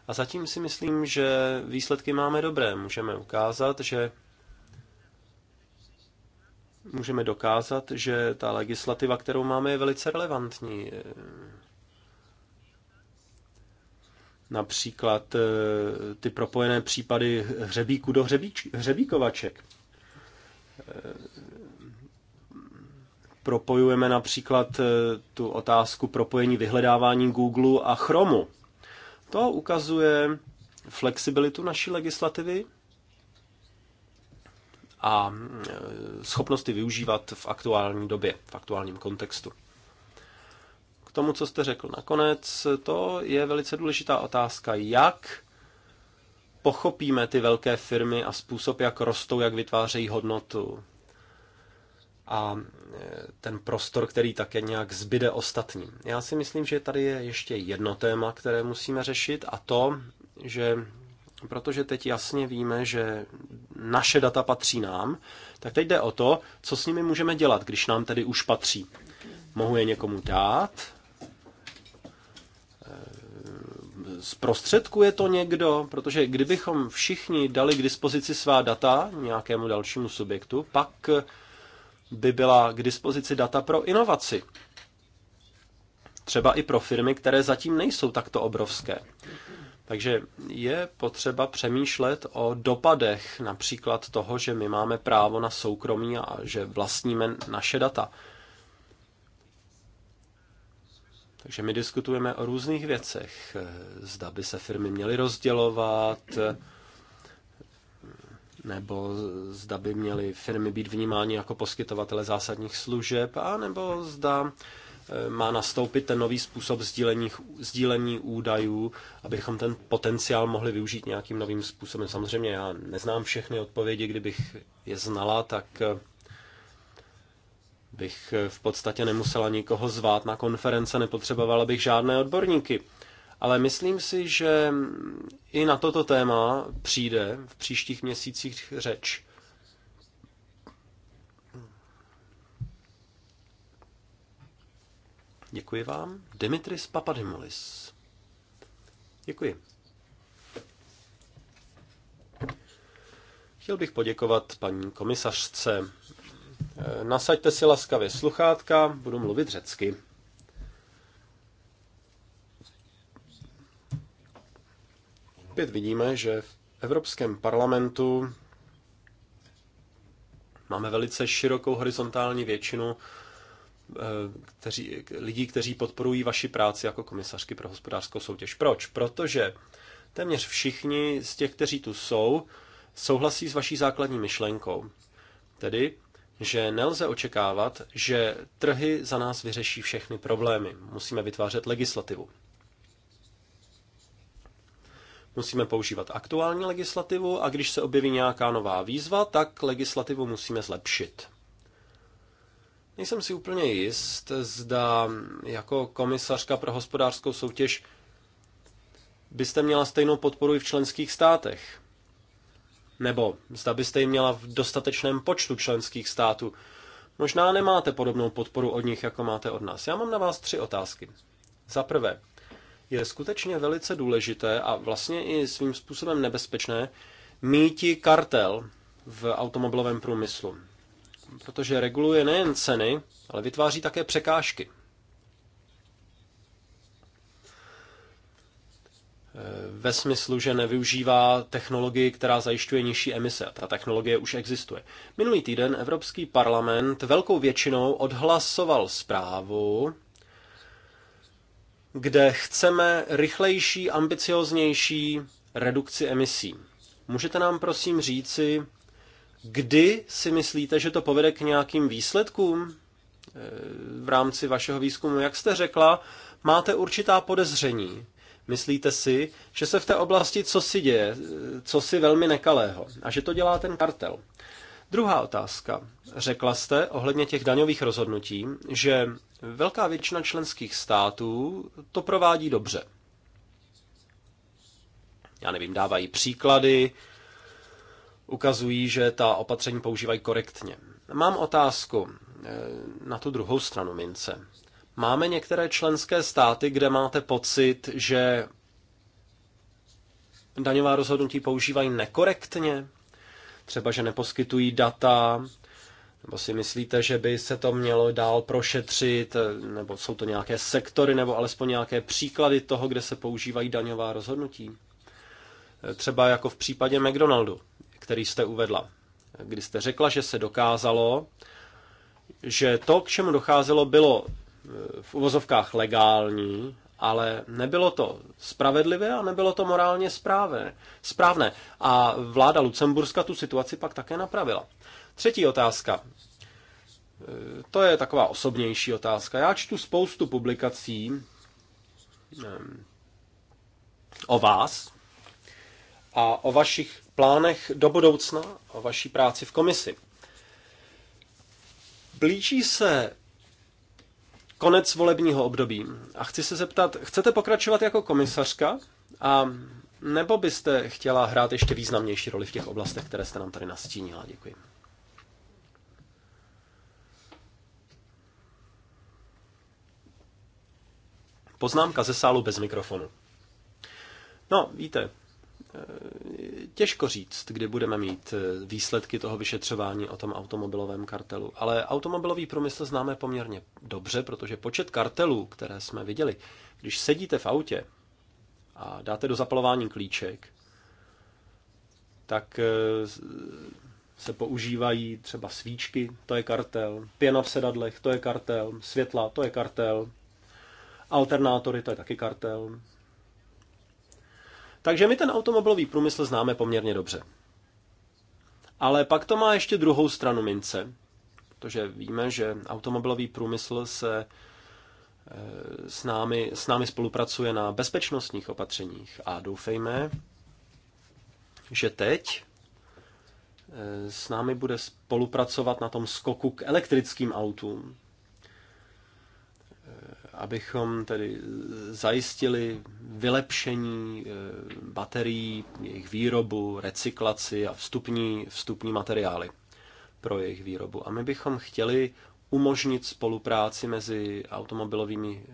A zatím si myslím, že výsledky máme dobré. Můžeme ukázat, že můžeme dokázat, že ta legislativa, kterou máme, je velice relevantní například eh, ty propojené případy hřebíku do hřebíč, hřebíkovaček. Eh, propojujeme například eh, tu otázku propojení vyhledávání Google a Chromu. To ukazuje flexibilitu naší legislativy a schopnosti využívat v aktuální době, v aktuálním kontextu tomu, co jste řekl nakonec, to je velice důležitá otázka. Jak pochopíme ty velké firmy a způsob, jak rostou, jak vytvářejí hodnotu a e, ten prostor, který také nějak zbyde ostatním. Já si myslím, že tady je ještě jedno téma, které musíme řešit a to, že protože teď jasně víme, že naše data patří nám, tak teď jde o to, co s nimi můžeme dělat, když nám tedy už patří. Mohu je někomu dát, zprostředkuje to někdo? Protože kdybychom všichni dali k dispozici svá data nějakému dalšímu subjektu, pak by byla k dispozici data pro inovaci. Třeba i pro firmy, které zatím nejsou takto obrovské. Takže je potřeba přemýšlet o dopadech například toho, že my máme právo na soukromí a že vlastníme naše data. Takže my diskutujeme o různých věcech. Zda by se firmy měly rozdělovat, nebo zda by měly firmy být vnímány jako poskytovatele zásadních služeb, a nebo zda eh, má nastoupit ten nový způsob sdílení, sdílení údajů, abychom ten potenciál mohli využít nějakým novým způsobem. Samozřejmě já neznám všechny odpovědi, kdybych je znala, tak eh, bych eh, v podstatě nemusela nikoho zvát na konference, nepotřebovala bych žádné odborníky. Ale myslím si, že i na toto téma přijde v příštích měsících řeč. Děkuji vám. Dimitris Papadimolis. Děkuji. Chtěl bych poděkovat paní komisařce Eh, nasaďte si laskavě sluchátka, budu mluvit řecky. Opět vidíme, že v Evropském parlamentu máme velice širokou horizontální většinu eh, kteří, lidí, kteří podporují vaši práci jako komisařky pro hospodářskou soutěž. Proč? Protože téměř všichni z těch, kteří tu jsou, souhlasí s vaší základní myšlenkou. Tedy že nelze očekávat, že trhy za nás vyřeší všechny problémy. Musíme vytvářet legislativu. Musíme používat aktuální legislativu a když se objeví nějaká nová výzva, tak legislativu musíme zlepšit. Nejsem si úplně jist, zda jako komisařka pro hospodářskou soutěž byste měla stejnou podporu i v členských státech. Nebo zda byste ji měla v dostatečném počtu členských států. Možná nemáte podobnou podporu od nich, jako máte od nás. Já mám na vás tři otázky. Za prvé, je skutečně velice důležité a vlastně i svým způsobem nebezpečné míti kartel v automobilovém průmyslu. Protože reguluje nejen ceny, ale vytváří také překážky. Eh, ve smyslu, že nevyužívá technologii, která zajišťuje nižší emise. Ta technologie už existuje. Minulý týden Evropský parlament velkou většinou odhlasoval zprávu, kde chceme rychlejší, ambicioznější redukci emisí. Můžete nám prosím říci, kdy si myslíte, že to povede k nějakým výsledkům eh, v rámci vašeho výzkumu? Jak jste řekla, máte určitá podezření Myslíte si, že se v té oblasti co si děje, co si velmi nekalého a že to dělá ten kartel? Druhá otázka. Řekla jste ohledně těch daňových rozhodnutí, že velká většina členských států to provádí dobře. Já nevím, dávají příklady, ukazují, že ta opatření používají korektně. Mám otázku eh, na tu druhou stranu mince. Máme některé členské státy, kde máte pocit, že daňová rozhodnutí používají nekorektně? Třeba, že neposkytují data, nebo si myslíte, že by se to mělo dál prošetřit, nebo jsou to nějaké sektory, nebo alespoň nějaké příklady toho, kde se používají daňová rozhodnutí? Třeba jako v případě McDonaldu, který jste uvedla, kdy jste řekla, že se dokázalo, že to, k čemu docházelo, bylo Eh, v uvozovkách legální, ale nebylo to spravedlivé a nebylo to morálně správné. správné. A vláda Lucemburska tu situaci pak také napravila. Třetí otázka. Eh, to je taková osobnější otázka. Já čtu spoustu publikací eh, o vás a o vašich plánech do budoucna, o vaší práci v komisi. Blíží se konec volebního období. A chci se zeptat, chcete pokračovat jako komisařka? A nebo byste chtěla hrát ještě významnější roli v těch oblastech, které jste nám tady nastínila? Děkuji. Poznámka ze sálu bez mikrofonu. No, víte, těžko říct, kdy budeme mít eh, výsledky toho vyšetřování o tom automobilovém kartelu. Ale automobilový průmysl známe poměrně dobře, protože počet kartelů, které jsme viděli, když sedíte v autě a dáte do zapalování klíček, tak eh, se používají třeba svíčky, to je kartel, pěna v sedadlech, to je kartel, světla, to je kartel, alternátory, to je taky kartel, takže my ten automobilový průmysl známe poměrně dobře. Ale pak to má ještě druhou stranu mince, protože víme, že automobilový průmysl se e, s námi, s námi spolupracuje na bezpečnostních opatřeních a doufejme, že teď e, s námi bude spolupracovat na tom skoku k elektrickým autům, abychom tedy zajistili vylepšení eh, baterií, jejich výrobu, recyklaci a vstupní, vstupní materiály pro jejich výrobu. A my bychom chtěli umožnit spolupráci mezi automobilovými, eh,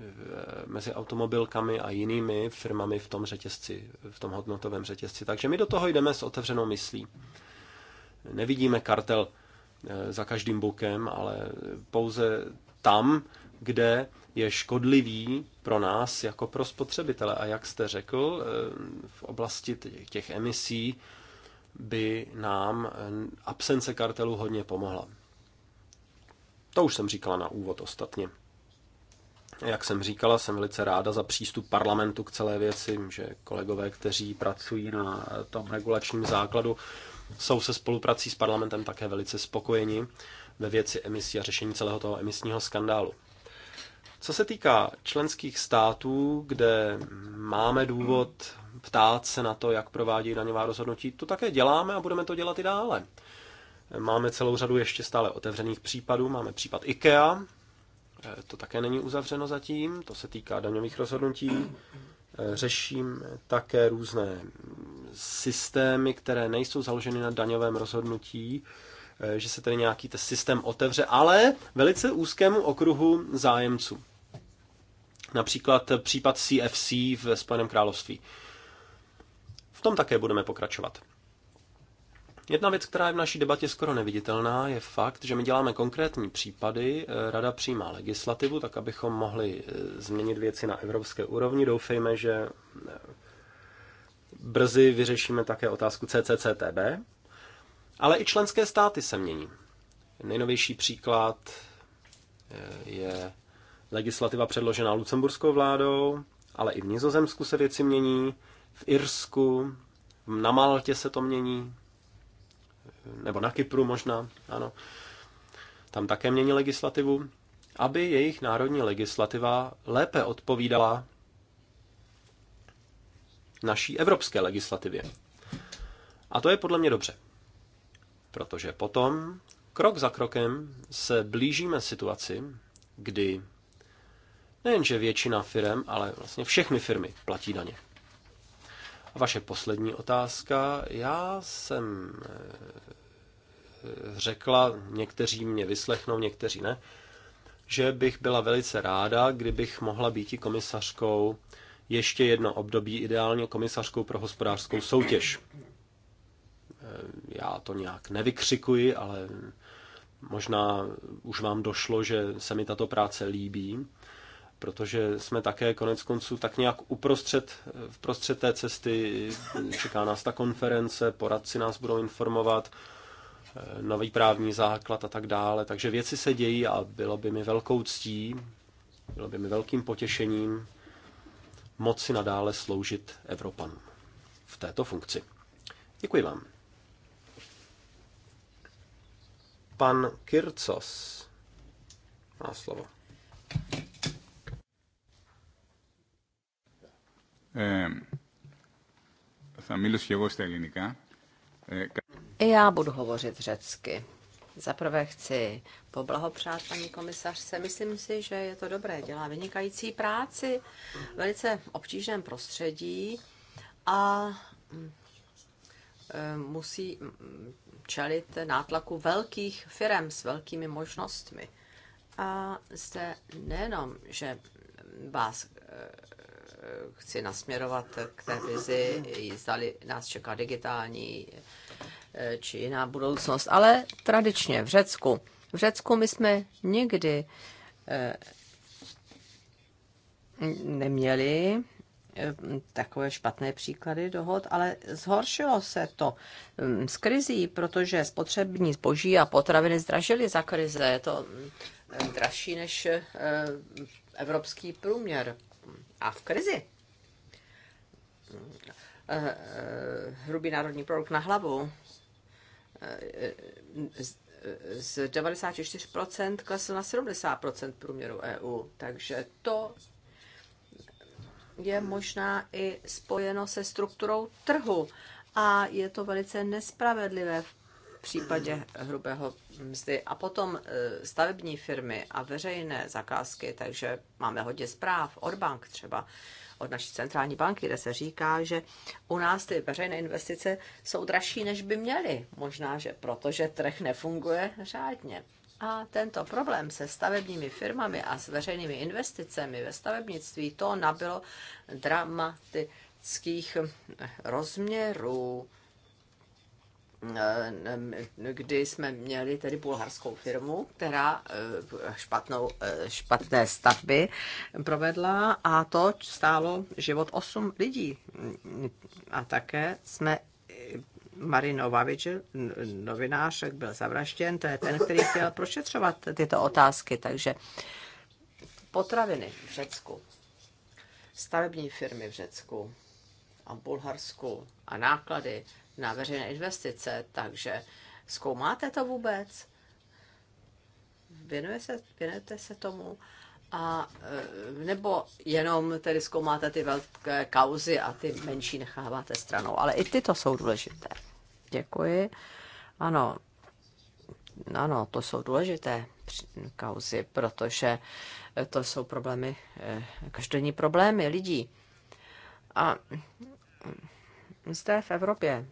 mezi automobilkami a jinými firmami v tom řetězci, v tom hodnotovém řetězci. Takže my do toho jdeme s otevřenou myslí. Nevidíme kartel eh, za každým bukem, ale pouze tam, kde je škodlivý pro nás jako pro spotřebitele. A jak jste řekl, eh, v oblasti těch emisí by nám eh, absence kartelu hodně pomohla. To už jsem říkala na úvod ostatně. Jak jsem říkala, jsem velice ráda za přístup parlamentu k celé věci, že kolegové, kteří pracují na tom regulačním základu, jsou se spoluprací s parlamentem také velice spokojeni ve věci emisí a řešení celého toho emisního skandálu. Co se týká členských států, kde máme důvod ptát se na to, jak provádí daňová rozhodnutí, to také děláme a budeme to dělat i dále. Máme celou řadu ještě stále otevřených případů. Máme případ IKEA, e, to také není uzavřeno zatím, to se týká daňových rozhodnutí. E, řeším také různé systémy, které nejsou založeny na daňovém rozhodnutí, Eh, že se tedy nějaký ten systém otevře, ale velice úzkému okruhu zájemců. Například případ CFC v Spojeném království. V tom také budeme pokračovat. Jedna věc, která je v naší debatě skoro neviditelná, je fakt, že my děláme konkrétní případy, eh, rada přijímá legislativu, tak abychom mohli eh, změnit věci na evropské úrovni. Doufejme, že brzy vyřešíme také otázku CCCTB, ale i členské státy se mění. Nejnovější příklad eh, je legislativa předložená lucemburskou vládou, ale i v Nizozemsku se věci mění, v Irsku, na Maltě se to mění, nebo na Kypru možná, ano. Tam také mění legislativu, aby jejich národní legislativa lépe odpovídala naší evropské legislativě. A to je podle mě dobře. Protože potom, krok za krokem, se blížíme situaci, kdy nejenže většina firm, ale vlastně všechny firmy platí daně. A vaše poslední otázka. Já jsem eh, řekla, někteří mě vyslechnou, někteří ne, že bych byla velice ráda, kdybych mohla být i komisařkou ještě jedno období, ideálně komisařkou pro hospodářskou soutěž. Eh, já to nějak nevykřikuji, ale možná už vám došlo, že se mi tato práce líbí, protože jsme také konec konců tak nějak uprostřed, eh, prostřed té cesty, čeká nás ta konference, poradci nás budou informovat, eh, nový právní základ a tak dále, takže věci se dějí a bylo by mi velkou ctí, bylo by mi velkým potěšením moci nadále sloužit Evropanům v této funkci. Děkuji vám. Pan Kircos má slovo. Já budu hovořit řecky. Zaprvé chci poblahopřát paní komisařce. Myslím si, že je to dobré. Dělá vynikající práci v velice obtížném prostředí a Eh, musí mm, čelit nátlaku velkých firm s velkými možnostmi. A zde nejenom, že vás eh, chci nasměrovat k té vizi, zdali nás čeká digitální eh, či jiná budoucnost, ale tradičně v Řecku. V Řecku my jsme nikdy neměli takové špatné příklady dohod, ale zhoršilo se to s krizí, protože spotřební zboží a potraviny zdražily za krize. Je to dražší než evropský průměr. A v krizi eh, eh, hrubý národní produkt na hlavu eh, z 94% klesl na 70% průměru EU. Takže to je možná i spojeno se strukturou trhu a je to velice nespravedlivé v případě hrubého mzdy. A potom e, stavební firmy a veřejné zakázky, takže máme hodně zpráv od bank třeba, od naší centrální banky, kde se říká, že u nás ty veřejné investice jsou dražší, než by měly. Možná, že protože trh nefunguje řádně. A tento problém se stavebními firmami a s veřejnými investicemi ve stavebnictví, to nabylo dramatických eh, rozměrů eh, eh, kdy jsme měli tedy bulharskou firmu, která špatnou, špatné stavby provedla a to stálo život osm lidí. A také jsme Marino Novavič, novinář, byl zavražděn, to je ten, který chtěl prošetřovat tyto otázky, takže potraviny v Řecku, stavební firmy v Řecku a Bulharsku a náklady na veřejné investice, takže zkoumáte to vůbec? Věnuje se, věnujete se tomu? A e, nebo jenom tedy zkoumáte ty velké kauzy a ty menší necháváte stranou. Ale i tyto jsou důležité. Děkuji. Ano, ano, to jsou důležité kauzy, protože to jsou problémy, e, každodenní problémy lidí. A zde v Evropě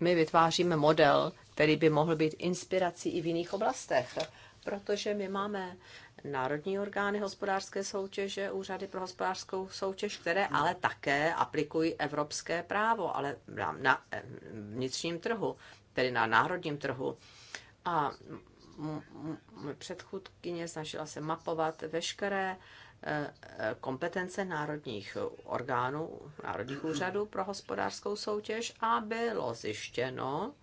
my vytváříme model, který by mohl být inspirací i v jiných oblastech, protože my máme národní orgány hospodářské soutěže, úřady pro hospodářskou soutěž, které ale také aplikují evropské právo, ale na, na eh, vnitřním trhu, tedy na národním trhu. A moje předchůdkyně snažila se mapovat veškeré eh, kompetence národních orgánů, národních úřadů pro hospodářskou soutěž a bylo zjištěno,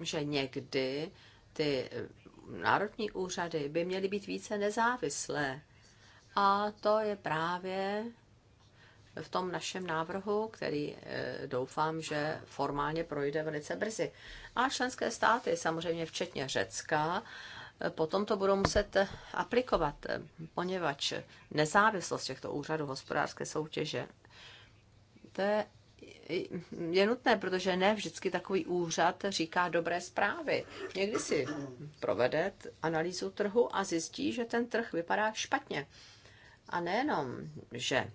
že někdy ty eh, národní úřady by měly být více nezávislé. A to je právě v tom našem návrhu, který eh, doufám, že formálně projde velice brzy. A členské státy, samozřejmě včetně Řecka, eh, potom to budou muset aplikovat, poněvadž nezávislost těchto úřadů hospodářské soutěže, to je je nutné, protože ne vždycky takový úřad říká dobré zprávy. Někdy si provede analýzu trhu a zjistí, že ten trh vypadá špatně. A nejenom, že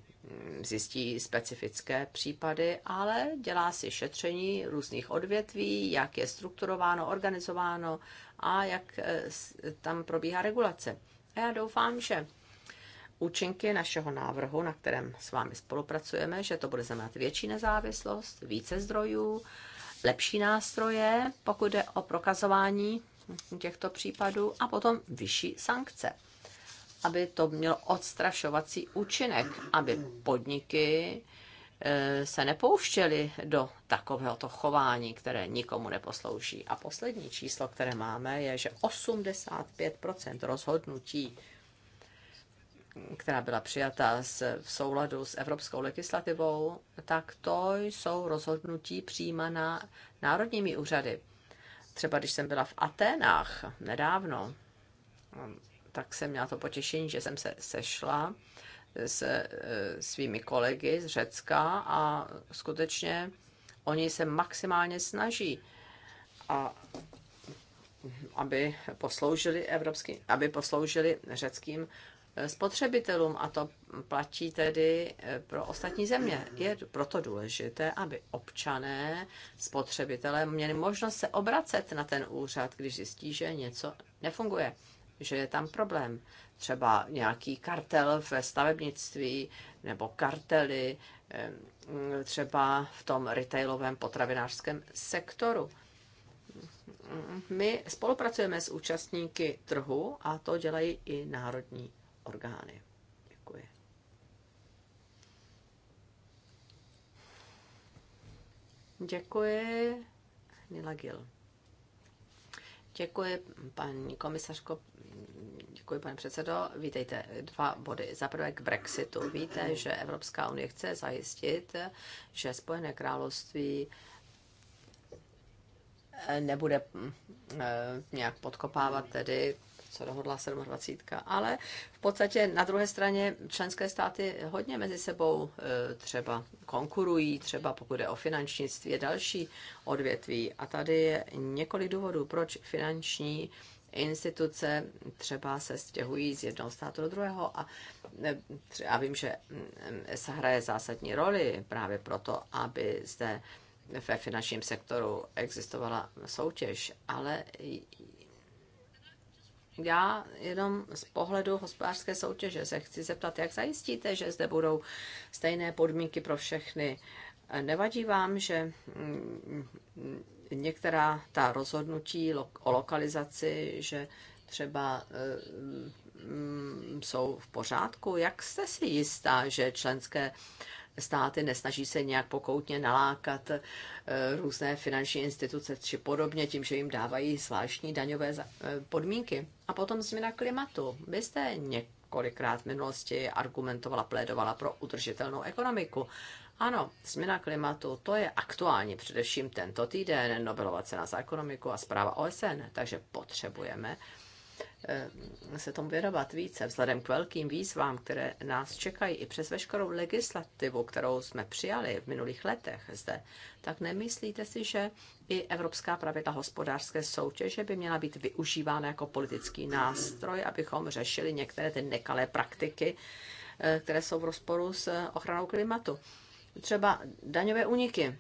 zjistí specifické případy, ale dělá si šetření různých odvětví, jak je strukturováno, organizováno a jak eh, tam probíhá regulace. A já doufám, že účinky našeho návrhu, na kterém s vámi spolupracujeme, že to bude znamenat větší nezávislost, více zdrojů, lepší nástroje, pokud jde o prokazování těchto případů a potom vyšší sankce, aby to mělo odstrašovací účinek, aby podniky eh, se nepouštěli do takovéhoto chování, které nikomu neposlouží. A poslední číslo, které máme, je, že 85% rozhodnutí která byla přijata v souladu s evropskou legislativou, tak to jsou rozhodnutí přijímaná národními úřady. Třeba když jsem byla v Aténách nedávno, tak jsem měla to potěšení, že jsem se sešla s e, svými kolegy z Řecka a skutečně oni se maximálně snaží, a, aby posloužili evropským, aby posloužili řeckým Eh, spotřebitelům a to platí tedy eh, pro ostatní země. Je proto důležité, aby občané, spotřebitelé měli možnost se obracet na ten úřad, když zjistí, že něco nefunguje, že je tam problém. Třeba nějaký kartel ve stavebnictví nebo kartely eh, třeba v tom retailovém potravinářském sektoru my spolupracujeme s účastníky trhu a to dělají i národní orgány. Děkuji. Děkuji, Nila Gil. Děkuji, paní komisařko, děkuji, pane předsedo. Vítejte, dva body. Za prvé k Brexitu. Víte, že Evropská unie chce zajistit, že Spojené království eh, nebude mm, eh, nějak podkopávat tedy co dohodla 27. Ale v podstatě na druhé straně členské státy hodně mezi sebou e, třeba konkurují, třeba pokud je o finančnictví, je další odvětví. A tady je několik důvodů, proč finanční instituce třeba se stěhují z jednoho státu do druhého a já e, vím, že se hraje zásadní roli právě proto, aby zde ve finančním sektoru existovala soutěž, ale já jenom z pohledu hospodářské soutěže se chci zeptat, jak zajistíte, že zde budou stejné podmínky pro všechny. Nevadí vám, že mm, některá ta rozhodnutí o lokalizaci, že třeba eh, mm, jsou v pořádku? Jak jste si jistá, že členské státy nesnaží se nějak pokoutně nalákat eh, různé finanční instituce či podobně tím, že jim dávají zvláštní daňové eh, podmínky. A potom změna klimatu. Vy jste několikrát v minulosti argumentovala, plédovala pro udržitelnou ekonomiku. Ano, změna klimatu, to je aktuální především tento týden Nobelová cena za ekonomiku a zpráva OSN, takže potřebujeme Eh, se tomu věnovat více, vzhledem k velkým výzvám, které nás čekají i přes veškerou legislativu, kterou jsme přijali v minulých letech zde, tak nemyslíte si, že i evropská pravidla hospodářské soutěže by měla být využívána jako politický nástroj, abychom řešili některé ty nekalé praktiky, eh, které jsou v rozporu s eh, ochranou klimatu? Třeba daňové úniky.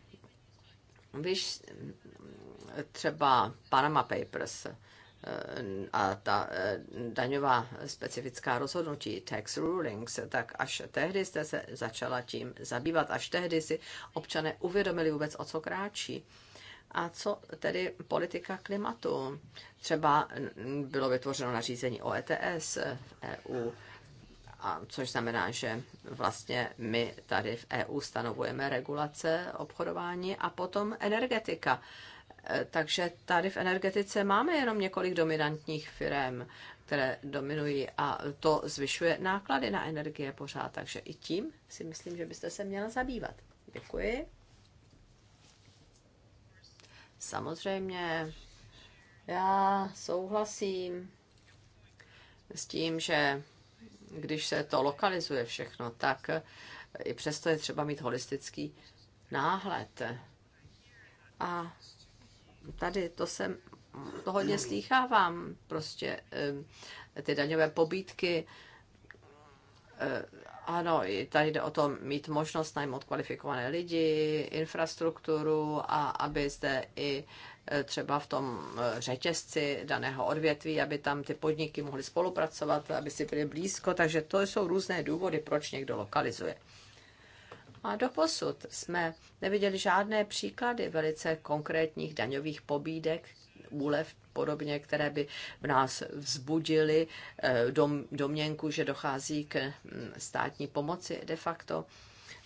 Víš, mm, třeba Panama Papers, Eh, a ta eh, daňová specifická rozhodnutí, tax rulings, tak až tehdy jste se začala tím zabývat, až tehdy si občané uvědomili vůbec, o co kráčí. A co tedy politika klimatu? Třeba bylo vytvořeno nařízení o ETS v e EU, a což znamená, že vlastně my tady v EU stanovujeme regulace obchodování a potom energetika. Eh, takže tady v energetice máme jenom několik dominantních firm, které dominují a to zvyšuje náklady na energie pořád. Takže i tím si myslím, že byste se měla zabývat. Děkuji. Samozřejmě, já souhlasím s tím, že když se to lokalizuje všechno, tak i přesto je třeba mít holistický náhled. A tady to jsem to hodně slýchávám, prostě ty daňové pobídky. Eh, ano, tady jde o to mít možnost najmout kvalifikované lidi, infrastrukturu a aby zde i eh, třeba v tom eh, řetězci daného odvětví, aby tam ty podniky mohly spolupracovat, aby si byly blízko. Takže to jsou různé důvody, proč někdo lokalizuje. A doposud jsme neviděli žádné příklady velice konkrétních daňových pobídek, úlev podobně, které by v nás vzbudily eh, dom, domněnku, že dochází k mm, státní pomoci de facto.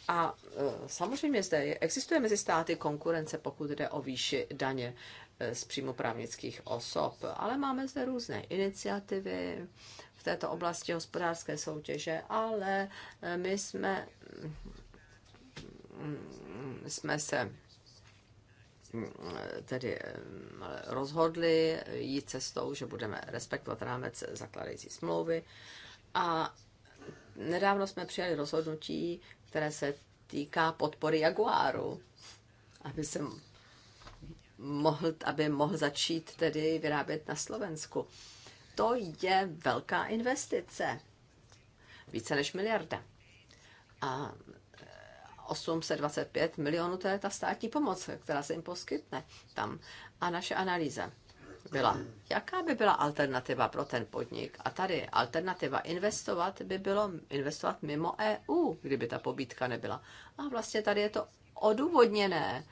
A eh, samozřejmě zde existuje mezi státy konkurence, pokud jde o výši daně eh, z příjmu právnických osob, ale máme zde různé iniciativy v této oblasti hospodářské soutěže, ale my jsme jsme se mm, tedy mm, rozhodli jít cestou, že budeme respektovat rámec zakladající smlouvy a nedávno jsme přijali rozhodnutí, které se týká podpory Jaguáru, aby se mohl, aby mohl začít tedy vyrábět na Slovensku. To je velká investice. Více než miliarda. A 825 milionů, to je ta státní pomoc, která se jim poskytne tam. A naše analýza byla, jaká by byla alternativa pro ten podnik. A tady alternativa investovat by bylo investovat mimo EU, kdyby ta pobítka nebyla. A vlastně tady je to odůvodněné.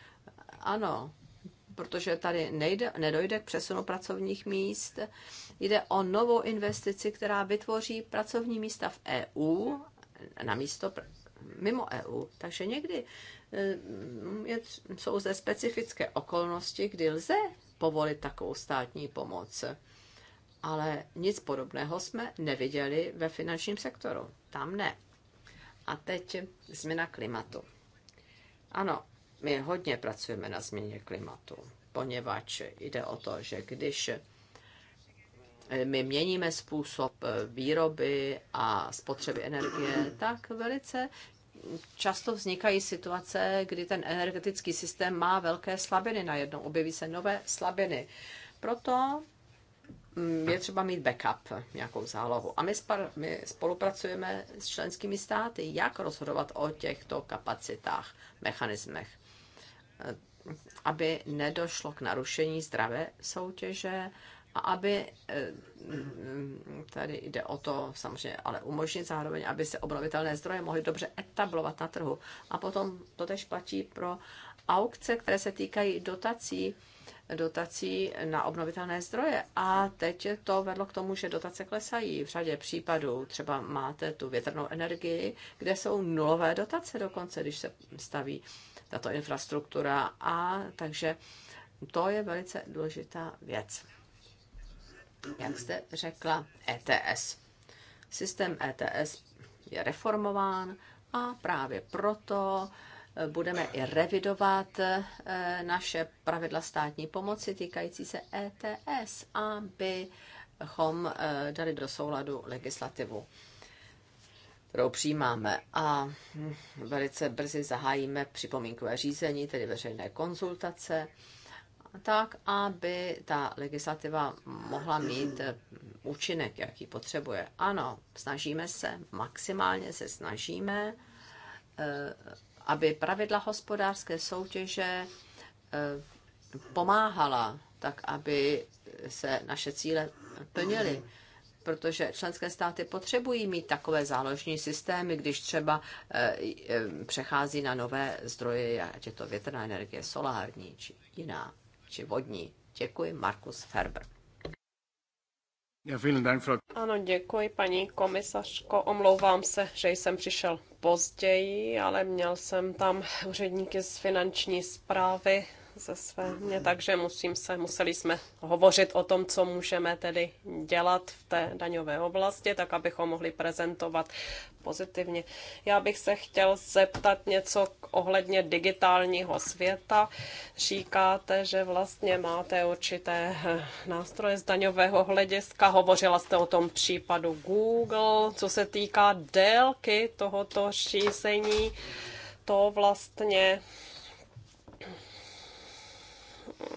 Ano, protože tady nejde, nedojde k přesunu pracovních míst. Jde o novou investici, která vytvoří pracovní místa v EU na místo mimo EU. Takže někdy eh, je, jsou zde specifické okolnosti, kdy lze povolit takovou státní pomoc. Ale nic podobného jsme neviděli ve finančním sektoru. Tam ne. A teď změna klimatu. Ano, my hodně pracujeme na změně klimatu, poněvadž jde o to, že když E, my měníme způsob e, výroby a spotřeby energie, tak velice často vznikají situace, kdy ten energetický systém má velké slabiny. Najednou objeví se nové slabiny. Proto mm, je třeba mít backup, nějakou zálohu. A my, spar, my spolupracujeme s členskými státy, jak rozhodovat o těchto kapacitách, mechanismech, e, aby nedošlo k narušení zdravé soutěže a aby eh, tady jde o to samozřejmě, ale umožnit zároveň, aby se obnovitelné zdroje mohly dobře etablovat na trhu. A potom to tež platí pro aukce, které se týkají dotací, dotací na obnovitelné zdroje. A teď to vedlo k tomu, že dotace klesají v řadě případů. Třeba máte tu větrnou energii, kde jsou nulové dotace dokonce, když se staví tato infrastruktura. A takže to je velice důležitá věc jak jste řekla, ETS. Systém ETS je reformován a právě proto eh, budeme i revidovat eh, naše pravidla státní pomoci týkající se ETS, abychom eh, dali do souladu legislativu kterou přijímáme. A hm, velice brzy zahájíme připomínkové řízení, tedy veřejné konzultace tak, aby ta legislativa mohla mít účinek, jaký potřebuje. Ano, snažíme se, maximálně se snažíme, eh, aby pravidla hospodářské soutěže eh, pomáhala, tak aby se naše cíle plnily protože členské státy potřebují mít takové záložní systémy, když třeba eh, přechází na nové zdroje, ať je to větrná energie, solární či jiná či vodní. Děkuji, Markus Ferber. Ano, děkuji, paní komisařko. Omlouvám se, že jsem přišel později, ale měl jsem tam úředníky z finanční zprávy ze své mě, takže musím se, museli jsme hovořit o tom, co můžeme tedy dělat v té daňové oblasti, tak abychom mohli prezentovat pozitivně. Já bych se chtěl zeptat něco k ohledně digitálního světa. Říkáte, že vlastně máte určité eh, nástroje z daňového hlediska. Hovořila jste o tom případu Google, co se týká délky tohoto řízení. To vlastně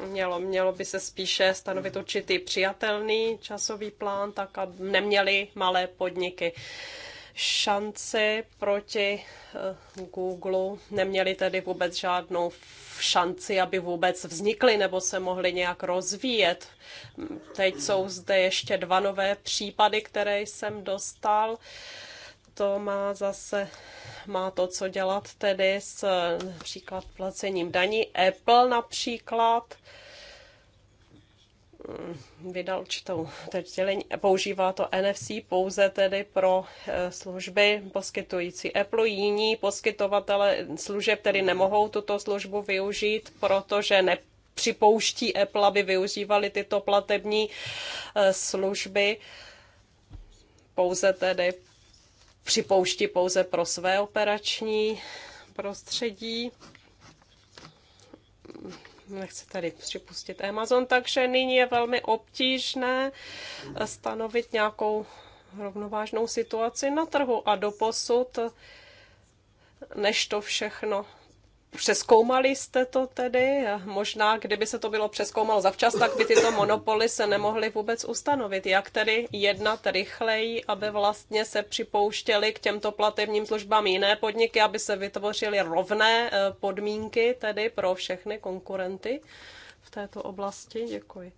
mělo, mělo by se spíše stanovit určitý přijatelný časový plán, tak aby neměly malé podniky šance proti eh, Google, neměly tedy vůbec žádnou šanci, aby vůbec vznikly nebo se mohly nějak rozvíjet. Teď jsou zde ještě dva nové případy, které jsem dostal to má zase má to, co dělat tedy s například placením daní. Apple například mm, vydal čtou dělení, používá to NFC pouze tedy pro e, služby poskytující Apple. Jiní poskytovatele služeb tedy nemohou tuto službu využít, protože ne připouští Apple, aby využívali tyto platební e, služby pouze tedy připouští pouze pro své operační prostředí. Nechci tady připustit Amazon, takže nyní je velmi obtížné stanovit nějakou rovnovážnou situaci na trhu a doposud, než to všechno Přeskoumali jste to tedy? Možná, kdyby se to bylo přeskoumalo zavčas, tak by tyto monopoly se nemohly vůbec ustanovit. Jak tedy jednat rychleji, aby vlastně se připouštěly k těmto platebním službám jiné podniky, aby se vytvořily rovné eh, podmínky tedy pro všechny konkurenty v této oblasti? Děkuji.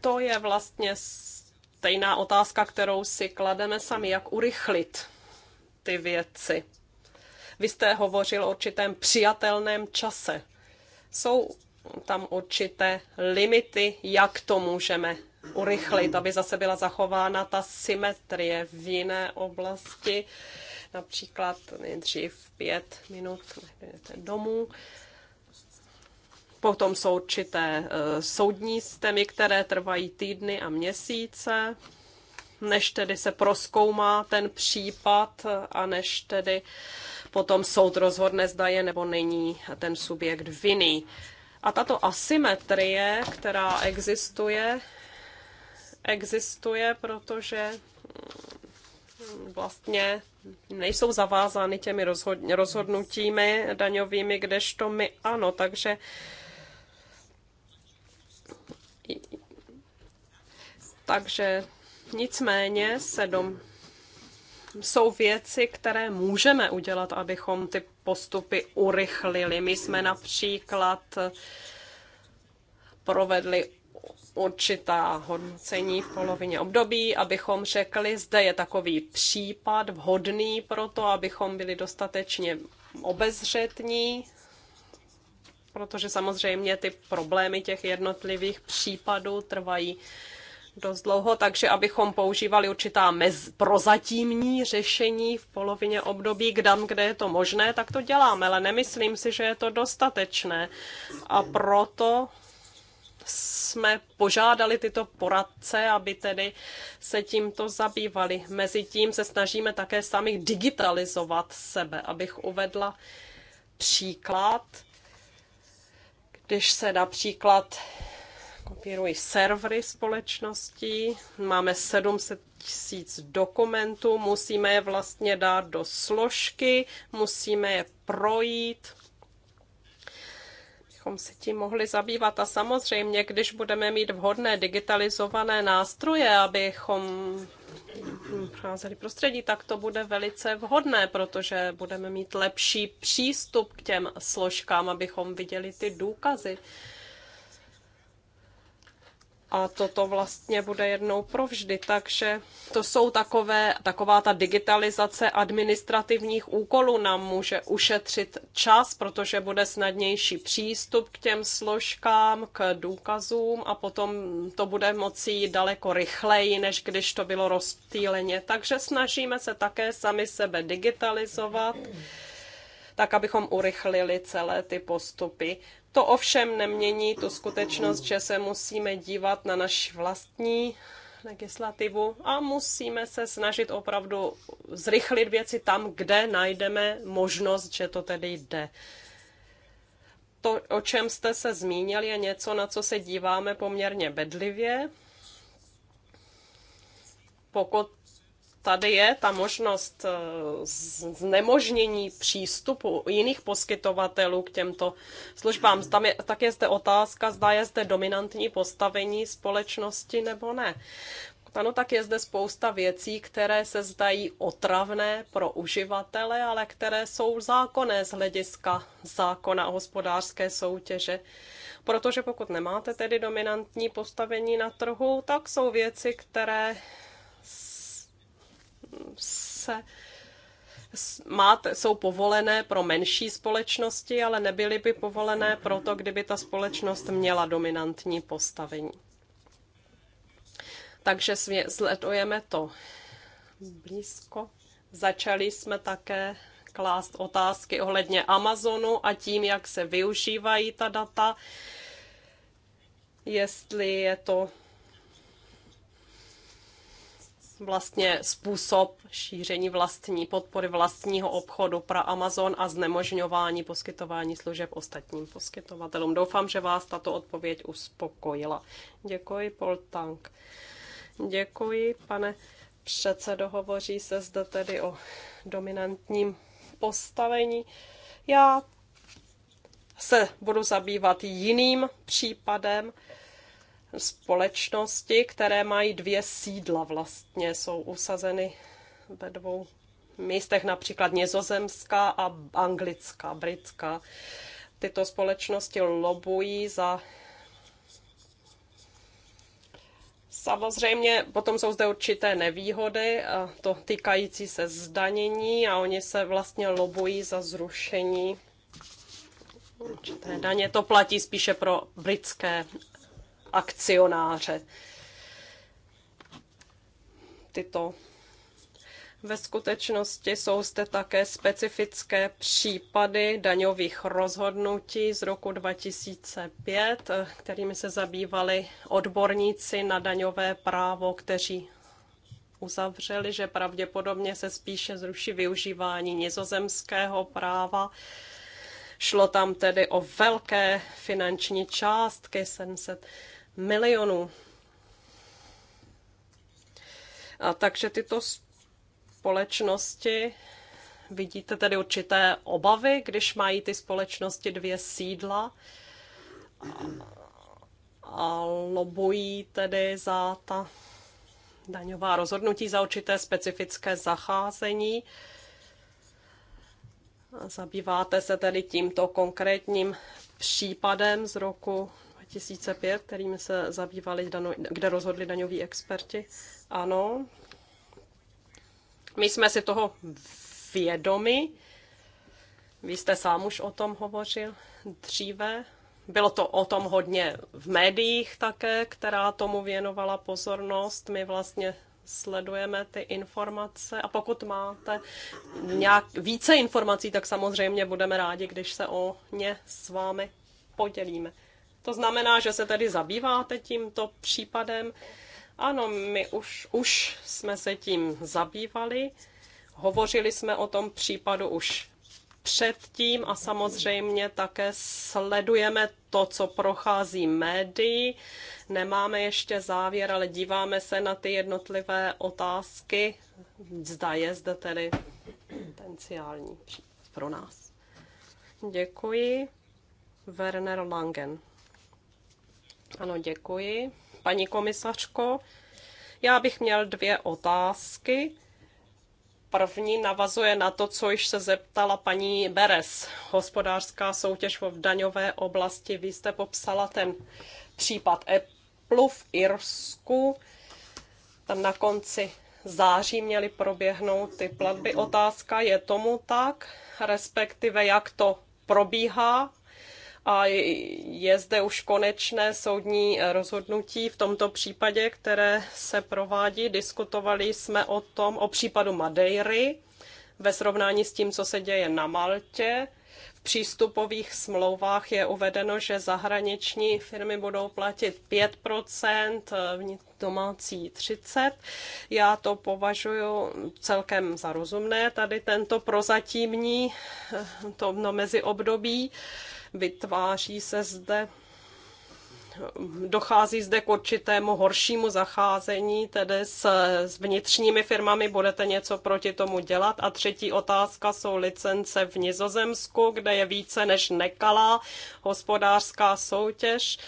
to je vlastně stejná otázka, kterou si klademe sami, jak urychlit ty věci. Vy jste hovořil o určitém přijatelném čase. Jsou tam určité limity, jak to můžeme urychlit, aby zase byla zachována ta symetrie v jiné oblasti, například nejdřív pět minut domů. Potom jsou určité eh, soudní systémy, které trvají týdny a měsíce, než tedy se proskoumá ten případ a než tedy potom soud rozhodne, zda je nebo není ten subjekt vinný. A tato asymetrie, která existuje, existuje, protože mm, vlastně nejsou zavázány těmi rozhodnutími daňovými, kdežto my ano, takže takže nicméně se dom... jsou věci, které můžeme udělat, abychom ty postupy urychlili. My jsme například provedli určitá hodnocení v polovině období, abychom řekli, zde je takový případ vhodný pro to, abychom byli dostatečně obezřetní protože samozřejmě ty problémy těch jednotlivých případů trvají dost dlouho, takže abychom používali určitá mez, prozatímní řešení v polovině období, kdam, kde je to možné, tak to děláme, ale nemyslím si, že je to dostatečné. A proto jsme požádali tyto poradce, aby tedy se tímto zabývali. Mezitím se snažíme také sami digitalizovat sebe, abych uvedla příklad když se například kopírují servery společností, máme 700 tisíc dokumentů, musíme je vlastně dát do složky, musíme je projít, bychom se tím mohli zabývat. A samozřejmě, když budeme mít vhodné digitalizované nástroje, abychom procházeli prostředí, tak to bude velice vhodné, protože budeme mít lepší přístup k těm složkám, abychom viděli ty důkazy a toto vlastně bude jednou provždy. Takže to jsou takové, taková ta digitalizace administrativních úkolů nám může ušetřit čas, protože bude snadnější přístup k těm složkám, k důkazům a potom to bude moci jít daleko rychleji, než když to bylo rozptýleně. Takže snažíme se také sami sebe digitalizovat tak abychom urychlili celé ty postupy. To ovšem nemění tu skutečnost, že se musíme dívat na naši vlastní legislativu a musíme se snažit opravdu zrychlit věci tam, kde najdeme možnost, že to tedy jde. To, o čem jste se zmínil, je něco, na co se díváme poměrně bedlivě. Pokud tady je ta možnost eh, znemožnění přístupu jiných poskytovatelů k těmto službám. Tam je, tak je zde otázka, zda je zde dominantní postavení společnosti nebo ne. Ano, tak je zde spousta věcí, které se zdají otravné pro uživatele, ale které jsou zákonné z hlediska zákona o hospodářské soutěže. Protože pokud nemáte tedy dominantní postavení na trhu, tak jsou věci, které se máte, jsou povolené pro menší společnosti, ale nebyly by povolené proto, kdyby ta společnost měla dominantní postavení. Takže sledujeme to blízko. Začali jsme také klást otázky ohledně Amazonu a tím, jak se využívají ta data, jestli je to vlastně způsob šíření vlastní podpory vlastního obchodu pro Amazon a znemožňování poskytování služeb ostatním poskytovatelům. Doufám, že vás tato odpověď uspokojila. Děkuji, Paul Tank. Děkuji, pane předsedo. Hovoří se zde tedy o dominantním postavení. Já se budu zabývat jiným případem, společnosti, které mají dvě sídla vlastně, jsou usazeny ve dvou místech, například nizozemská a anglická, britská. Tyto společnosti lobují za Samozřejmě potom jsou zde určité nevýhody, a to týkající se zdanění a oni se vlastně lobují za zrušení určité daně. To platí spíše pro britské akcionáře. Tyto ve skutečnosti jsou zde také specifické případy daňových rozhodnutí z roku 2005, kterými se zabývali odborníci na daňové právo, kteří uzavřeli, že pravděpodobně se spíše zruší využívání nizozemského práva. Šlo tam tedy o velké finanční částky, 700 milionů. A takže tyto společnosti vidíte tedy určité obavy, když mají ty společnosti dvě sídla a lobují tedy za ta daňová rozhodnutí, za určité specifické zacházení. Zabýváte se tedy tímto konkrétním případem z roku 2005, kterými se zabývali, kde rozhodli daňoví experti. Ano, my jsme si toho vědomi. Vy jste sám už o tom hovořil dříve. Bylo to o tom hodně v médiích také, která tomu věnovala pozornost. My vlastně sledujeme ty informace a pokud máte nějak více informací, tak samozřejmě budeme rádi, když se o ně s vámi podělíme. To znamená, že se tedy zabýváte tímto případem. Ano, my už, už jsme se tím zabývali. Hovořili jsme o tom případu už předtím a samozřejmě také sledujeme to, co prochází médií. Nemáme ještě závěr, ale díváme se na ty jednotlivé otázky. Zda je zde tedy potenciální pro nás. Děkuji. Werner Langen. Ano, děkuji. Paní komisařko, já bych měl dvě otázky. První navazuje na to, co již se zeptala paní Beres. Hospodářská soutěž v daňové oblasti. Vy jste popsala ten případ Apple v Irsku. Tam na konci září měly proběhnout ty platby. Otázka je tomu tak, respektive jak to probíhá a je zde už konečné soudní rozhodnutí v tomto případě, které se provádí. Diskutovali jsme o tom, o případu Madeiry ve srovnání s tím, co se děje na Maltě přístupových smlouvách je uvedeno, že zahraniční firmy budou platit 5 domácí 30 Já to považuji celkem za rozumné, tady tento prozatímní eh, to no, mezi období. Vytváří se zde dochází zde k určitému horšímu zacházení, tedy s, s vnitřními firmami budete něco proti tomu dělat. A třetí otázka jsou licence v Nizozemsku, kde je více než nekalá hospodářská soutěž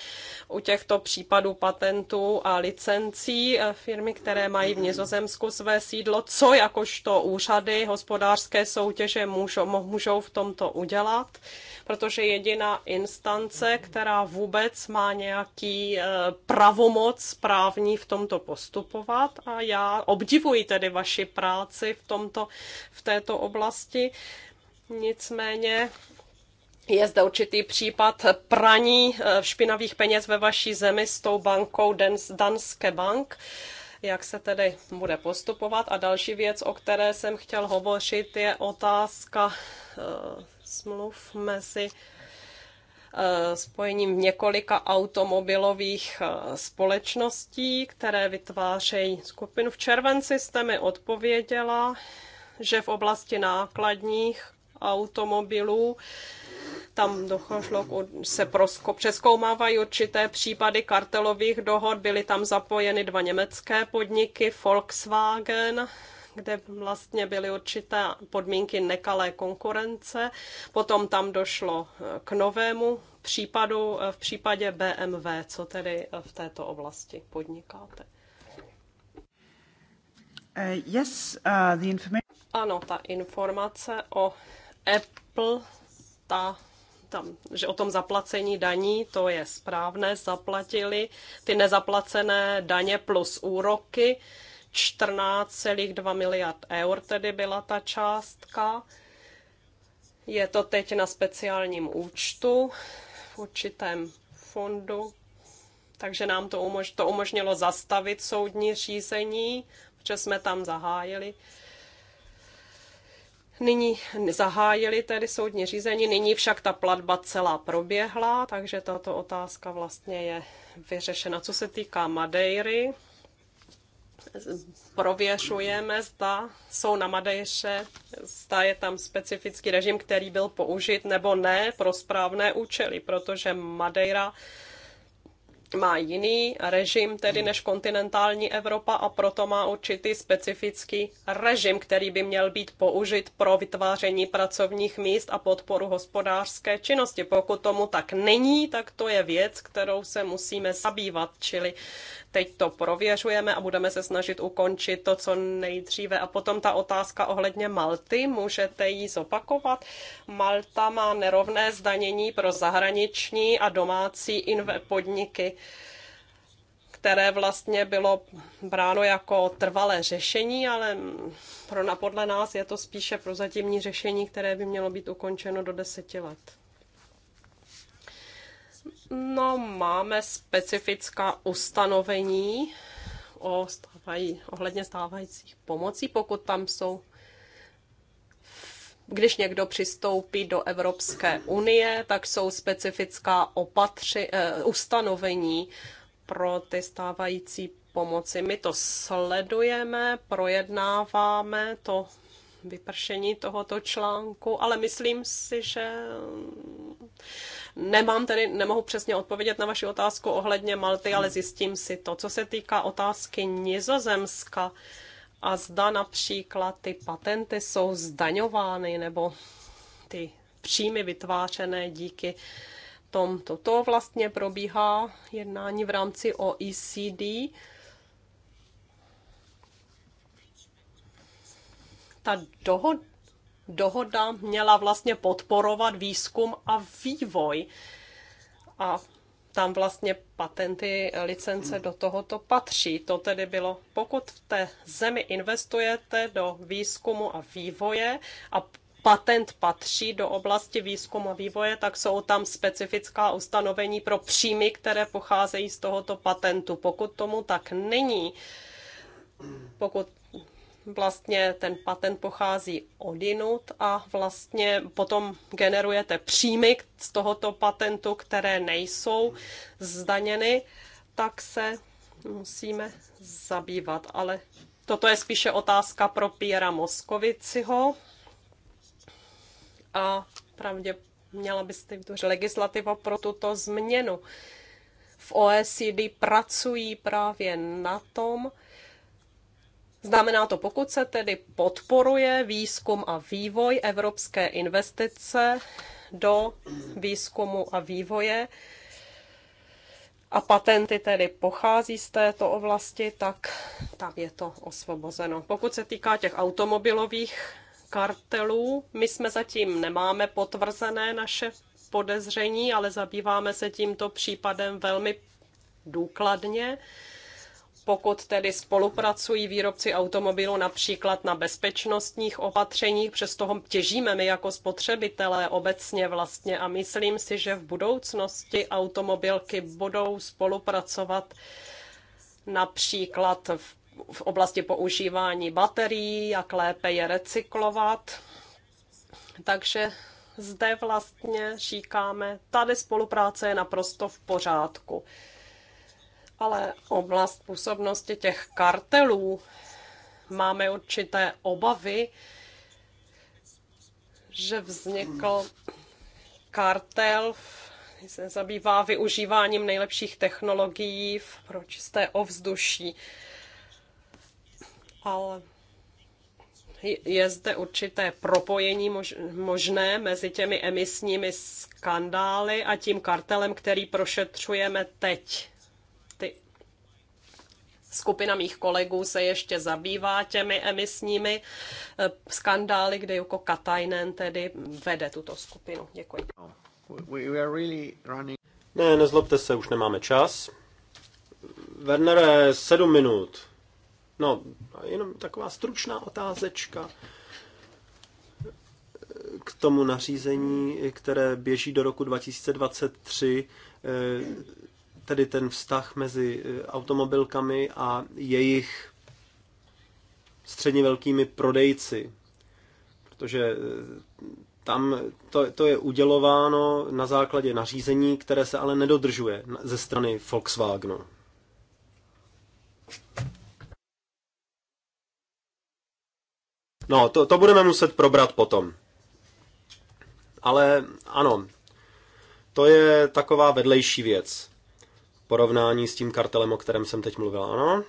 u těchto případů patentů a licencí eh, firmy, které mají v Nizozemsku své sídlo. Co jakožto úřady hospodářské soutěže můžou, můžou v tomto udělat? Protože jediná instance, která vůbec má nějaké nějaký eh, pravomoc právní v tomto postupovat a já obdivuji tedy vaši práci v, tomto, v této oblasti. Nicméně je zde určitý případ praní eh, špinavých peněz ve vaší zemi s tou bankou Danske Bank jak se tedy bude postupovat. A další věc, o které jsem chtěl hovořit, je otázka eh, smluv mezi Eh, spojením několika automobilových eh, společností, které vytvářejí skupinu. V červenci jste mi odpověděla, že v oblasti nákladních automobilů tam došlo, k, se prosko, přeskoumávají určité případy kartelových dohod, byly tam zapojeny dva německé podniky, Volkswagen kde vlastně byly určité podmínky nekalé konkurence. Potom tam došlo eh, k novému případu eh, v případě BMW. Co tedy eh, v této oblasti podnikáte? Uh, yes, uh, the information... Ano, ta informace o Apple, ta tam, že o tom zaplacení daní, to je správné, zaplatili ty nezaplacené daně plus úroky 14,2 miliard eur tedy byla ta částka. Je to teď na speciálním účtu v určitém fondu, takže nám to, umož- to umožnilo zastavit soudní řízení, protože jsme tam zahájili. Nyní zahájili tedy soudní řízení, nyní však ta platba celá proběhla, takže tato otázka vlastně je vyřešena. Co se týká Madeiry, prověřujeme, zda jsou na Madejše, zda je tam specifický režim, který byl použit nebo ne pro správné účely, protože Madeira má jiný režim tedy než kontinentální Evropa a proto má určitý specifický režim, který by měl být použit pro vytváření pracovních míst a podporu hospodářské činnosti. Pokud tomu tak není, tak to je věc, kterou se musíme zabývat, čili teď to prověřujeme a budeme se snažit ukončit to, co nejdříve. A potom ta otázka ohledně Malty, můžete ji zopakovat? Malta má nerovné zdanění pro zahraniční a domácí podniky které vlastně bylo bráno jako trvalé řešení, ale pro, podle nás je to spíše prozatímní řešení, které by mělo být ukončeno do deseti let. No, máme specifická ustanovení o stávají, ohledně stávajících pomocí, pokud tam jsou když někdo přistoupí do Evropské unie, tak jsou specifická opatři, uh, ustanovení pro ty stávající pomoci. My to sledujeme, projednáváme to vypršení tohoto článku, ale myslím si, že nemám tedy, nemohu přesně odpovědět na vaši otázku ohledně Malty, ale zjistím si to. Co se týká otázky Nizozemska a zda například ty patenty jsou zdaňovány nebo ty příjmy vytvářené díky tomto. to vlastně probíhá jednání v rámci OECD ta dohoda, dohoda měla vlastně podporovat výzkum a vývoj. A tam vlastně patenty, licence do tohoto patří. To tedy bylo, pokud v té zemi investujete do výzkumu a vývoje a patent patří do oblasti výzkumu a vývoje, tak jsou tam specifická ustanovení pro příjmy, které pocházejí z tohoto patentu. Pokud tomu tak není, pokud vlastně ten patent pochází odinut a vlastně potom generujete příjmy z tohoto patentu, které nejsou zdaněny, tak se musíme zabývat. Ale toto je spíše otázka pro Píra Moskoviciho. A pravdě měla byste vytvořit legislativa pro tuto změnu. V OECD pracují právě na tom, Znamená to, pokud se tedy podporuje výzkum a vývoj evropské investice do výzkumu a vývoje, a patenty tedy pochází z této oblasti, tak tam je to osvobozeno. Pokud se týká těch automobilových kartelů, my jsme zatím nemáme potvrzené naše podezření, ale zabýváme se tímto případem velmi důkladně pokud tedy spolupracují výrobci automobilů například na bezpečnostních opatřeních, přes toho těžíme my jako spotřebitelé obecně vlastně a myslím si, že v budoucnosti automobilky budou spolupracovat například v, v oblasti používání baterií, jak lépe je recyklovat. Takže zde vlastně říkáme, tady spolupráce je naprosto v pořádku. Ale oblast působnosti těch kartelů máme určité obavy, že vznikl kartel který se zabývá využíváním nejlepších technologií pro čisté ovzduší. Ale je zde určité propojení možné mezi těmi emisními skandály a tím kartelem, který prošetřujeme teď skupina mých kolegů se ještě zabývá těmi emisními eh, skandály, kde Juko Katajnen tedy vede tuto skupinu. Děkuji. Ne, nezlobte se, už nemáme čas. Wernere, sedm minut. No, jenom taková stručná otázečka k tomu nařízení, které běží do roku 2023 eh, tedy ten vztah mezi e, automobilkami a jejich středně velkými prodejci. Protože e, tam to, to je udělováno na základě nařízení, které se ale nedodržuje ze strany Volkswagenu. No, to, to budeme muset probrat potom. Ale ano, to je taková vedlejší věc porovnání s tím kartelem, o kterém jsem teď mluvil. ano?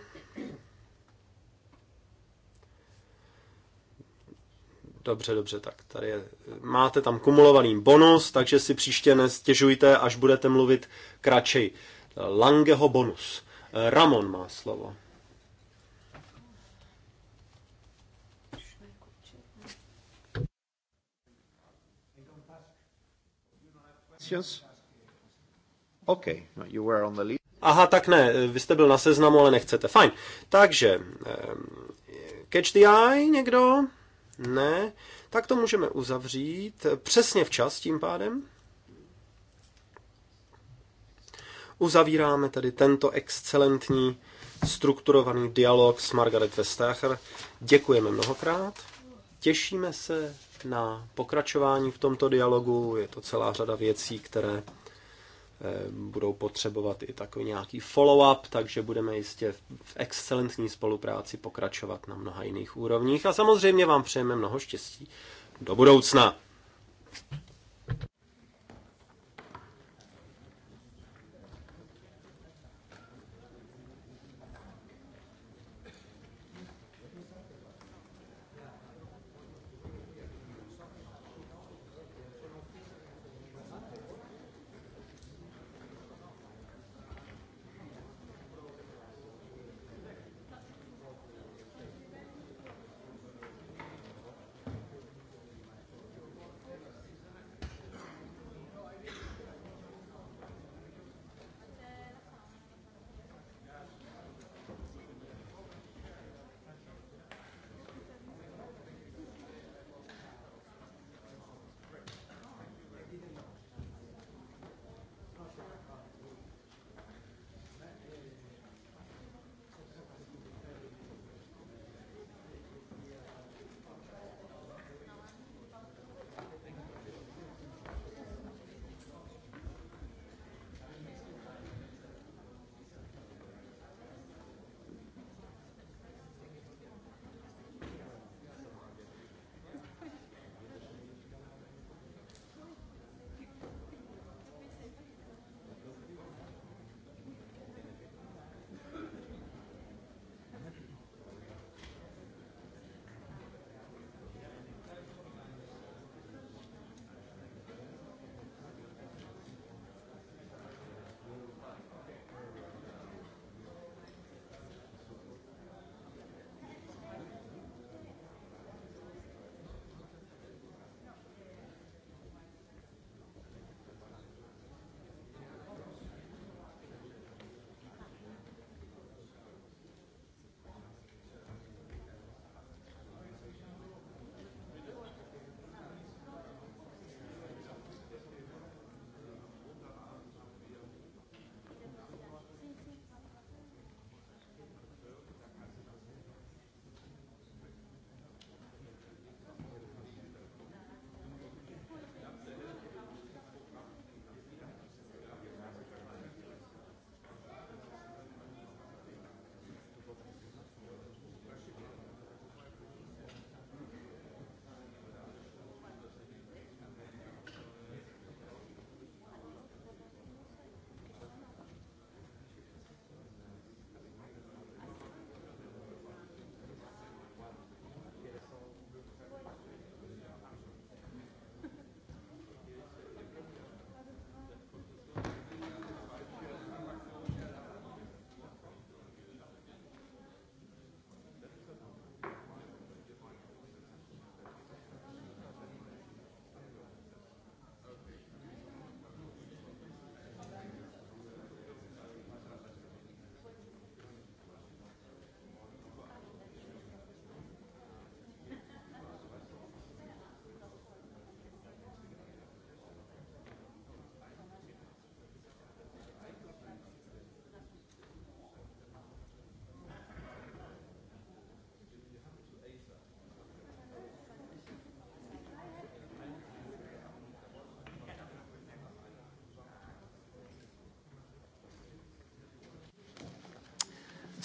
Dobře, dobře, tak tady je. Máte tam kumulovaný bonus, takže si příště nestěžujte, až budete mluvit kratší. Langeho bonus. Ramon má slovo. Yes. Okay. No, you were on the Aha, tak ne, vy jste byl na seznamu, ale nechcete. Fajn. Takže, ehm, catch the eye někdo? Ne. Tak to můžeme uzavřít. Přesně včas tím pádem. Uzavíráme tady tento excelentní strukturovaný dialog s Margaret Vestager. Děkujeme mnohokrát. Těšíme se na pokračování v tomto dialogu. Je to celá řada věcí, které Eh, budou potřebovat i takový nějaký follow-up, takže budeme jistě v excelentní spolupráci pokračovat na mnoha jiných úrovních a samozřejmě vám přejeme mnoho štěstí do budoucna.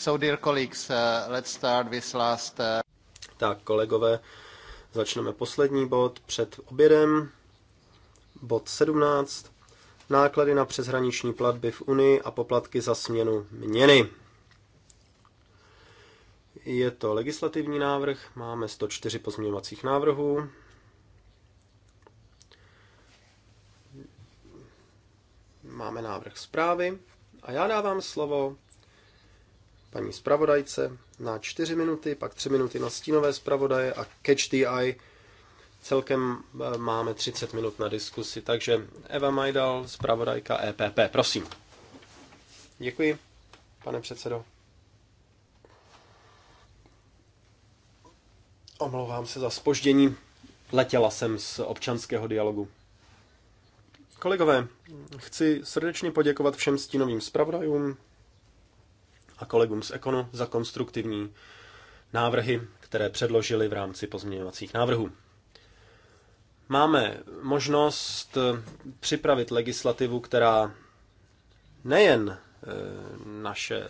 So dear colleagues, uh, let's start with last... Uh, tak, kolegové, začneme poslední bod před obědem. Bod 17. Náklady na přeshraniční platby v Unii a poplatky za směnu měny. Je to legislativní návrh, máme 104 pozměňovacích návrhů. Máme návrh zprávy a já dávám slovo paní zpravodajce na čtyři minuty, pak tři minuty na stínové zpravodaje a catch the eye. Celkem eh, máme 30 minut na diskusi, takže Eva Majdal, zpravodajka EPP, prosím. Děkuji, pane předsedo. Omlouvám se za spoždění. Letěla jsem z občanského dialogu. Kolegové, chci srdečně poděkovat všem stínovým zpravodajům, a kolegům z Ekonu za konstruktivní návrhy, které předložili v rámci pozměňovacích návrhů. Máme možnost eh, připravit legislativu, která nejen eh, naše,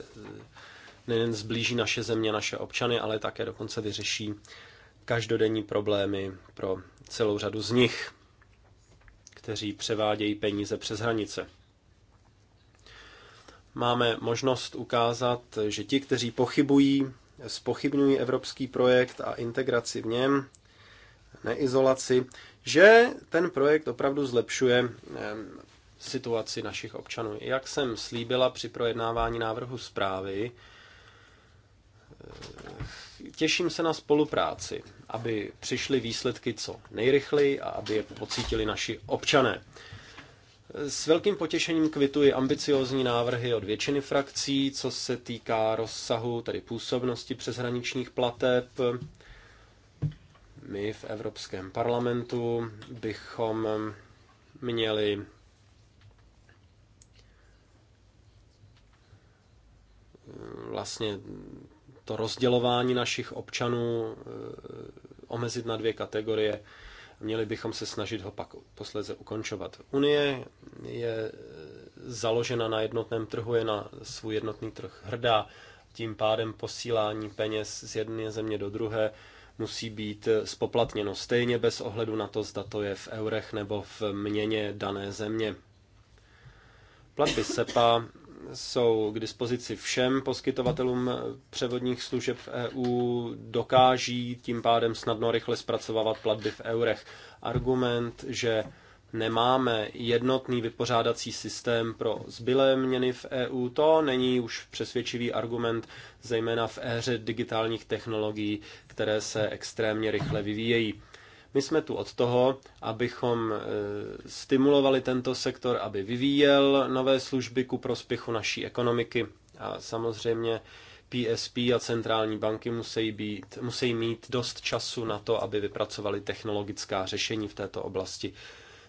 nejen zblíží naše země, naše občany, ale také dokonce vyřeší každodenní problémy pro celou řadu z nich, kteří převádějí peníze přes hranice máme možnost ukázat, že ti, kteří pochybují, spochybňují evropský projekt a integraci v něm, neizolaci, že ten projekt opravdu zlepšuje situaci našich občanů. Jak jsem slíbila při projednávání návrhu zprávy, eh, těším se na spolupráci, aby přišly výsledky co nejrychleji a aby je pocítili naši občané. S velkým potěšením kvituji ambiciozní návrhy od většiny frakcí, co se týká rozsahu, tedy působnosti přeshraničních plateb. My v Evropském parlamentu bychom měli vlastně to rozdělování našich občanů eh, omezit na dvě kategorie Měli bychom se snažit ho pak posledze ukončovat. Unie je e, založena na jednotném trhu, je na svůj jednotný trh hrdá, tím pádem posílání peněz z jedné země do druhé musí být e, spoplatněno stejně bez ohledu na to, zda to je v eurech nebo v měně dané země. Platby SEPA jsou k dispozici všem poskytovatelům převodních služeb v EU, dokáží tím pádem snadno rychle zpracovávat platby v eurech. Argument, že nemáme jednotný vypořádací systém pro zbylé měny v EU, to není už přesvědčivý argument, zejména v éře digitálních technologií, které se extrémně rychle vyvíjejí. My jsme tu od toho, abychom e, stimulovali tento sektor, aby vyvíjel nové služby ku prospěchu naší ekonomiky. A samozřejmě PSP a centrální banky musí, být, musí mít dost času na to, aby vypracovali technologická řešení v této oblasti.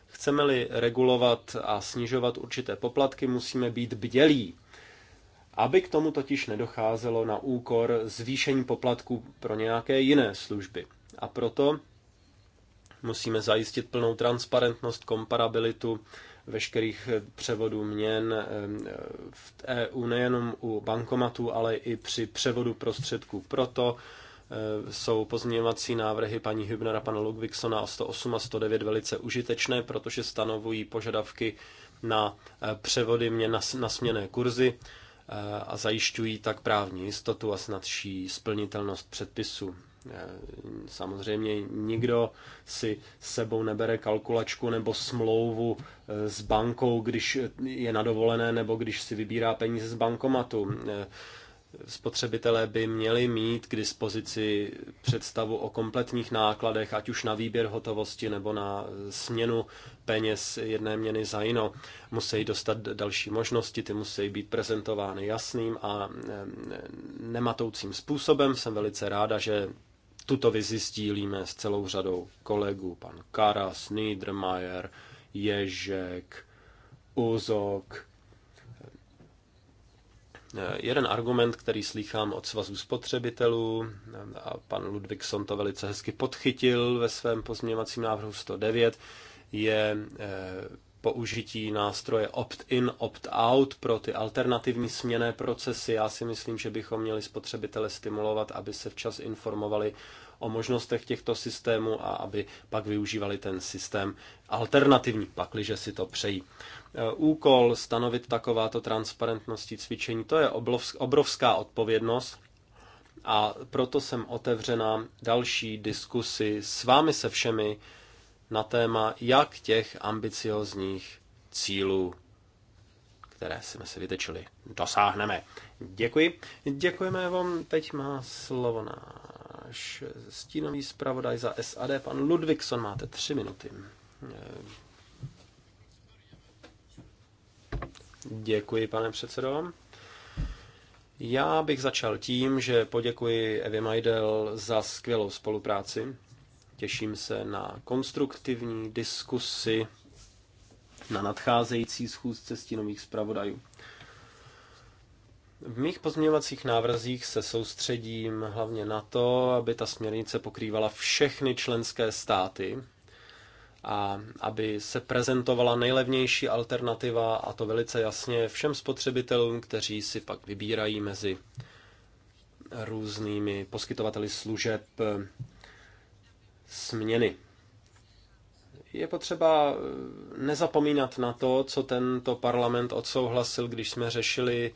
Chceme-li regulovat a snižovat určité poplatky, musíme být bdělí. Aby k tomu totiž nedocházelo na úkor zvýšení poplatků pro nějaké jiné služby. A proto Musíme zajistit plnou transparentnost, komparabilitu veškerých převodů měn eh, v EU nejenom u bankomatů, ale i při převodu prostředků. Proto eh, jsou pozměňovací návrhy paní Hübner a pana Ludvíksona o 108 a 109 velice užitečné, protože stanovují požadavky na eh, převody měn na směné kurzy a zajišťují tak právní jistotu a snadší splnitelnost předpisů. Eh, samozřejmě nikdo si sebou nebere kalkulačku nebo smlouvu eh, s bankou, když je na dovolené nebo když si vybírá peníze z bankomatu. Eh, spotřebitelé by měli mít k dispozici představu o kompletních nákladech, ať už na výběr hotovosti nebo na směnu peněz jedné měny za jinou. Musí dostat další možnosti, ty musí být prezentovány jasným a nematoucím způsobem. Jsem velice ráda, že tuto vizi sdílíme s celou řadou kolegů, pan Karas, Niedermayer, Ježek, Uzok. Jeden argument, který slýchám od svazu spotřebitelů, a pan Ludvíkson to velice hezky podchytil ve svém pozměňovacím návrhu 109, je eh, použití nástroje opt-in, opt-out pro ty alternativní směné procesy. Já si myslím, že bychom měli spotřebitele stimulovat, aby se včas informovali o možnostech těchto systémů a aby pak využívali ten systém alternativní, pakliže si to přejí. E, úkol stanovit takováto transparentnosti cvičení, to je obrovská odpovědnost a proto jsem otevřená další diskusi s vámi se všemi, na téma, jak těch ambiciozních cílů, které jsme si vytečili, dosáhneme. Děkuji. Děkujeme vám. Teď má slovo náš stínový zpravodaj za SAD, pan Ludvíkson. Máte tři minuty. Děkuji, pane předsedo. Já bych začal tím, že poděkuji Evě Majdel za skvělou spolupráci Těším se na konstruktivní diskusy na nadcházející schůzce stínových zpravodajů. V mých pozměňovacích návrzích se soustředím hlavně na to, aby ta směrnice pokrývala všechny členské státy a aby se prezentovala nejlevnější alternativa, a to velice jasně všem spotřebitelům, kteří si pak vybírají mezi různými poskytovateli služeb směny. Je potřeba eh, nezapomínat na to, co tento parlament odsouhlasil, když jsme řešili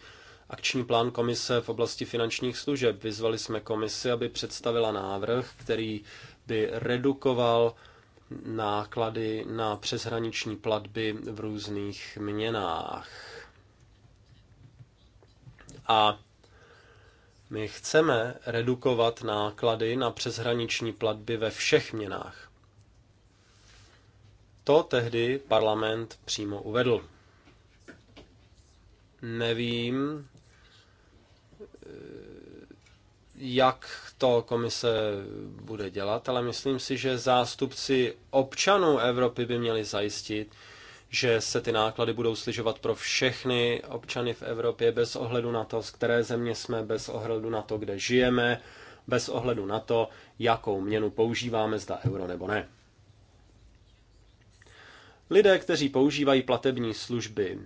akční plán komise v oblasti finančních služeb. Vyzvali jsme komisi, aby představila návrh, který by redukoval náklady na přeshraniční platby v různých měnách. A my chceme redukovat náklady na přeshraniční platby ve všech měnách. To tehdy parlament přímo uvedl. Nevím, jak to komise bude dělat, ale myslím si, že zástupci občanů Evropy by měli zajistit, že se ty náklady budou sližovat pro všechny občany v Evropě bez ohledu na to, z které země jsme, bez ohledu na to, kde žijeme, bez ohledu na to, jakou měnu používáme, zda euro nebo ne. Lidé, kteří používají platební služby,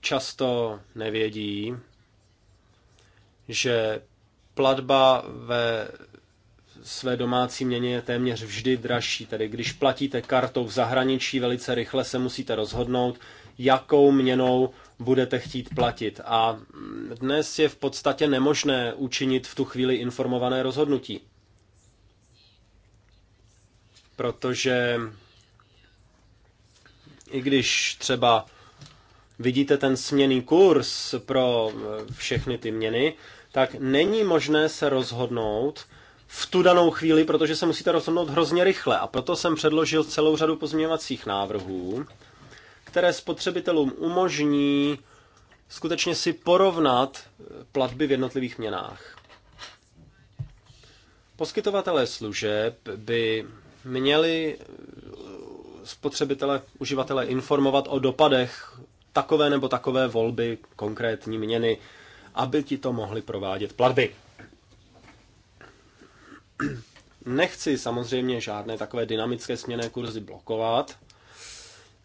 často nevědí, že platba ve své domácí měně je téměř vždy dražší. Tedy když platíte kartou v zahraničí, velice rychle se musíte rozhodnout, jakou měnou budete chtít platit. A dnes je v podstatě nemožné učinit v tu chvíli informované rozhodnutí. Protože i když třeba vidíte ten směný kurz pro všechny ty měny, tak není možné se rozhodnout, v tu danou chvíli, protože se musíte rozhodnout hrozně rychle. A proto jsem předložil celou řadu pozměňovacích návrhů, které spotřebitelům umožní skutečně si porovnat eh, platby v jednotlivých měnách. Poskytovatelé služeb by měli eh, spotřebitele, uživatele informovat o dopadech takové nebo takové volby konkrétní měny, aby ti to mohli provádět platby. Nechci samozřejmě žádné takové dynamické směné kurzy blokovat,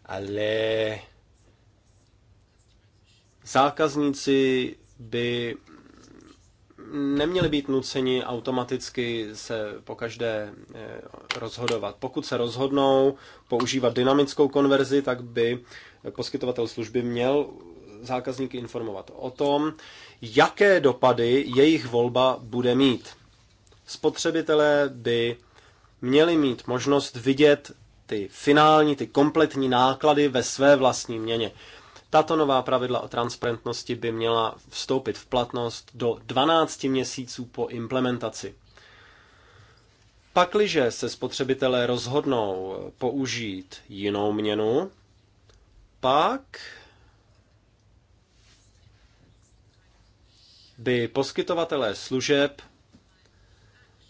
ale zákazníci by neměli být nuceni automaticky se po každé eh, rozhodovat. Pokud se rozhodnou používat dynamickou konverzi, tak by poskytovatel služby měl zákazníky informovat o tom, jaké dopady jejich volba bude mít spotřebitelé by měli mít možnost vidět ty finální, ty kompletní náklady ve své vlastní měně. Tato nová pravidla o transparentnosti by měla vstoupit v platnost do 12 měsíců po implementaci. Pakliže se spotřebitelé rozhodnou použít jinou měnu, pak by poskytovatelé služeb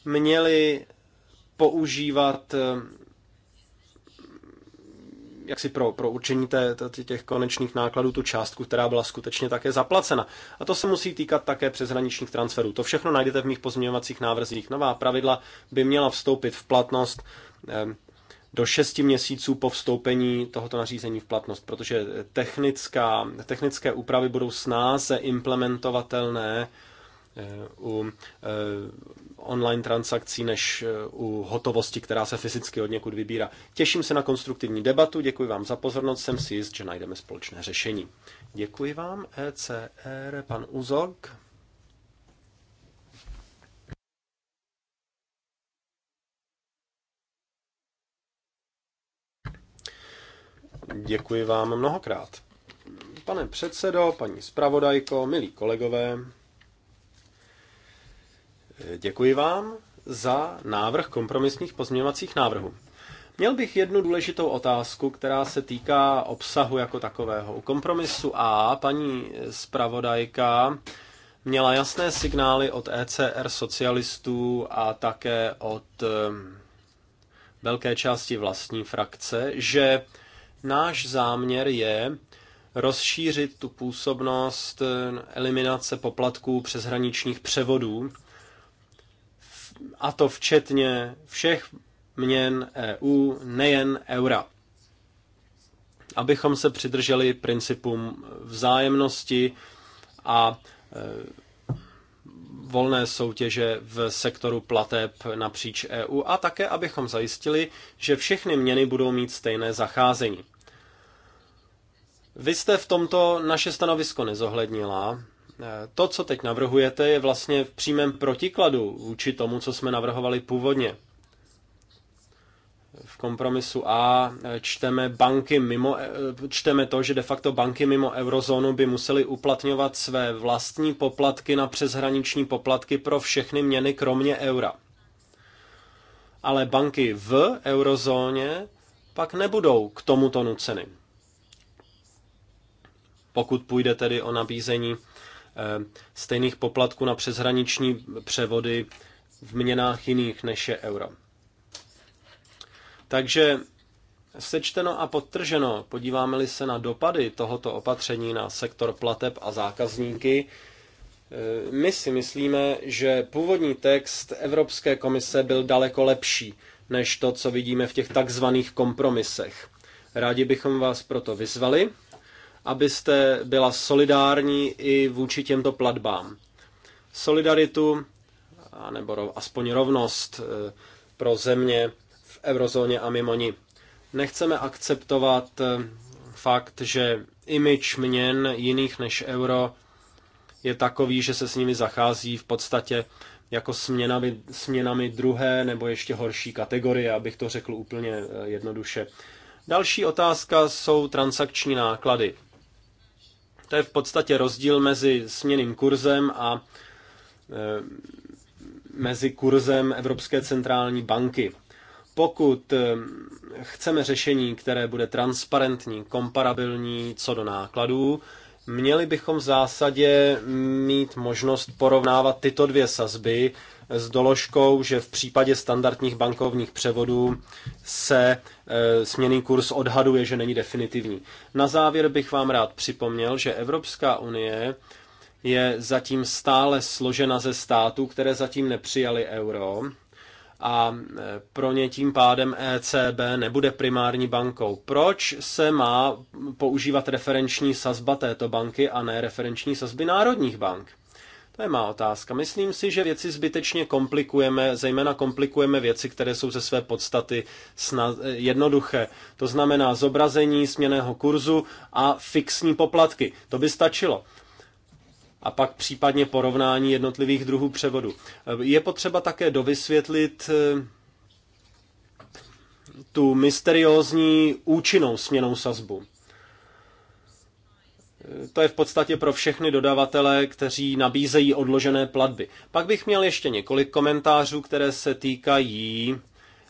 měli používat eh, jak si pro, pro určení té, těch konečných nákladů tu částku, která byla skutečně také zaplacena. A to se musí týkat také přeshraničních transferů. To všechno najdete v mých pozměňovacích návrzích. Nová pravidla by měla vstoupit v platnost eh, do 6 měsíců po vstoupení tohoto nařízení v platnost, protože technická, technické úpravy budou snáze implementovatelné u eh, online transakcí než eh, u hotovosti, která se fyzicky od někud vybírá. Těším se na konstruktivní debatu, děkuji vám za pozornost, jsem si jist, že najdeme společné řešení. Děkuji vám, ECR, pan Uzog. Děkuji vám mnohokrát. Pane předsedo, paní zpravodajko, milí kolegové, Děkuji vám za návrh kompromisních pozměňovacích návrhů. Měl bych jednu důležitou otázku, která se týká obsahu jako takového. U kompromisu A paní zpravodajka měla jasné signály od ECR socialistů a také od velké části vlastní frakce, že náš záměr je rozšířit tu působnost eliminace poplatků přeshraničních převodů a to včetně všech měn EU, nejen eura. Abychom se přidrželi principům vzájemnosti a e, volné soutěže v sektoru plateb napříč EU a také, abychom zajistili, že všechny měny budou mít stejné zacházení. Vy jste v tomto naše stanovisko nezohlednila, Eh, to, co teď navrhujete, je vlastně v přímém protikladu vůči tomu, co jsme navrhovali původně. V kompromisu A eh, čteme banky mimo, eh, čteme to, že de facto banky mimo eurozónu by musely uplatňovat své vlastní poplatky na přeshraniční poplatky pro všechny měny kromě eura. Ale banky v eurozóně pak nebudou k tomuto nuceny. Pokud půjde tedy o nabízení Eh, stejných poplatků na přeshraniční převody v měnách jiných než je euro. Takže sečteno a podtrženo, podíváme-li se na dopady tohoto opatření na sektor plateb a zákazníky, eh, my si myslíme, že původní text Evropské komise byl daleko lepší než to, co vidíme v těch takzvaných kompromisech. Rádi bychom vás proto vyzvali, abyste byla solidární i vůči těmto platbám. Solidaritu, nebo aspoň rovnost eh, pro země v eurozóně a mimo ní. Nechceme akceptovat eh, fakt, že imič měn jiných než euro je takový, že se s nimi zachází v podstatě jako směnami, směnami druhé nebo ještě horší kategorie, abych to řekl úplně eh, jednoduše. Další otázka jsou transakční náklady. To je v podstatě rozdíl mezi směným kurzem a e, mezi kurzem Evropské centrální banky. Pokud e, chceme řešení, které bude transparentní, komparabilní co do nákladů, měli bychom v zásadě mít možnost porovnávat tyto dvě sazby s doložkou, že v případě standardních bankovních převodů se e, směný kurz odhaduje, že není definitivní. Na závěr bych vám rád připomněl, že Evropská unie je zatím stále složena ze států, které zatím nepřijali euro a e, pro ně tím pádem ECB nebude primární bankou. Proč se má používat referenční sazba této banky a ne referenční sazby národních bank? To je má otázka. Myslím si, že věci zbytečně komplikujeme, zejména komplikujeme věci, které jsou ze své podstaty snad, jednoduché. To znamená zobrazení směného kurzu a fixní poplatky. To by stačilo a pak případně porovnání jednotlivých druhů převodu. Je potřeba také dovysvětlit eh, tu mysteriózní účinnou směnou sazbu. To je v podstatě pro všechny dodavatele, kteří nabízejí odložené platby. Pak bych měl ještě několik komentářů, které se týkají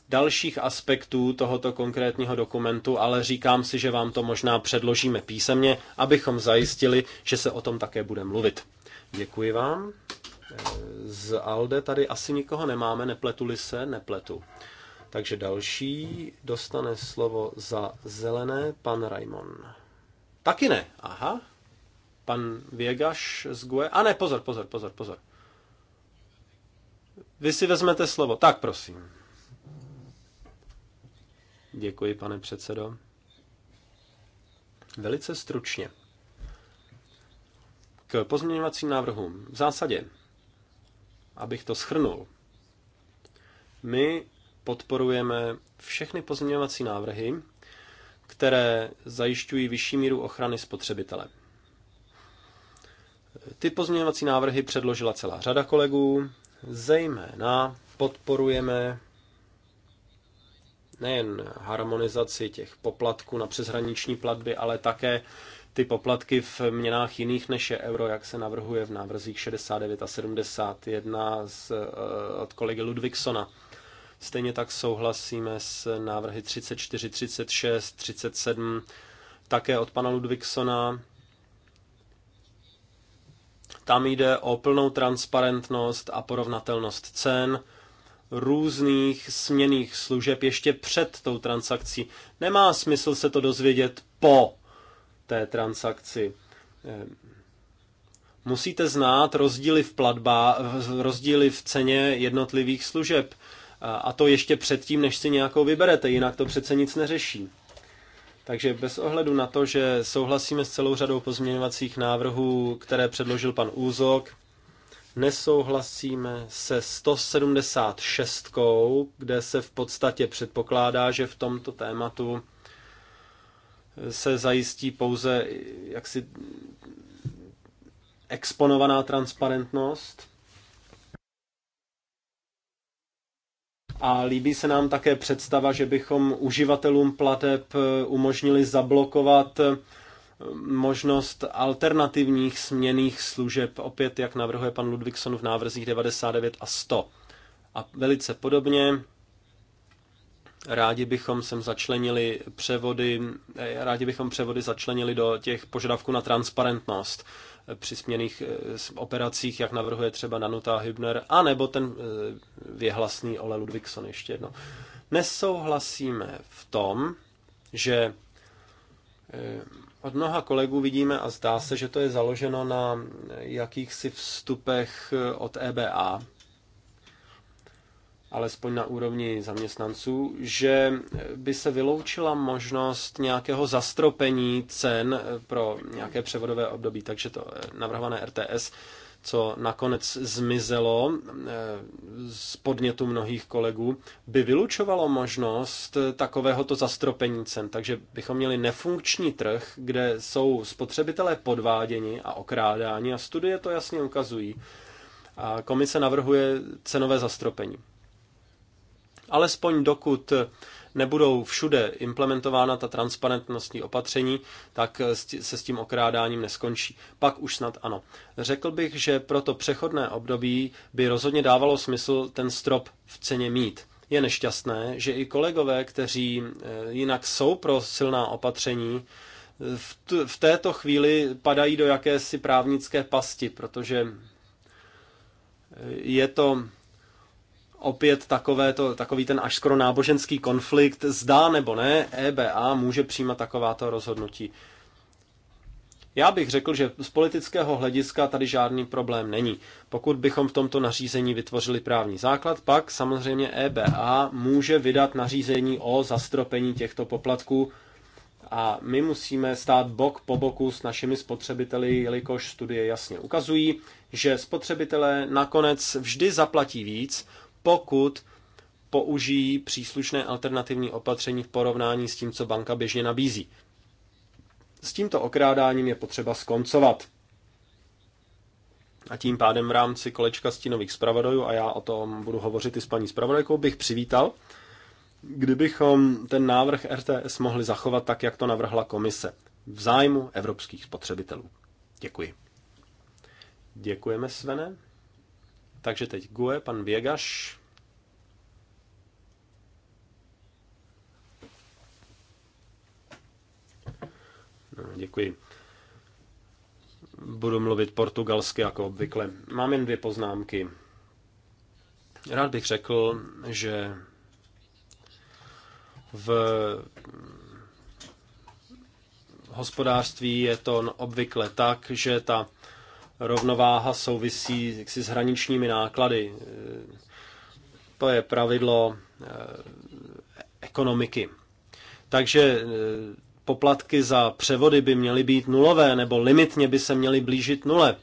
dalších aspektů tohoto konkrétního dokumentu, ale říkám si, že vám to možná předložíme písemně, abychom zajistili, že se o tom také bude mluvit. Děkuji vám. Z Alde tady asi nikoho nemáme, nepletuli se, nepletu. Takže další dostane slovo za zelené pan Raimon. Taky ne. Aha. Pan Věgaš z GUE. A ne, pozor, pozor, pozor, pozor. Vy si vezmete slovo. Tak, prosím. Děkuji, pane předsedo. Velice stručně. K pozměňovacím návrhům. V zásadě, abych to schrnul, my podporujeme všechny pozměňovací návrhy, které zajišťují vyšší míru ochrany spotřebitele. Ty pozměňovací návrhy předložila celá řada kolegů, zejména podporujeme nejen harmonizaci těch poplatků na přeshraniční platby, ale také ty poplatky v měnách jiných než je euro, jak se navrhuje v návrzích 69 a 71 z, eh, od kolegy Ludvíksona. Stejně tak souhlasíme s návrhy 34, 36, 37, také od pana Ludvigsona. Tam jde o plnou transparentnost a porovnatelnost cen různých směných služeb ještě před tou transakcí. Nemá smysl se to dozvědět po té transakci. Eh, musíte znát rozdíly v platba, rozdíly v ceně jednotlivých služeb a to ještě předtím, než si nějakou vyberete, jinak to přece nic neřeší. Takže bez ohledu na to, že souhlasíme s celou řadou pozměňovacích návrhů, které předložil pan Úzok, nesouhlasíme se 176, kde se v podstatě předpokládá, že v tomto tématu se zajistí pouze jaksi exponovaná transparentnost. A líbí se nám také představa, že bychom uživatelům plateb eh, umožnili zablokovat eh, možnost alternativních směných služeb, opět jak navrhuje pan Ludvíkson v návrzích 99 a 100. A velice podobně rádi bychom sem začlenili převody, eh, rádi bychom převody začlenili do těch požadavků na transparentnost při směných eh, operacích, jak navrhuje třeba Nanuta Hübner, anebo ten eh, věhlasný Ole Ludvíkson ještě jedno. Nesouhlasíme v tom, že eh, od mnoha kolegů vidíme a zdá se, že to je založeno na jakýchsi vstupech od EBA, alespoň na úrovni zaměstnanců, že by se vyloučila možnost nějakého zastropení cen pro nějaké převodové období. Takže to navrhované RTS, co nakonec zmizelo eh, z podnětu mnohých kolegů, by vylučovalo možnost takovéhoto zastropení cen. Takže bychom měli nefunkční trh, kde jsou spotřebitelé podváděni a okrádáni a studie to jasně ukazují. A komise navrhuje cenové zastropení. Alespoň dokud nebudou všude implementována ta transparentnostní opatření, tak se s tím okrádáním neskončí. Pak už snad ano. Řekl bych, že pro to přechodné období by rozhodně dávalo smysl ten strop v ceně mít. Je nešťastné, že i kolegové, kteří eh, jinak jsou pro silná opatření, v, v této chvíli padají do jakési právnické pasti, protože eh, je to opět takové to, takový ten až skoro náboženský konflikt, zdá nebo ne, EBA může přijímat takováto rozhodnutí. Já bych řekl, že z politického hlediska tady žádný problém není. Pokud bychom v tomto nařízení vytvořili právní základ, pak samozřejmě EBA může vydat nařízení o zastropení těchto poplatků a my musíme stát bok po boku s našimi spotřebiteli, jelikož studie jasně ukazují, že spotřebitelé nakonec vždy zaplatí víc, pokud použijí příslušné alternativní opatření v porovnání s tím, co banka běžně nabízí. S tímto okrádáním je potřeba skoncovat. A tím pádem v rámci kolečka stínových zpravodajů, a já o tom budu hovořit i s paní zpravodajkou, bych přivítal, kdybychom ten návrh RTS mohli zachovat tak, jak to navrhla komise, v zájmu evropských spotřebitelů. Děkuji. Děkujeme, Svene. Takže teď Gue, pan Věgaš. No, děkuji. Budu mluvit portugalsky jako obvykle. Mám jen dvě poznámky. Rád bych řekl, že v hospodářství je to obvykle tak, že ta rovnováha souvisí jaksi s hraničními náklady. E, to je pravidlo e, ekonomiky. Takže e, poplatky za převody by měly být nulové, nebo limitně by se měly blížit nule.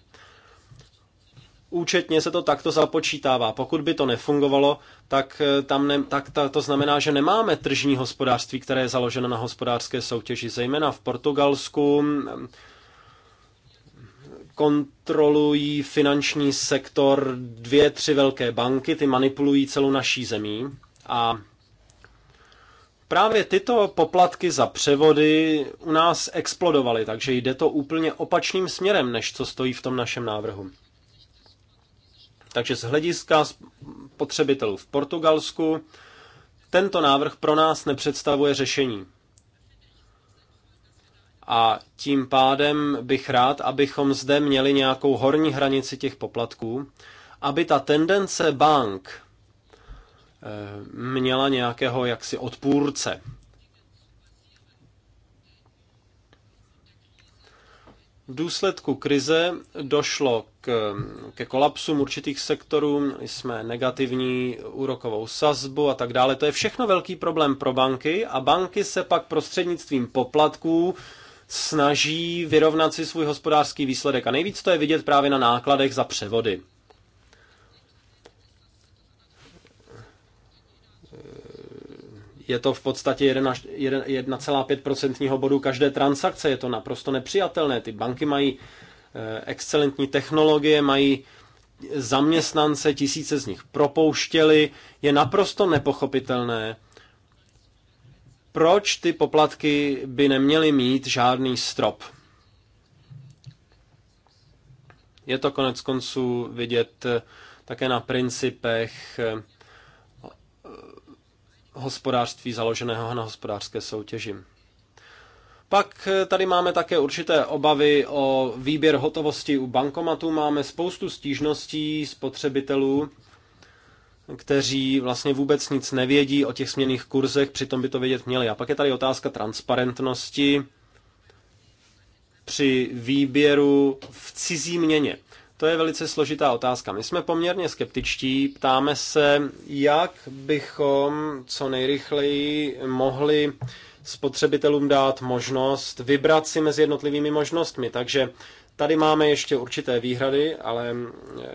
Účetně se to takto započítává. Pokud by to nefungovalo, tak, tam ne, tak ta, to znamená, že nemáme tržní hospodářství, které je založeno na hospodářské soutěži. Zejména v Portugalsku kontrolují finanční sektor dvě, tři velké banky, ty manipulují celou naší zemí a Právě tyto poplatky za převody u nás explodovaly, takže jde to úplně opačným směrem, než co stojí v tom našem návrhu. Takže z hlediska potřebitelů v Portugalsku tento návrh pro nás nepředstavuje řešení. A tím pádem bych rád, abychom zde měli nějakou horní hranici těch poplatků, aby ta tendence bank eh, měla nějakého jaksi odpůrce. V důsledku krize došlo k, ke kolapsu určitých sektorů, měli jsme negativní úrokovou sazbu a tak dále. To je všechno velký problém pro banky a banky se pak prostřednictvím poplatků snaží vyrovnat si svůj hospodářský výsledek. A nejvíc to je vidět právě na nákladech za převody. Je to v podstatě 1,5% bodu každé transakce. Je to naprosto nepřijatelné. Ty banky mají eh, excelentní technologie, mají zaměstnance, tisíce z nich propouštěli. Je naprosto nepochopitelné, proč ty poplatky by neměly mít žádný strop? Je to konec konců vidět eh, také na principech eh, hospodářství založeného na hospodářské soutěži. Pak eh, tady máme také určité obavy o výběr hotovosti u bankomatu. Máme spoustu stížností spotřebitelů, kteří vlastně vůbec nic nevědí o těch směných kurzech, přitom by to vědět měli. A pak je tady otázka transparentnosti při výběru v cizí měně. To je velice složitá otázka. My jsme poměrně skeptičtí, ptáme se, jak bychom co nejrychleji mohli spotřebitelům dát možnost vybrat si mezi jednotlivými možnostmi. Takže Tady máme ještě určité výhrady, ale eh,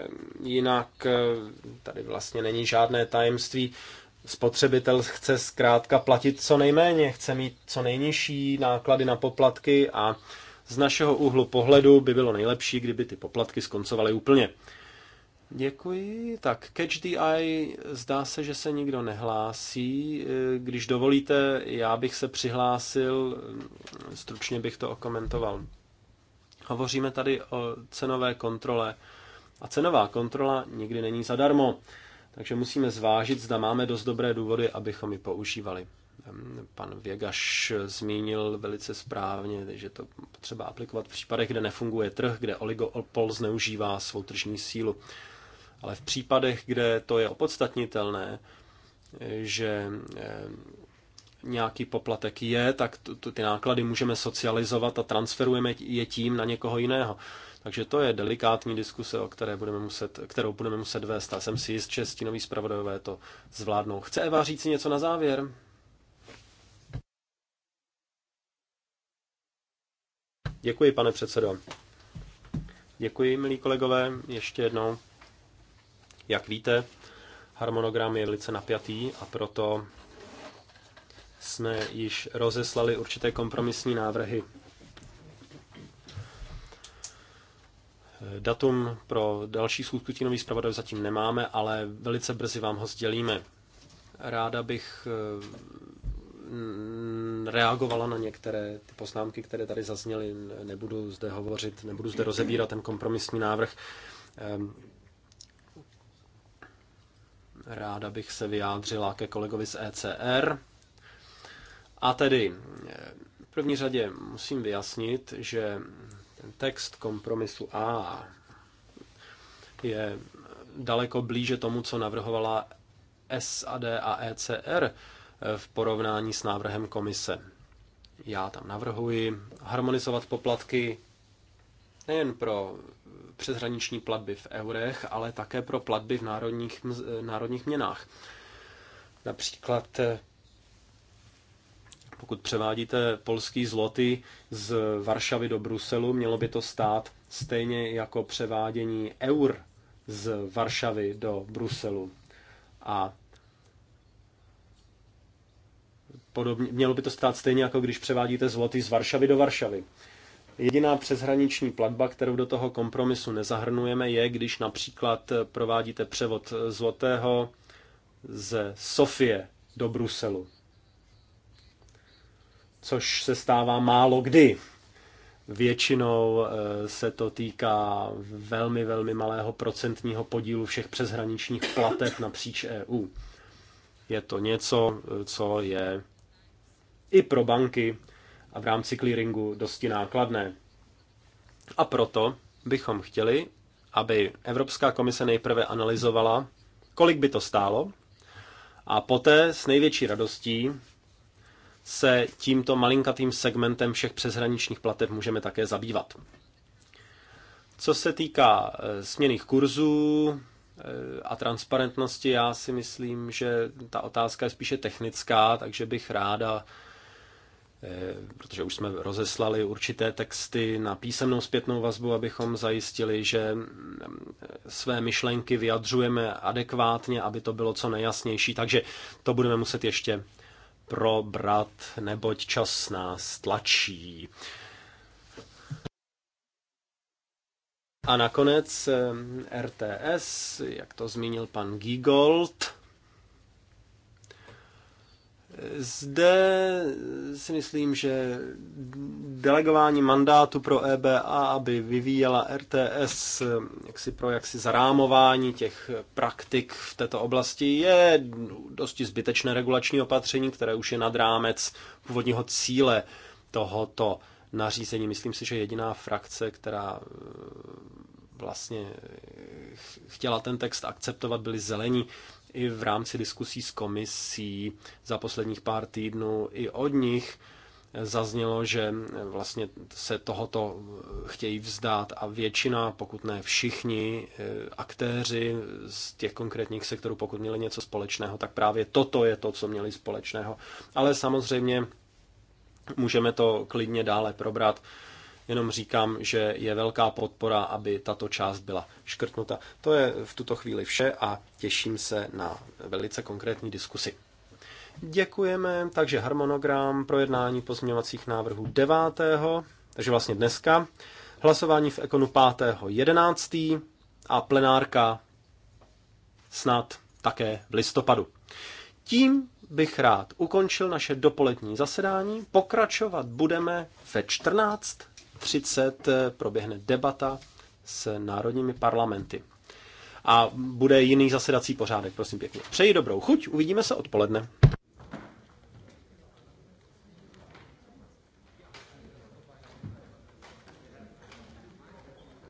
jinak eh, tady vlastně není žádné tajemství. Spotřebitel chce zkrátka platit co nejméně, chce mít co nejnižší náklady na poplatky a z našeho úhlu pohledu by bylo nejlepší, kdyby ty poplatky skoncovaly úplně. Děkuji. Tak Catch the Eye, zdá se, že se nikdo nehlásí. Eh, když dovolíte, já bych se přihlásil, stručně bych to okomentoval. Hovoříme tady o cenové kontrole. A cenová kontrola nikdy není zadarmo. Takže musíme zvážit, zda máme dost dobré důvody, abychom ji používali. Pan Věgaš zmínil velice správně, že to potřeba aplikovat v případech, kde nefunguje trh, kde oligopol zneužívá svou tržní sílu. Ale v případech, kde to je opodstatnitelné, že nějaký poplatek je, tak ty náklady můžeme socializovat a transferujeme je tím na někoho jiného. Takže to je delikátní diskuse, o které budeme muset, kterou budeme muset vést. A jsem si jist, že stínoví zpravodajové to zvládnou. Chce Eva říct něco na závěr? Děkuji, pane předsedo. Děkuji, milí kolegové, ještě jednou. Jak víte, harmonogram je velice napjatý a proto jsme již rozeslali určité kompromisní návrhy. Datum pro další schůzku nový zpravodajů zatím nemáme, ale velice brzy vám ho sdělíme. Ráda bych eh, reagovala na některé ty poznámky, které tady zazněly. Nebudu zde hovořit, nebudu zde rozebírat ten kompromisní návrh. Ehm, ráda bych se vyjádřila ke kolegovi z ECR. A tedy eh, v první řadě musím vyjasnit, že ten text kompromisu A je daleko blíže tomu, co navrhovala SAD a ECR eh, v porovnání s návrhem komise. Já tam navrhuji harmonizovat poplatky nejen pro přeshraniční platby v eurech, ale také pro platby v národních, eh, národních měnách. Například pokud převádíte polský zloty z Varšavy do Bruselu, mělo by to stát stejně jako převádění eur z Varšavy do Bruselu. A podobně, mělo by to stát stejně jako když převádíte zloty z Varšavy do Varšavy. Jediná přeshraniční platba, kterou do toho kompromisu nezahrnujeme, je, když například provádíte převod zlotého ze Sofie do Bruselu což se stává málo kdy. Většinou eh, se to týká velmi, velmi malého procentního podílu všech přeshraničních plateb napříč EU. Je to něco, eh, co je i pro banky a v rámci clearingu dosti nákladné. A proto bychom chtěli, aby Evropská komise nejprve analyzovala, kolik by to stálo, a poté s největší radostí se tímto malinkatým segmentem všech přeshraničních plateb můžeme také zabývat. Co se týká eh, směných kurzů eh, a transparentnosti, já si myslím, že ta otázka je spíše technická, takže bych ráda, eh, protože už jsme rozeslali určité texty na písemnou zpětnou vazbu, abychom zajistili, že mm, své myšlenky vyjadřujeme adekvátně, aby to bylo co nejjasnější. Takže to budeme muset ještě probrat, neboť čas nás tlačí. A nakonec eh, RTS, jak to zmínil pan Gigold, zde si myslím, že delegování mandátu pro EBA, aby vyvíjela RTS jaksi pro jaksi zarámování těch praktik v této oblasti, je dosti zbytečné regulační opatření, které už je nad rámec původního cíle tohoto nařízení. Myslím si, že jediná frakce, která eh, vlastně eh, chtěla ten text akceptovat, byli zelení i v rámci diskusí s komisí za posledních pár týdnů, i od nich zaznělo, že vlastně se tohoto chtějí vzdát a většina, pokud ne všichni e, aktéři z těch konkrétních sektorů, pokud měli něco společného, tak právě toto je to, co měli společného. Ale samozřejmě můžeme to klidně dále probrat Jenom říkám, že je velká podpora, aby tato část byla škrtnuta. To je v tuto chvíli vše a těším se na velice konkrétní diskusy. Děkujeme, takže harmonogram projednání pozměňovacích návrhů 9. takže vlastně dneska. Hlasování v Ekonu 5.11. a plenárka snad také v listopadu. Tím bych rád ukončil naše dopolední zasedání. Pokračovat budeme ve 14 30 eh, proběhne debata s národními parlamenty. A bude jiný zasedací pořádek, prosím pěkně. Přeji dobrou chuť, uvidíme se odpoledne.